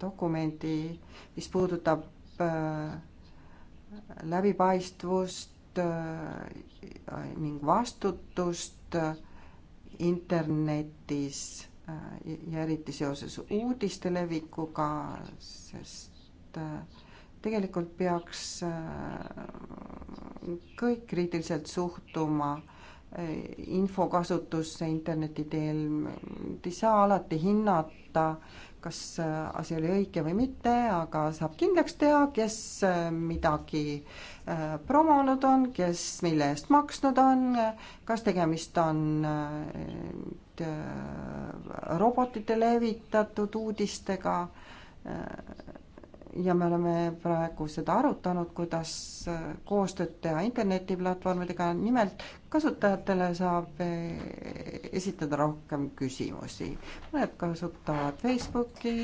dokumendi, mis puudutab äh, läbipaistvust äh, ning vastutust äh, internetis äh, ja eriti seoses uudiste levikuga, sest tegelikult peaks kõik kriitiliselt suhtuma infokasutusse interneti teel, ei saa alati hinnata kas äh, asi oli õige või mitte, aga saab kindlaks teha, kes äh, midagi äh, promonud on, kes mille eest maksnud on, kas tegemist on robotite levitatud uudistega ja me oleme praegu seda arutanud, kuidas koostööd teha internetiplatvormidega, nimelt kasutajatele saab esitada rohkem küsimusi. mõned kasutavad Facebooki,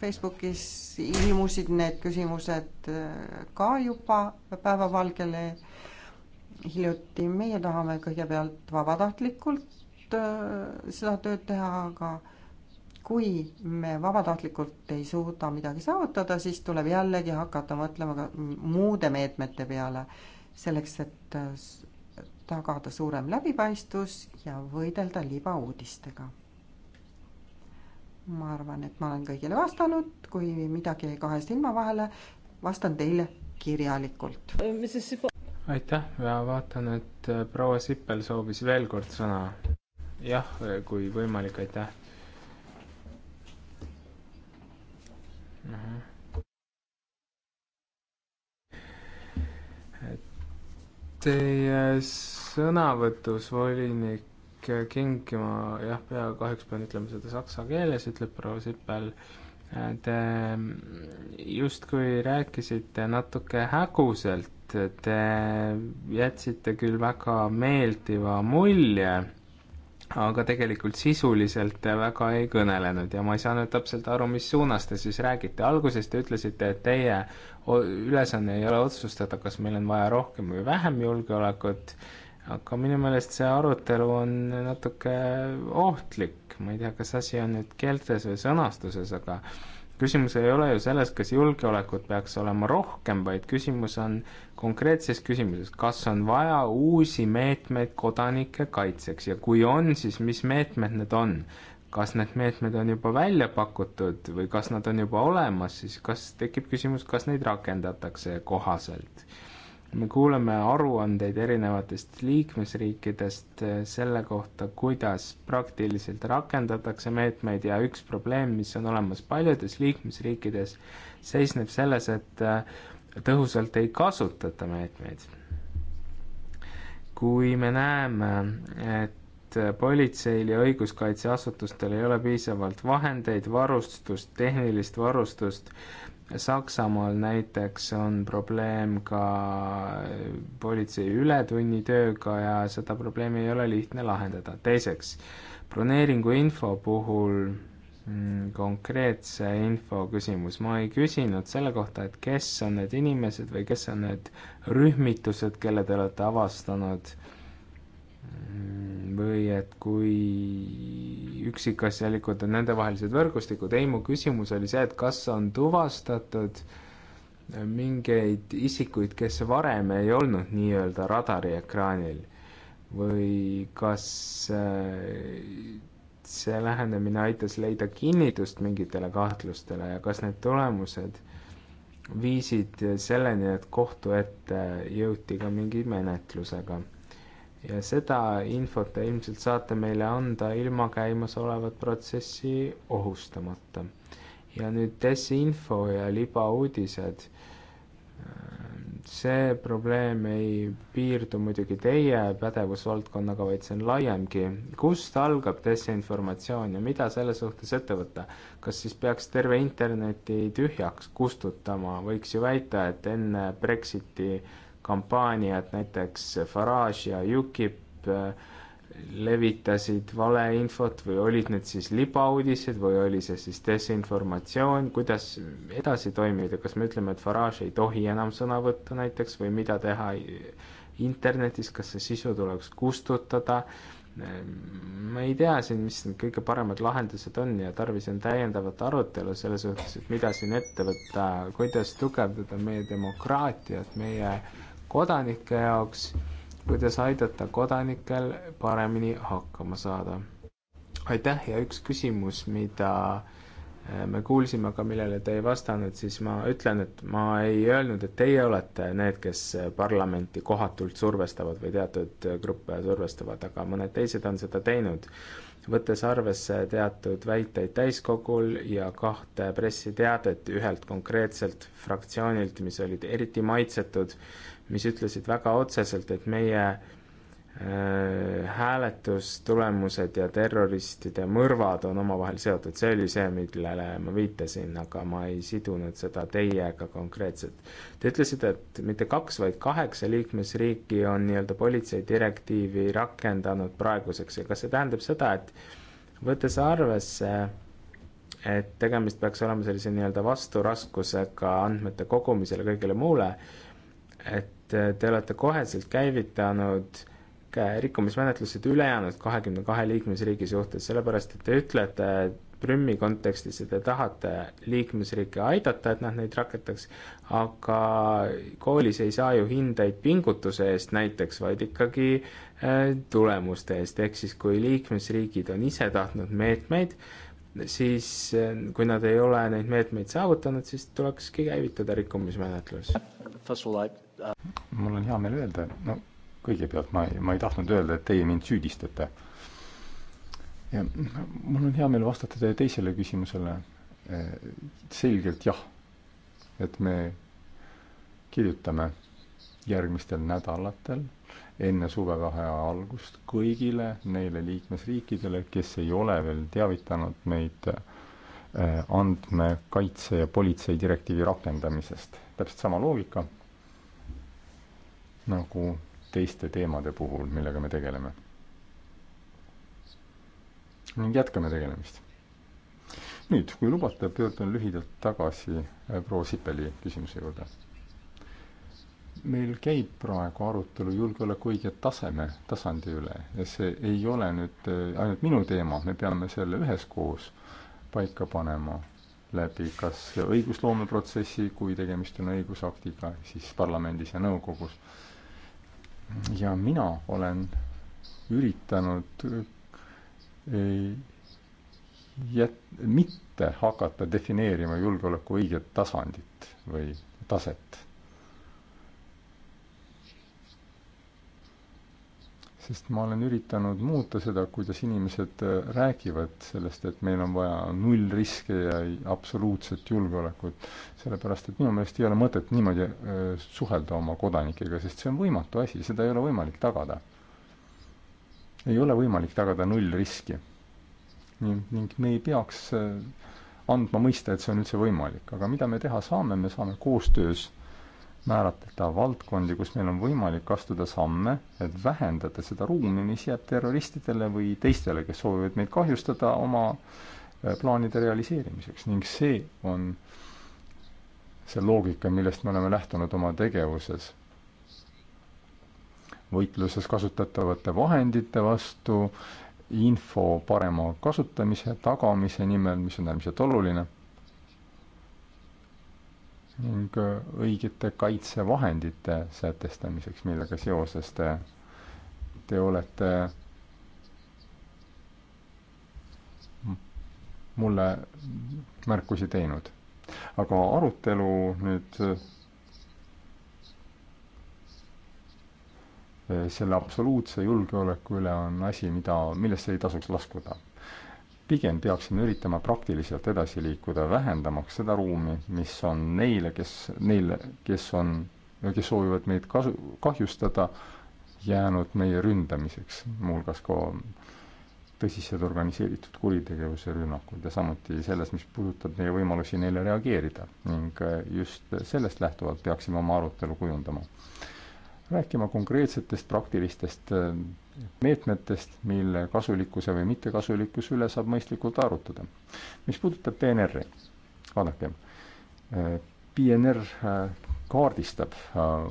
Facebookis ilmusid need küsimused ka juba päevavalgele hiljuti, meie tahame kõigepealt vabatahtlikult äh, seda tööd teha, aga kui me vabatahtlikult ei suuda midagi saavutada, siis tuleb jällegi hakata mõtlema ka muude meetmete peale, selleks et äh, tagada suurem läbipaistvus ja võidelda libauudistega. ma arvan, et ma olen kõigile vastanud, kui midagi jäi kahe silma vahele, vastan teile kirjalikult. aitäh, ma vaatan, et äh, proua Sippel soovis veel kord sõna. jah, äh, kui võimalik, aitäh Mhm. Teie sõnavõtus volinik King, ma jah, pea kahjuks pean ütlema seda saksa keeles, ütleb proua Sipel, te justkui rääkisite natuke häguselt, te jätsite küll väga meeldiva mulje aga tegelikult sisuliselt te väga ei kõnelenud ja ma ei saanud täpselt aru, mis suunas te siis räägite. alguses te ütlesite, et teie ülesanne ei ole otsustada, kas meil on vaja rohkem või vähem julgeolekut, aga minu meelest see arutelu on natuke ohtlik, ma ei tea, kas asi on nüüd keeltes või sõnastuses, aga küsimus ei ole ju selles, kas julgeolekut peaks olema rohkem, vaid küsimus on konkreetses küsimuses, kas on vaja uusi meetmeid kodanike kaitseks ja kui on, siis mis meetmed need on? kas need meetmed on juba välja pakutud või kas nad on juba olemas, siis kas tekib küsimus, kas neid rakendatakse kohaselt me kuuleme aruandeid erinevatest liikmesriikidest eh, selle kohta, kuidas praktiliselt rakendatakse meetmeid ja üks probleem, mis on olemas paljudes liikmesriikides, seisneb selles, et eh, tõhusalt ei kasutata meetmeid. kui me näeme, et politseil ja õiguskaitseasutustel ei ole piisavalt vahendeid, varustust, tehnilist varustust, Saksamaal näiteks on probleem ka politsei ületunnitööga ja seda probleemi ei ole lihtne lahendada. teiseks, broneeringuinfo puhul mm, konkreetse info küsimus, ma ei küsinud selle kohta, et kes on need inimesed või kes on need rühmitused, kelle te olete avastanud või et kui üksikasjalikud on nendevahelised võrgustikud, ei, mu küsimus oli see, et kas on tuvastatud mingeid isikuid, kes varem ei olnud nii-öelda radariekraanil või kas äh, see lähenemine aitas leida kinnitust mingitele kahtlustele ja kas need tulemused viisid selleni, et kohtu ette jõuti ka mingi menetlusega ja seda infot te ilmselt saate meile anda ilma käimasolevat protsessi ohustamata. ja nüüd desinfo ja libauudised. see probleem ei piirdu muidugi teie pädevusvaldkonnaga, vaid see on laiemgi. kust algab desinformatsioon ja mida selle suhtes ette võtta? kas siis peaks terve interneti tühjaks kustutama, võiks ju väita, et enne Brexiti äh, kampaaniad, näiteks Farage ja UKIP äh, levitasid valeinfot või olid need siis libauudised või oli see siis desinformatsioon, kuidas edasi toimida, kas me ütleme, et Farage ei tohi enam sõna võtta näiteks või mida teha internetis, kas see sisu tuleks kustutada, ma ei tea siin, mis need kõige paremad lahendused on ja tarvis on täiendavat arutelu selles suhtes, et mida siin ette võtta, kuidas tugevdada meie demokraatiat, meie äh, kodanike jaoks, kuidas aidata kodanikel paremini hakkama saada. aitäh ja üks küsimus, mida eh, me kuulsime, aga millele te ei vastanud, siis ma ütlen, et ma ei öelnud, et teie olete need, kes parlamenti kohatult survestavad või teatud gruppe survestavad, aga mõned teised on seda teinud võttes arvesse teatud väiteid täiskogul ja kahte pressiteadet ühelt konkreetselt fraktsioonilt, mis olid eriti maitsetud mis ütlesid väga otseselt, et meie äh, hääletustulemused ja terroristide mõrvad on omavahel seotud, see oli see, millele ma viitasin, aga ma ei sidunud seda teiega konkreetselt. Te ütlesite, et mitte kaks, vaid kaheksa liikmesriiki on nii-öelda politseidirektiivi rakendanud praeguseks ja kas see tähendab seda, et võttes arvesse äh, et tegemist peaks olema sellise nii-öelda vasturaskusega andmete kogumisele, kõigele muule, et Äh, te olete koheselt käivitanud rikkumismenetlused ülejäänud kahekümne kahe liikmesriigi suhtes, sellepärast et te ütlete Prümmi kontekstis, et te tahate liikmesriike aidata, et nad neid rakendaks, aga koolis ei saa ju hindeid pingutuse eest näiteks, vaid ikkagi äh, tulemuste eest, ehk siis kui liikmesriigid on ise tahtnud meetmeid, siis äh, kui nad ei ole neid meetmeid saavutanud, siis tulekski käivitada rikkumismenetlus mul on hea meel öelda, no kõigepealt ma, ma ei tahtnud öelda, et teie mind süüdistate. ja mul on hea meel vastata teie teisele küsimusele e, selgelt jah. et me kirjutame järgmistel nädalatel enne suvevaheaja algust kõigile neile liikmesriikidele, kes ei ole veel teavitanud meid e, andmekaitse ja politsei direktiivi rakendamisest. täpselt sama loogika nagu teiste teemade puhul, millega me tegeleme. ning jätkame tegelemist. nüüd, kui lubate, pöördun lühidalt tagasi äh, proua Sipeli küsimuse juurde. meil käib praegu arutelu julgeoleku õige taseme, tasandi üle ja see ei ole nüüd äh, ainult minu teema, me peame selle üheskoos paika panema läbi kas õigusloomeprotsessi, kui tegemist on õigusaktiga, siis parlamendis ja nõukogus ja mina olen üritanud eh, jät-, mitte hakata defineerima julgeoleku õiget tasandit või taset sest ma olen üritanud muuta seda, kuidas inimesed äh, räägivad sellest, et meil on vaja nullriske ja absoluutset julgeolekut. sellepärast, et minu meelest ei ole mõtet niimoodi äh, suhelda oma kodanikega, sest see on võimatu asi, seda ei ole võimalik tagada. ei ole võimalik tagada nullriski. ning me ei peaks äh, andma mõista, et see on üldse võimalik, aga mida me teha saame, me saame koostöös määratleda valdkondi, kus meil on võimalik astuda samme, et vähendada seda ruumi, mis jääb terroristidele või teistele, kes soovivad meid kahjustada oma äh, plaanide realiseerimiseks ning see on see loogika, millest me oleme lähtunud oma tegevuses. võitluses kasutatavate vahendite vastu, info parema kasutamise, tagamise nimel, mis on äärmiselt oluline ning õigete kaitsevahendite sätestamiseks, millega seoses te, te olete mulle märkusi teinud. aga arutelu nüüd selle absoluutse julgeoleku üle on asi, mida, millesse ei tasuks laskuda pigem peaksime üritama praktiliselt edasi liikuda, vähendamaks seda ruumi, mis on neile, kes, neile, kes on, kes soovivad meid kasu, kahjustada, jäänud meie ründamiseks, muuhulgas ka tõsised organiseeritud kuritegevuse rünnakud ja samuti selles, mis puudutab meie võimalusi neile reageerida ning äh, just sellest lähtuvalt peaksime oma arutelu kujundama. rääkima konkreetsetest praktilistest äh, meetmetest, mille kasulikkuse või mittekasulikkuse üle saab mõistlikult arutada. mis puudutab PNR-i, vaadake, PNR äh, kaardistab, äh,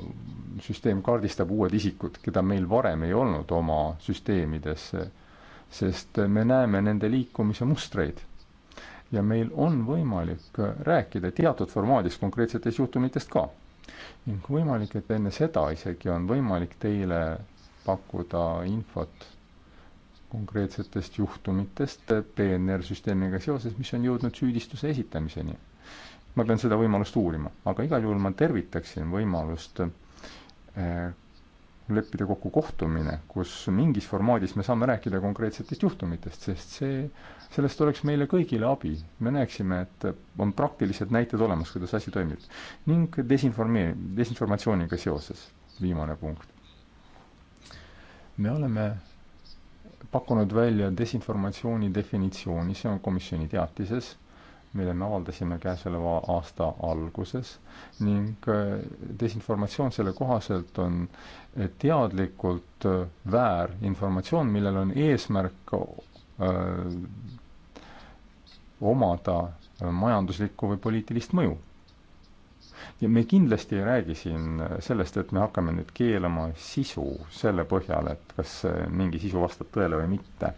süsteem kaardistab uued isikud, keda meil varem ei olnud oma süsteemides, sest me näeme nende liikumise mustreid. ja meil on võimalik äh, rääkida teatud formaadis konkreetsetest juhtumitest ka. ning võimalik, et enne seda isegi on võimalik teile pakkuda infot konkreetsetest juhtumitest PNR-süsteemiga seoses, mis on jõudnud süüdistuse esitamiseni. ma pean seda võimalust uurima, aga igal juhul ma tervitaksin võimalust eh, leppida kokku kohtumine, kus mingis formaadis me saame rääkida konkreetsetest juhtumitest, sest see, sellest oleks meile kõigile abi. me näeksime, et on praktilised näited olemas, kuidas asi toimib. ning desinformeeri-, desinformatsiooniga seoses, viimane punkt me oleme pakkunud välja desinformatsiooni definitsiooni, see on komisjoni teatises, mille me avaldasime käesoleva aasta alguses ning äh, desinformatsioon selle kohaselt on äh, teadlikult äh, väärinformatsioon, millel on eesmärk öö, omada majanduslikku või poliitilist mõju ja me kindlasti ei räägi siin sellest, et me hakkame nüüd keelama sisu selle põhjal, et kas mingi sisu vastab tõele või mitte.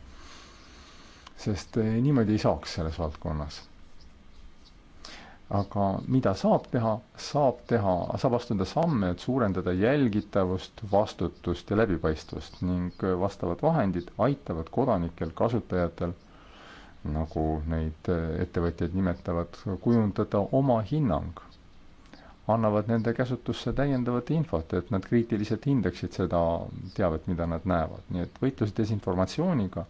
sest eh, niimoodi ei saaks selles valdkonnas. aga mida saab teha, saab teha, saab astuda samme, et suurendada jälgitavust, vastutust ja läbipaistvust ning vastavad vahendid aitavad kodanikel, kasutajatel nagu neid eh, ettevõtjaid nimetavad, kujundada oma hinnang annavad nende käsutusse täiendavat infot, et nad kriitiliselt hindaksid seda teavet, mida nad näevad. nii et võitlus desinformatsiooniga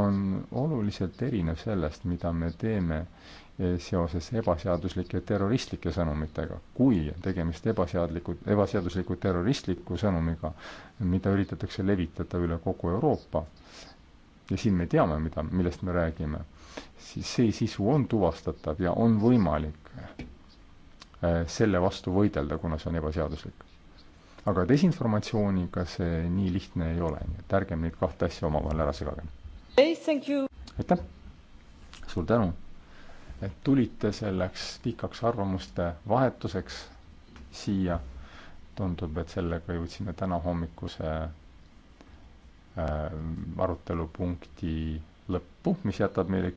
on oluliselt erinev sellest, mida me teeme eh, seoses ebaseaduslike terroristlike sõnumitega. kui tegemist ebaseadliku, ebaseadusliku terroristliku sõnumiga, mida üritatakse levitada üle kogu Euroopa, ja siin me teame, mida, millest me räägime, siis see sisu on tuvastatav ja on võimalik Äh, selle vastu võidelda, kuna see on ebaseaduslik. aga desinformatsiooniga see nii lihtne ei ole, nii et ärgem neid kahte asja omavahel ära segage hey,. aitäh, suur tänu, et tulite selleks pikaks arvamuste vahetuseks siia. tundub, et sellega jõudsime täna hommikuse äh, arutelupunkti lõppu, mis jätab meile